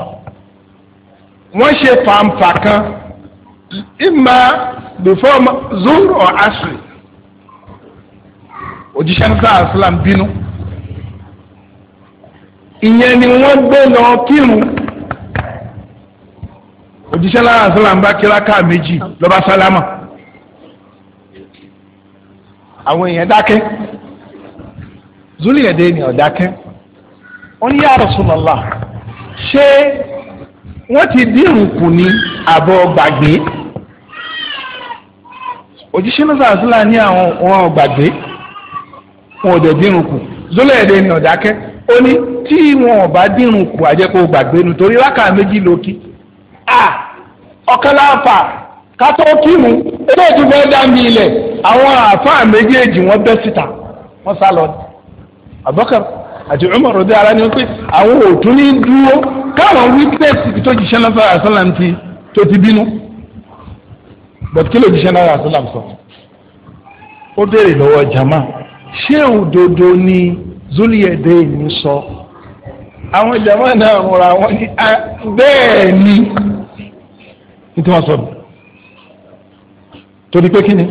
wọ́n ṣe fàǹfà kan ìmà before zuhur or asri òjíṣẹ́ nígbà islam bínú ìyẹn ni wọ́n gbé lọ kírun òjíṣẹ́ lára islam bá kíráká méjì lọ́ba sálámà àwọn èèyàn dákẹ́ zuliyade ni ọ̀dákẹ́ wọ́n ní ya Rasulullah ṣé wọ́n ti dírun kù ní àbọ̀ gbàgbé òjíṣẹ́ náà sàásùlà ní àwọn wọn gbàgbé wọn ò dẹ̀ dírun kù zuliyade ni ọ̀dákẹ́ ó ní tí wọn ò bá dírun kù àjẹkù gbàgbé nítorí rákà méjì lókì à ah, láǹfà kátó kírun eré ìdúgbò ẹ̀dá mi ilẹ̀ àwọn àáfàá méjèèjì wọ́n bẹ́ síta wọ́n sá lọ. Abubakar àti Umar rọdí ara ni wọ́n pé àwọn òtún ní dúró káwọn wípẹ́sì tó jíṣẹ́ náà sọ́ra àṣàlám ti tó ti bínú. bọ̀dù kí ló jíṣẹ́ náà àṣàlám sọ. ó béèrè lọ́wọ́ jama ṣé òdodo ni zuliyẹ̀dẹ́ mi sọ àwọn jama náà múra wọn ni ah, bẹ́ẹ̀ ni nítorí wọn sọ bẹ́ẹ̀. torí pé ni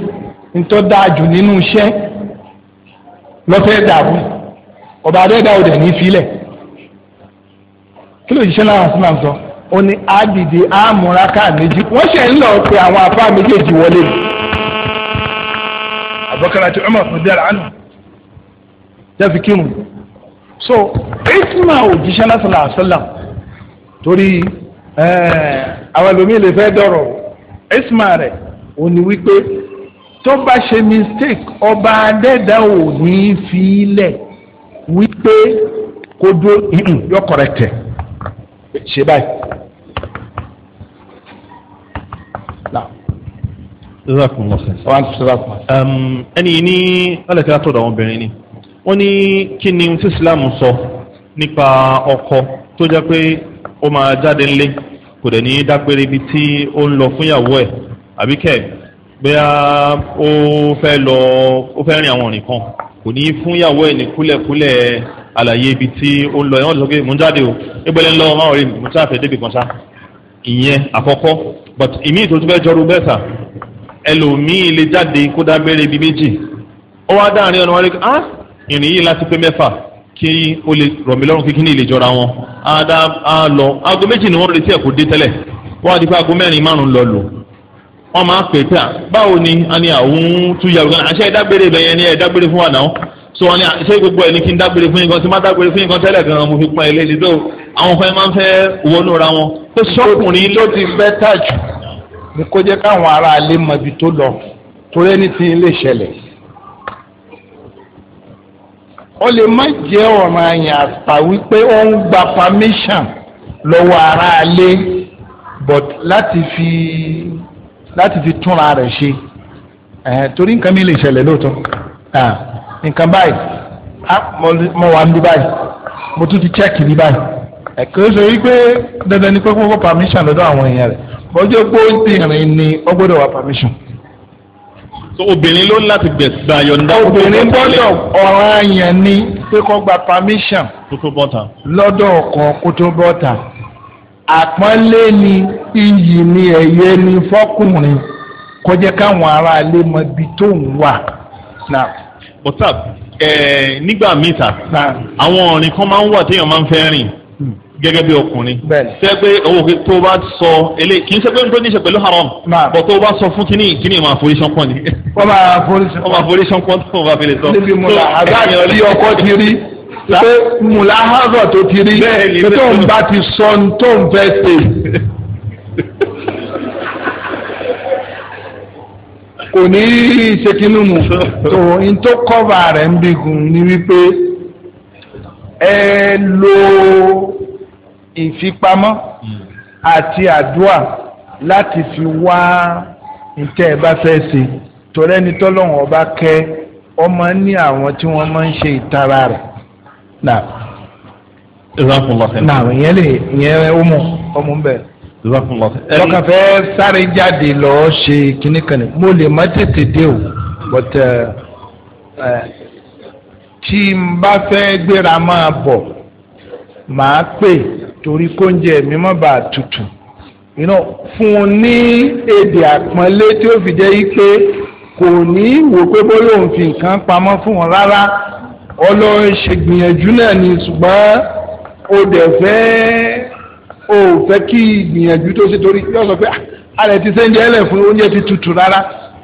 ntọ́ dáa jù nínú iṣẹ́ lọ́fẹ́ dààbò ọba adẹ́dá ní ìfilẹ̀ kí ló ṣiṣẹ́ náà máa sọ ó ní àdìdì àmúraká méjì wọ́n ṣe ń lọ pé àwọn afá méjèèjì wọlé tí ọmọ so isma òjíṣẹ́ náà àṣọlá torí eh, àwọn ẹlòmíì lè isma rẹ̀. òun ni wípé tó bá ṣe mistake ọba adẹ́dá ò ní fi ilẹ̀ wípé kó dó yọ kọ̀rẹ́tẹ̀ ṣe báyìí. Um, ẹni ní ọlẹ́kẹ́ látọ̀dọ̀ àwọn obìnrin ni wọ́n ní kí ni tí Islam sọ nípa ọkọ tó jẹ́ pé ó máa jáde ńlé kò dẹ̀ ní dágbére ibi tí ó ń lọ fúnyàwó ẹ̀ àbí kẹ̀ bóyá ó fẹ́ lọ ó fẹ́ rìn àwọn ọ̀rìn kan kò ní í fún ìyàwó ẹ̀ ní kúlẹ̀kúlẹ̀ àlàyé ibi tí ó ń lọ ẹ̀wọ̀n tó sọ pé mò ń jáde o ẹgbẹ́lẹ́ ń lọ máa rí mo sáfẹ́ débi kan sá ìyẹn àkọ́kọ́ but ìmí ìtòtú fẹ́ jọrú bẹ́ẹ̀ sà ẹlòmíì lè jáde kó dábẹ́rẹ́ ibi méjì ó wá dáàrin ọ̀nà wọn rí ah ìrìn yìí láti pé mẹ́fà kí ó lè rọ̀mí lọ́rùn kí kíní lè jọra wọn á lọ aago méjì ni wọ́n retí ẹ̀ dé tẹ́lẹ̀ wọ́n á di pé aago mẹ́rin márùn-ún lọ lò wọn máa ń pè pé à báwo ni a ní àwọn tún yàrá gan àṣẹ ìdágbére ibẹ̀ yẹn ni ẹ dágbére fún wa náà so wọn ní àṣẹ gbogbo ẹ ní kí n dágbére fún yín gan tí má dágbére fún yín gan tẹ́lẹ̀ gan mo fi pọn ẹ lẹ́ni tó àwọn fẹ́ máa ń fẹ́ wọnú ra wọn. pé sọkùnrin ló ti fẹ́ tà jù ní kó jẹ́ káwọn ará ilé mọ ibi tó lọ torí ẹni tí ń lè ṣẹlẹ̀. ó lè má jẹ́ ọ̀ràn àyàn àpà wípé ó ń gba permission lọ́wọ́ ará ilé but láti fi láti fi túnra rẹ̀ ṣe torí nǹkan mi lè ṣẹlẹ̀ lóòótọ́ nǹkan báyìí mo wà ń bí báyìí mo tún ti chẹ́ẹ̀kì bí báyìí kò sọ wípé dandan ni pé kó permission lọ́dọ̀ àwọn èèyàn rẹ̀ bọ́jọ́ pé ó ti rìn ni ó gbọ́dọ̀ wá permission. so obìnrin ló ń láti gbẹ̀sà yọ̀ǹda. obìnrin gbọ́dọ̀ ọ̀ràn yẹn ni pé kó gba permission lọ́dọ̀ ọkọ kó tó bọ́ta àpọ́nlé ni iyì ni ẹ̀yẹ ni fọ́kùnrin kó jẹ́ káwọn aráalé mọ ibi tó ń wà. bọ́tà nígbà míì sà àwọn ọ̀rìn kan máa ń wà téèyàn máa ń fẹ́ rìn hmm. gẹ́gẹ́ bí ọkùnrin. ṣé pé owó tó o bá sọ eléyìí kì í ṣe pé n tó ní ṣe pẹ̀lú haram. bọ̀ tó bá sọ fún kínní kínní máa forí ṣánpọ̀ ni. wọ́n máa forí ṣánpọ̀ tó o bá fi lè sọ. níbi mo là àgbà tí ọkọ ti rí pé mùláhàrọ̀ tó ti rí tó ń bá ti sọ tó ń fẹ́ ṣe. kò ní ṣe kínú mu tó n tó kọ́ba rẹ̀ ń bigun ni wípé ẹ lo ìfipamọ́ àti àdúà láti fi wá ntẹ́ ẹ bá fẹ́ ṣe torí ẹni tọ́lọ́hún ọba kẹ́ ọmọ ní àwọn tí wọ́n máa ń ṣe ìtara rẹ̀ náà náà ìyẹn lè ìyẹn ọmọ ọmọ ń bẹ lọ́kàn fẹ́ sáré jáde lọ ṣe kíní kan ní mo lè má tètè dé o but uh, uh, tí n bá fẹ́ gbéra máa bọ̀ màá pè torí kóúnjẹ mi má bàa tutù fún un ní èdè àpọ́nlé tí ó fi jẹ́ yí pé kò ní wò pé bóyá òun fi nǹkan pamọ́ fún wọn rárá ọlọ́run ṣègbìyànjú náà ni ṣùgbọ́n o dẹ̀ fẹ́ o fẹ́ kí ìgbìyànjú tó ṣe torí yóò sọ pé ah, alẹ́ ti sẹ́ńjẹ́ ẹlẹ̀ fún oúnjẹ ti tutù rárá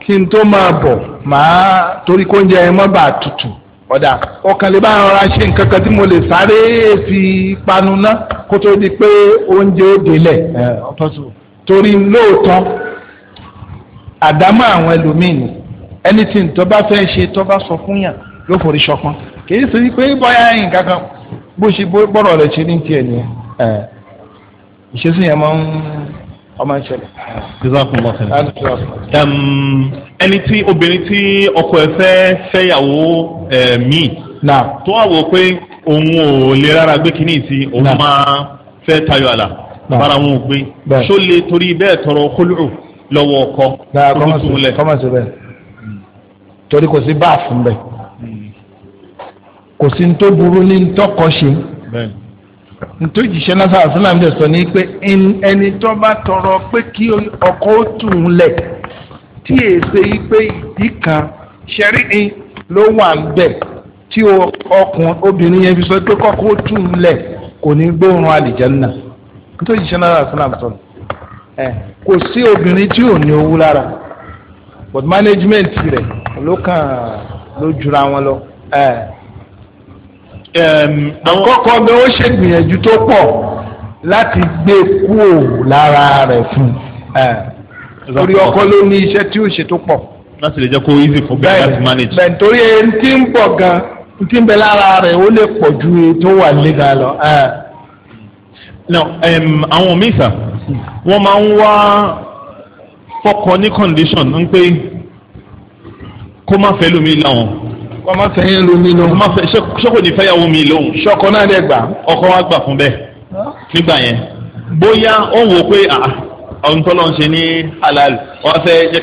kí n tó máa bọ̀ máa torí kó oúnjẹ yẹn má bàa tutù ọ̀dà ọkàn lè bá ara ṣe nǹkan kan tí mo lè sáré fi panu ná kó tó di pé oúnjẹ ó délẹ̀ torí lóòótọ́ àdámọ́ àwọn ẹlòmíì ni anything tó bá fẹ́ ṣe tó bá sọ fún yàn yóò forí ṣọpọ́n. kìí sì pé bọ́yá yìí kankan bó ṣe rẹ̀ ṣe ní tiẹ̀ ni ìṣesí yẹn máa ń ọmọ ìṣẹ̀lẹ̀. jesus lọ sílẹ̀. ẹni tí obìnrin tí ọkọ ẹ̀ fẹ́ fẹ́yàwó míì tó wà pé òun ò lè rárá gbé kínní òun máa fẹ́ tayọ àlà bára wọn ò gbé ṣó lè torí bẹ́ẹ̀ tọrọ lọ́wọ́ ọkọ tó tún lẹ̀. torí kò sí báàfù ń bẹ̀. kò sí ní tó burú ní tọkọ ṣe nítòjìṣẹ́ lásán àfúnà mi dẹ̀ sọ ní pé ẹni tó bá tọrọ pé kí ọkọ ó tù ú lẹ̀ tí èsè yìí pé ìdí kan ṣẹ́rí in ló wà ń bẹ̀ tí ọkùnrin obìnrin yẹn fi sọ pé kọ́kọ́ ó tù ú lẹ̀ kò ní gbóòórùn àlìjánná nítòjìṣẹ́ lásán àfúnà mi sọ kò sí obìnrin tí ò ní owó lára but management rẹ̀ ló kàn ló jura wọn lọ. Eh àkọ́kọ́ bẹ́ẹ̀ ó ṣe gbìyànjú tó pọ̀ láti gbé kúò lára rẹ̀ fún un eh, torí ọkọ ló ní iṣẹ́ tí ó ṣe tó pọ̀. láti lè jẹ́ kó easy fún bẹ́ẹ̀ láti manage. bẹ́ẹ̀ nítorí ẹni tí ń pọ̀ gan-an tí ń bẹ lára rẹ̀ ó lè pọ̀ ju èyí tó wà léga lọ. Eh. now àwọn míì sà wọ́n máa ń wá fọkọ ní condition ń pé kó má fẹ́ lómi láwọn kọ́mọ fẹ́yìn lomi lóhùn. kọ́mọ fẹ́ sọ́kò ní fẹ́yàwó mi lóhùn. sọ́kọ náà dẹ̀ gbà. ọkọ wa gbà fún bẹ́ẹ̀ nígbà yẹn bóyá ó wò pé ọ̀hún tó lọ́n ṣe ní halal wọ́n fẹ́ jẹ́ kí